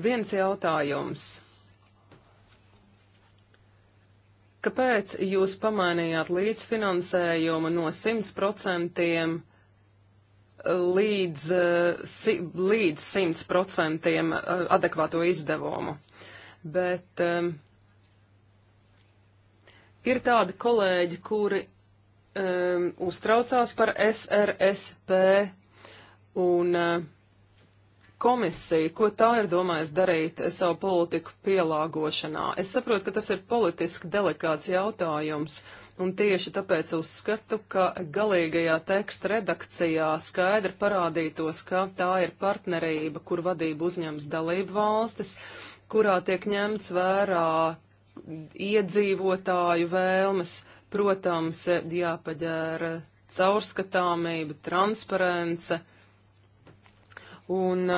Viens jautājums Kāpēc jūs pamainījāt līdzfinansējumu no 100% līdz, eh, si, līdz 100% eh, adekvāto izdevumu? Bet um, ir tādi kolēģi, kuri um, uztraucās par SRSP un uh, komisija, ko tā ir domājusi darīt savu politiku pielāgošanā. Es saprotu, ka tas ir politiski delikāts jautājums, un tieši tāpēc uzskatu, ka galīgajā teksta redakcijā skaidri parādītos, ka tā ir partnerība, kur vadību uzņems dalību valstis, kurā tiek ņemts vērā iedzīvotāju vēlmes, protams, jāpaģēra caurskatāmība, transparence Un e,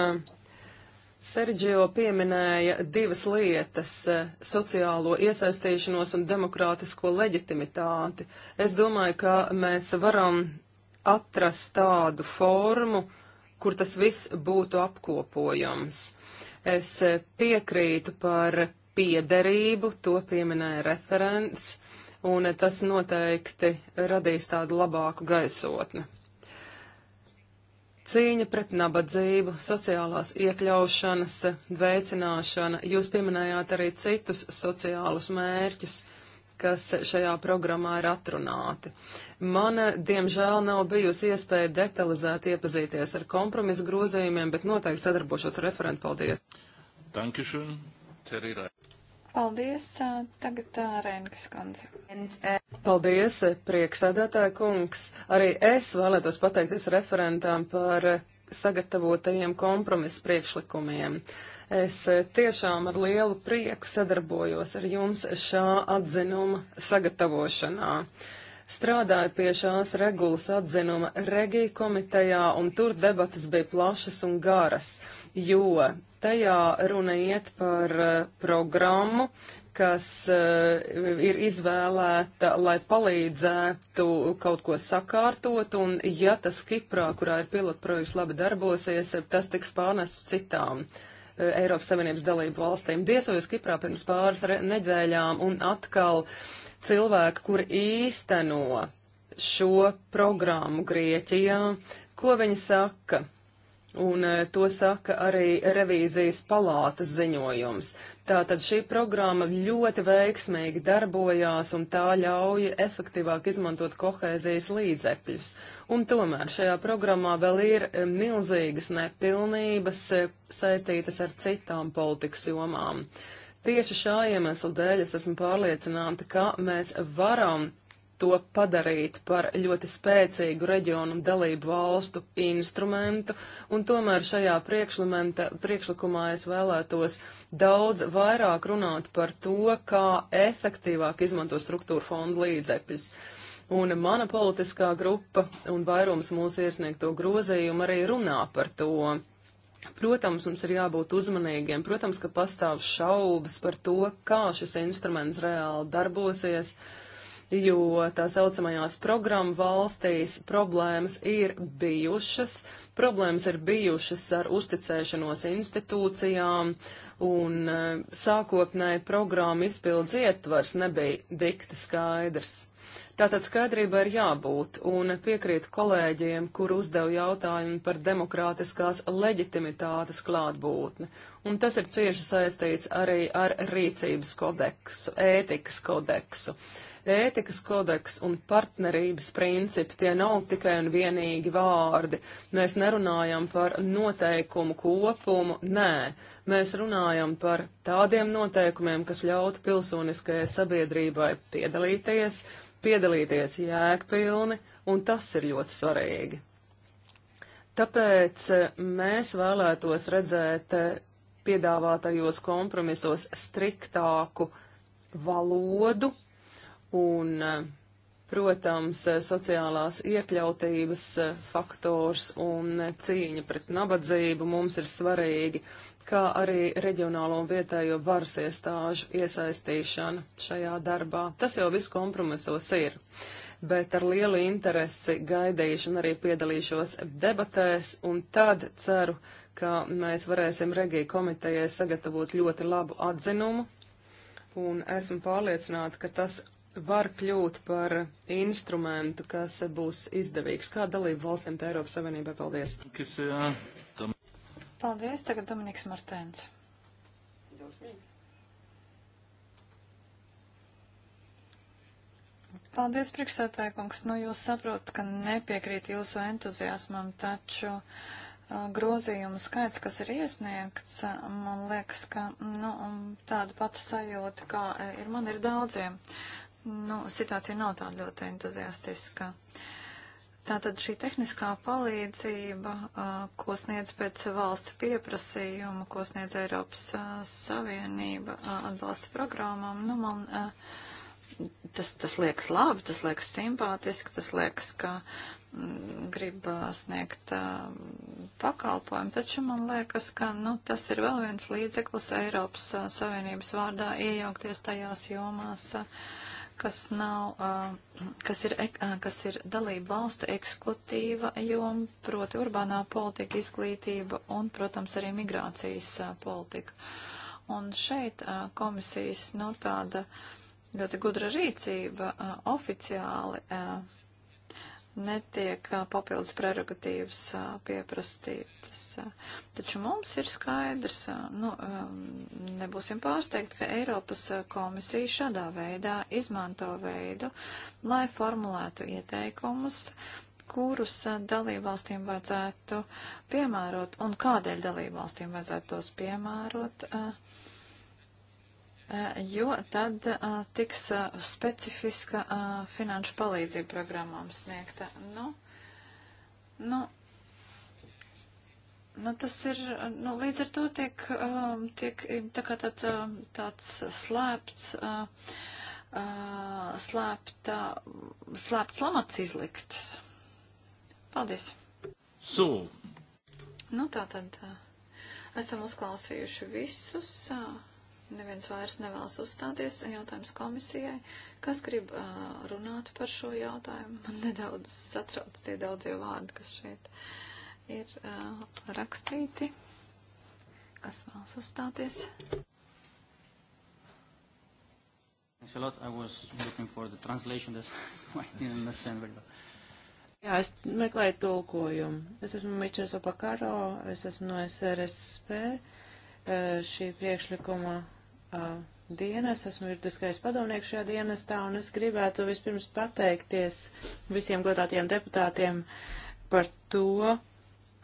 Sergio pieminēja divas lietas - e, sociālo iesaistīšanos un demokrātisko leģitimitāti. Es domāju, ka mēs varam atrast tādu formu, kur tas viss būtu apkopojams. Es e, piekrītu par piederību, to pieminēja referents, un tas noteikti radīs tādu labāku gaisotni. Cīņa pret nabadzību, sociālās iekļaušanas veicināšana. Jūs pieminējāt arī citus sociālus mērķus, kas šajā programmā ir atrunāti. Man, diemžēl, nav bijusi iespēja detalizēt iepazīties ar kompromisu grozījumiem, bet noteikti sadarbošos ar referentu. Paldies! Dankeschön, Terry Rai. Paldies, tagad Rēnkas kundze. Paldies, prieksēdētāja kungs. Arī es vēlētos pateikties referentām par sagatavotajiem kompromisu priekšlikumiem. Es tiešām ar lielu prieku sadarbojos ar jums šā atzinuma sagatavošanā. Strādāju pie šās regulas atzinuma regiju komitejā, un tur debatas bija plašas un garas, jo Tajā runa iet par eh, programmu, kas eh, ir izvēlēta, lai palīdzētu kaut ko sakārtot, un ja tas Kiprā, kurā ir pilotprojekts, labi darbosies, tas tiks pārnests citām. Eh, Eiropas Savienības dalību valstīm. Diezvēlis Kiprā pirms pāris nedēļām un atkal cilvēki, kur īsteno šo programmu Grieķijā, ko viņi saka? Un e, to saka arī revīzijas palātas ziņojums. Tātad šī programma ļoti veiksmīgi darbojās un tā ļauj efektīvāk izmantot kohēzijas līdzekļus. Un tomēr šajā programmā vēl ir e, milzīgas nepilnības e, saistītas ar citām politikas jomām. Tieši šā iemesla dēļ es esmu pārliecināta, ka mēs varam to padarīt par ļoti spēcīgu reģionu un dalību valstu instrumentu, un tomēr šajā priekšlikumā es vēlētos daudz vairāk runāt par to, kā efektīvāk izmanto struktūra fondu līdzekļus. Un mana politiskā grupa un vairums mūsu iesniegto grozījumu arī runā par to. Protams, mums ir jābūt uzmanīgiem. Protams, ka pastāv šaubas par to, kā šis instruments reāli darbosies. Uh, jo tā saucamajās programmu valstīs problēmas ir bijušas. Problēmas ir bijušas ar uzticēšanos institūcijām, un e, sākotnēji programmu izpildes ietvars nebija dikti skaidrs. Tātad skaidrība ir jābūt, un piekrītu kolēģiem, kur uzdev jautājumu par demokrātiskās leģitimitātes klātbūtni. Un tas ir cieši saistīts arī ar rīcības kodeksu, ētikas kodeksu. Uh, Ētikas kodeks un partnerības principi tie nav tikai un vienīgi vārdi. Mēs nerunājam par noteikumu kopumu, nē. Mēs runājam par tādiem noteikumiem, kas ļautu pilsoniskajai sabiedrībai piedalīties, piedalīties jēgpilni, un tas ir ļoti svarīgi. Tāpēc eh, mēs vēlētos redzēt eh, piedāvātajos kompromisos striktāku valodu, un, protams, sociālās iekļautības faktors un cīņa pret nabadzību mums ir svarīgi, kā arī reģionālo un vietējo varas iestāžu iesaistīšana šajā darbā. Tas jau viss kompromisos ir, bet ar lielu interesi gaidīšu un arī piedalīšos debatēs, un tad ceru, ka mēs varēsim Regija komitejai sagatavot ļoti labu atzinumu, un esmu pārliecināta, ka tas var kļūt par instrumentu, kas būs izdevīgs. Kā dalību valstīm tā Eiropas Savienībā? Paldies! Paldies, tagad Dominiks Martēns. Paldies, priekšsētāja kungs. Nu, jūs saprotat, ka nepiekrīt jūsu entuziasmam, taču grozījumu skaits, kas ir iesniegts, man liekas, ka nu, tāda pati sajūta, kā ir man, ir daudziem. Uh, nu, situācija nav tāda ļoti entuziastiska. Tātad šī tehniskā palīdzība, ko sniedz pēc valstu pieprasījuma, ko sniedz Eiropas Savienība atbalsta programmām, nu, man tas, tas liekas labi, tas liekas simpātiski, tas liekas, ka mm, grib sniegt pakalpojumu, taču man liekas, ka nu, tas ir vēl viens līdzeklis Eiropas Savienības vārdā iejaukties tajās jomās. A, kas nav, kas ir, kas ir dalība valstu ekskluatīva joma, proti urbānā politika, izglītība un, protams, arī migrācijas politika. Un šeit komisijas, nu, tāda ļoti gudra rīcība oficiāli netiek papildus prerogatīvas pieprastītas. Taču mums ir skaidrs, nu, nebūsim pārsteigti, ka Eiropas komisija šādā veidā izmanto veidu, lai formulētu ieteikumus, kurus dalībvalstīm vajadzētu piemērot un kādēļ dalībvalstīm vajadzētu tos piemērot. Uh, Eh, jo tad eh, tiks eh, specifiska finanšu palīdzība programmām sniegta. Nu, nu, Nu, tas ir, nu, līdz ar to tiek, um, tiek tā kā tād, tāds slēpts, uh, uh, slēpta, slēpts lamats izliktas. Paldies. So. Nu, tā tad esam uzklausījuši visus. Uh, Neviens vairs nevēlas uzstāties. Jautājums komisijai. Kas grib uh, runāt par šo jautājumu? Man nedaudz satrauc tie daudzie vārdi, kas šeit ir uh, rakstīti. Kas vēlas uzstāties? Thanks a lot. I was looking for the translation, (laughs) that's why I didn't understand very well. Jā, es meklēju tulkojumu. Es esmu Mičels Opakaro, es esmu no SRSP, šī priekšlikuma uh, dienas, esmu juridiskais padomnieks šajā dienestā, un es gribētu vispirms pateikties visiem godātiem deputātiem par to,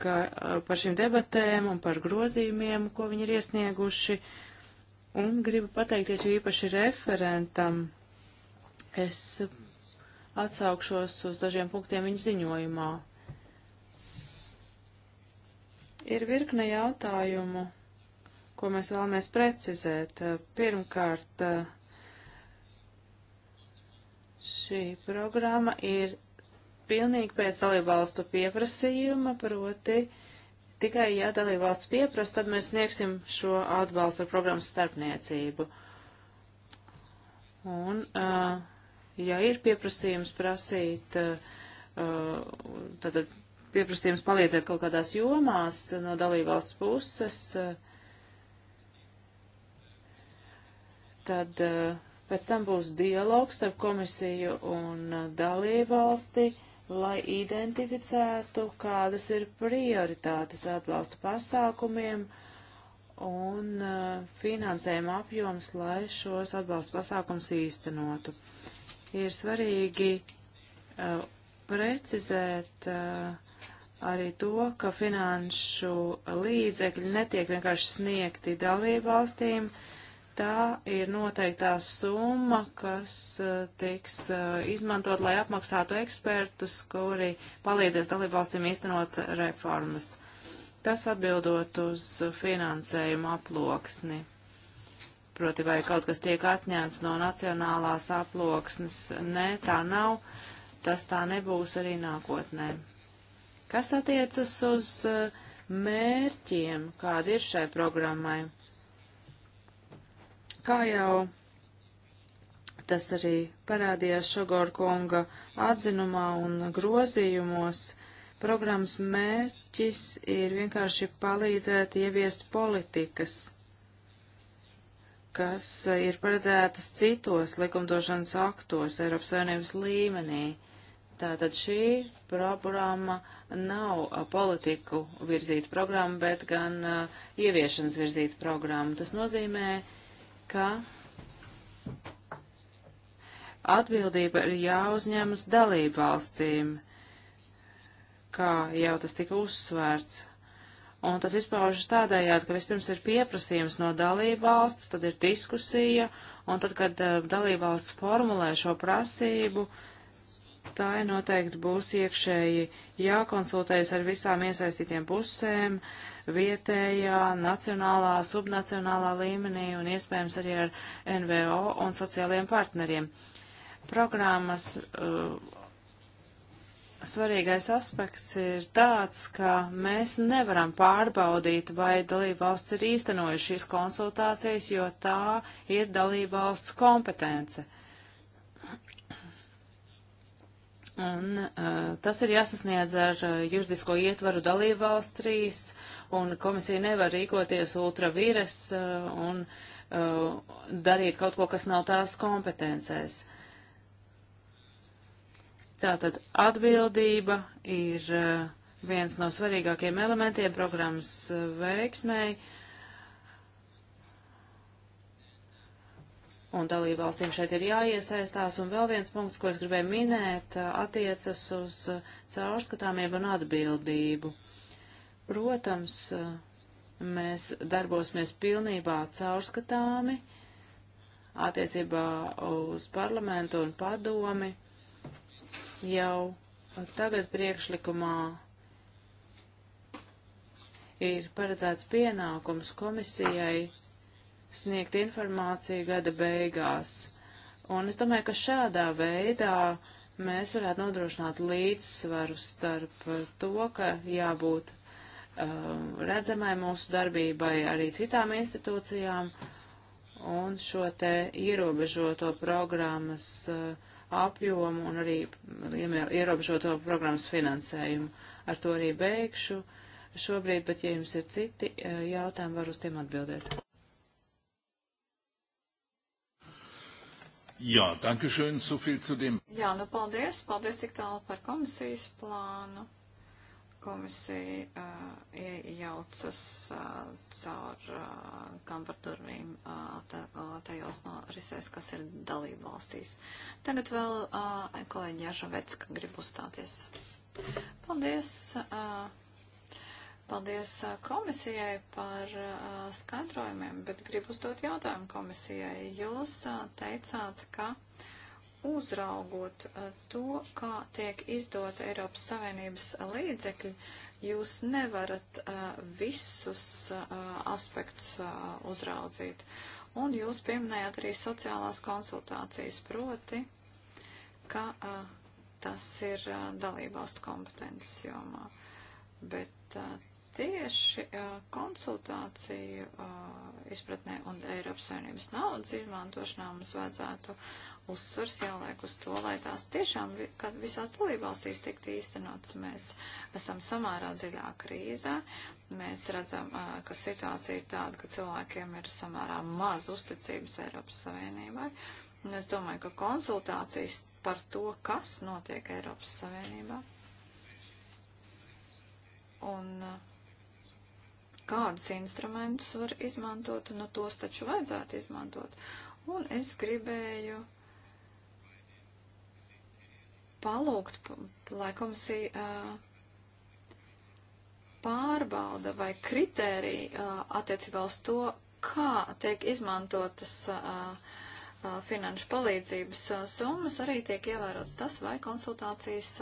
ka, uh, par šīm debatēm un par grozījumiem, ko viņi ir iesnieguši, un gribu pateikties jo īpaši referentam. Es atsaukšos uz dažiem punktiem viņa ziņojumā. Ir virkne jautājumu ko mēs vēlamies precizēt. Pirmkārt, šī programma ir pilnīgi pēc dalībvalstu pieprasījuma, proti tikai, ja dalībvalsts pieprasa, tad mēs sniegsim šo atbalstu ar programmas starpniecību. Un, ja ir pieprasījums prasīt, tad pieprasījums palīdzēt kaut kādās jomās no dalībvalsts puses, Tad eh, pēc tam būs dialogs starp komisiju un eh, dalībvalsti, lai identificētu, kādas ir prioritātes atbalsta pasākumiem un eh, finansējuma apjoms, lai šos atbalsta pasākums īstenotu. Ir svarīgi uh, precizēt uh, arī to, ka finanšu līdzekļi netiek vienkārši sniegti dalībvalstīm, valstīm, Tā ir noteiktā summa, kas eh, tiks eh, izmantot, lai apmaksātu ekspertus, kuri palīdzēs dalībvalstīm īstenot reformas. Tas atbildot uz finansējumu aploksni. Proti, vai kaut kas tiek atņemts no nacionālās aploksnes? Nē, tā nav. Tas tā nebūs arī nākotnē. Kas attiecas uz eh, mērķiem, kādi ir šai programmai? Kā jau tas arī parādījās Šogorkonga atzinumā un grozījumos, programmas mērķis ir vienkārši palīdzēt ieviest politikas, kas ir paredzētas citos likumdošanas aktos Eiropas Savienības līmenī. Tātad šī programma nav politiku virzīta programma, bet gan uh, ieviešanas virzīta programma. Tas nozīmē, uh, ka atbildība ir jāuzņemas dalību valstīm, kā jau tas tika uzsvērts. Un tas izpaužas tādējādi, ka vispirms ir pieprasījums no dalību valsts, tad ir diskusija, un tad, kad eh, dalību valsts formulē šo prasību, uh, spēlētāji noteikti būs iekšēji jākonsultējas ar visām iesaistītiem pusēm, vietējā, nacionālā, subnacionālā līmenī un iespējams arī ar NVO un sociālajiem partneriem. Programmas uh, svarīgais aspekts ir tāds, ka mēs nevaram pārbaudīt, vai dalībvalsts ir īstenojuši šīs konsultācijas, jo tā ir dalībvalsts kompetence. Uh, Un uh, tas ir jāsasniedz ar uh, juridisko ietvaru dalību valstrīs, un komisija nevar rīkoties ultravīres uh, un uh, darīt kaut ko, kas nav tās kompetencēs. Tātad atbildība ir uh, viens no svarīgākiem elementiem programmas uh, veiksmēji. Uh, un dalībvalstīm šeit ir jāiesaistās. Un vēl viens punkts, ko es gribēju minēt, attiecas uz caurskatāmību un atbildību. Protams, mēs darbosimies pilnībā caurskatāmi attiecībā uz parlamentu un padomi jau tagad priekšlikumā ir paredzēts pienākums komisijai sniegt informāciju gada beigās. Un es domāju, ka šādā veidā mēs varētu nodrošināt līdzsvaru starp to, ka jābūt um, redzamai mūsu darbībai arī citām institūcijām un šo te ierobežoto programmas uh, apjomu un arī um, ierobežoto programmas finansējumu. Ar to arī beigšu šobrīd, bet ja jums ir citi uh, jautājumi, varu uz tiem atbildēt. Jā, danke schön, sufīl so zu dem. Jā, nu paldies, paldies tik tālu par komisijas plānu. Komisija uh, iejaucas uh, caur uh, kambardurvīm uh, uh, tajos norisēs, kas ir dalība valstīs. Tagad vēl uh, kolēģi Jāžavecka grib uzstāties. Paldies. Uh, Paldies komisijai par skaidrojumiem, bet gribu uzdot jautājumu komisijai. Jūs teicāt, ka uzraugot to, kā tiek izdota Eiropas Savienības līdzekļi, jūs nevarat uh, visus uh, aspektus uh, uzraudzīt. Un jūs pieminējāt arī sociālās konsultācijas proti, ka uh, tas ir uh, dalībvalstu kompetences jomā. Bet uh, tieši konsultāciju izpratnē un Eiropas Savienības naudas izmantošanā mums vajadzētu uzsvars jāliek uz to, lai tās tiešām visās dalībvalstīs tiktu īstenotas. Mēs esam samērā dziļā krīzē, mēs redzam, ka situācija ir tāda, ka cilvēkiem ir samērā maz uzticības Eiropas Savienībai. Un es domāju, ka konsultācijas par to, kas notiek Eiropas Savienībā. Un uh, kādus instrumentus var izmantot, nu tos taču vajadzētu izmantot. Un es gribēju palūgt, lai komisija pārbauda vai kritērija attiecībā uz to, kā tiek izmantotas finanšu palīdzības summas, arī tiek ievērots tas, vai konsultācijas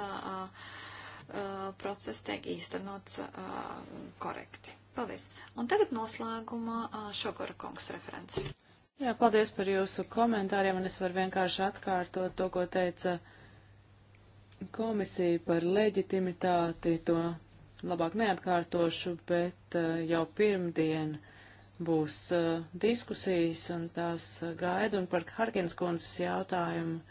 process tiek īstenots korekti. Paldies. Un tagad noslēgumā Šogora kungs referenci. Jā, paldies par jūsu komentāriem, un es varu vienkārši atkārtot to, ko teica komisija par leģitimitāti. To labāk neatkārtošu, bet jau pirmdien būs diskusijas, un tās gaida, un par Harkins kundzes jautājumu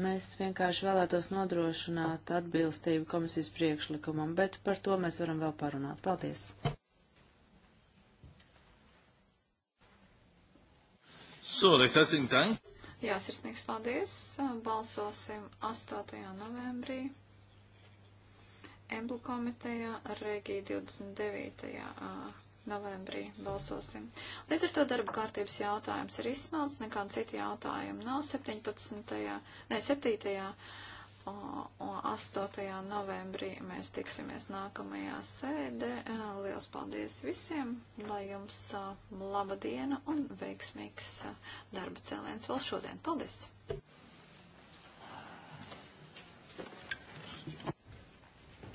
Mēs vienkārši vēlētos nodrošināt atbilstību komisijas priekšlikumam, bet par to mēs varam vēl parunāt. Paldies! Soli, kas ir tā? Jā, sirsnīgs paldies. Balsosim 8. novembrī. Emblu komitejā, Regija 29 novembrī balsosim. Līdz ar to darba kārtības jautājums ir izsmelts, nekā citi jautājumi nav 17. ne 7. un 8. novembrī mēs tiksimies nākamajā sēdē. Liels paldies visiem, lai jums laba diena un veiksmīgs darba cēliens vēl šodien. Paldies!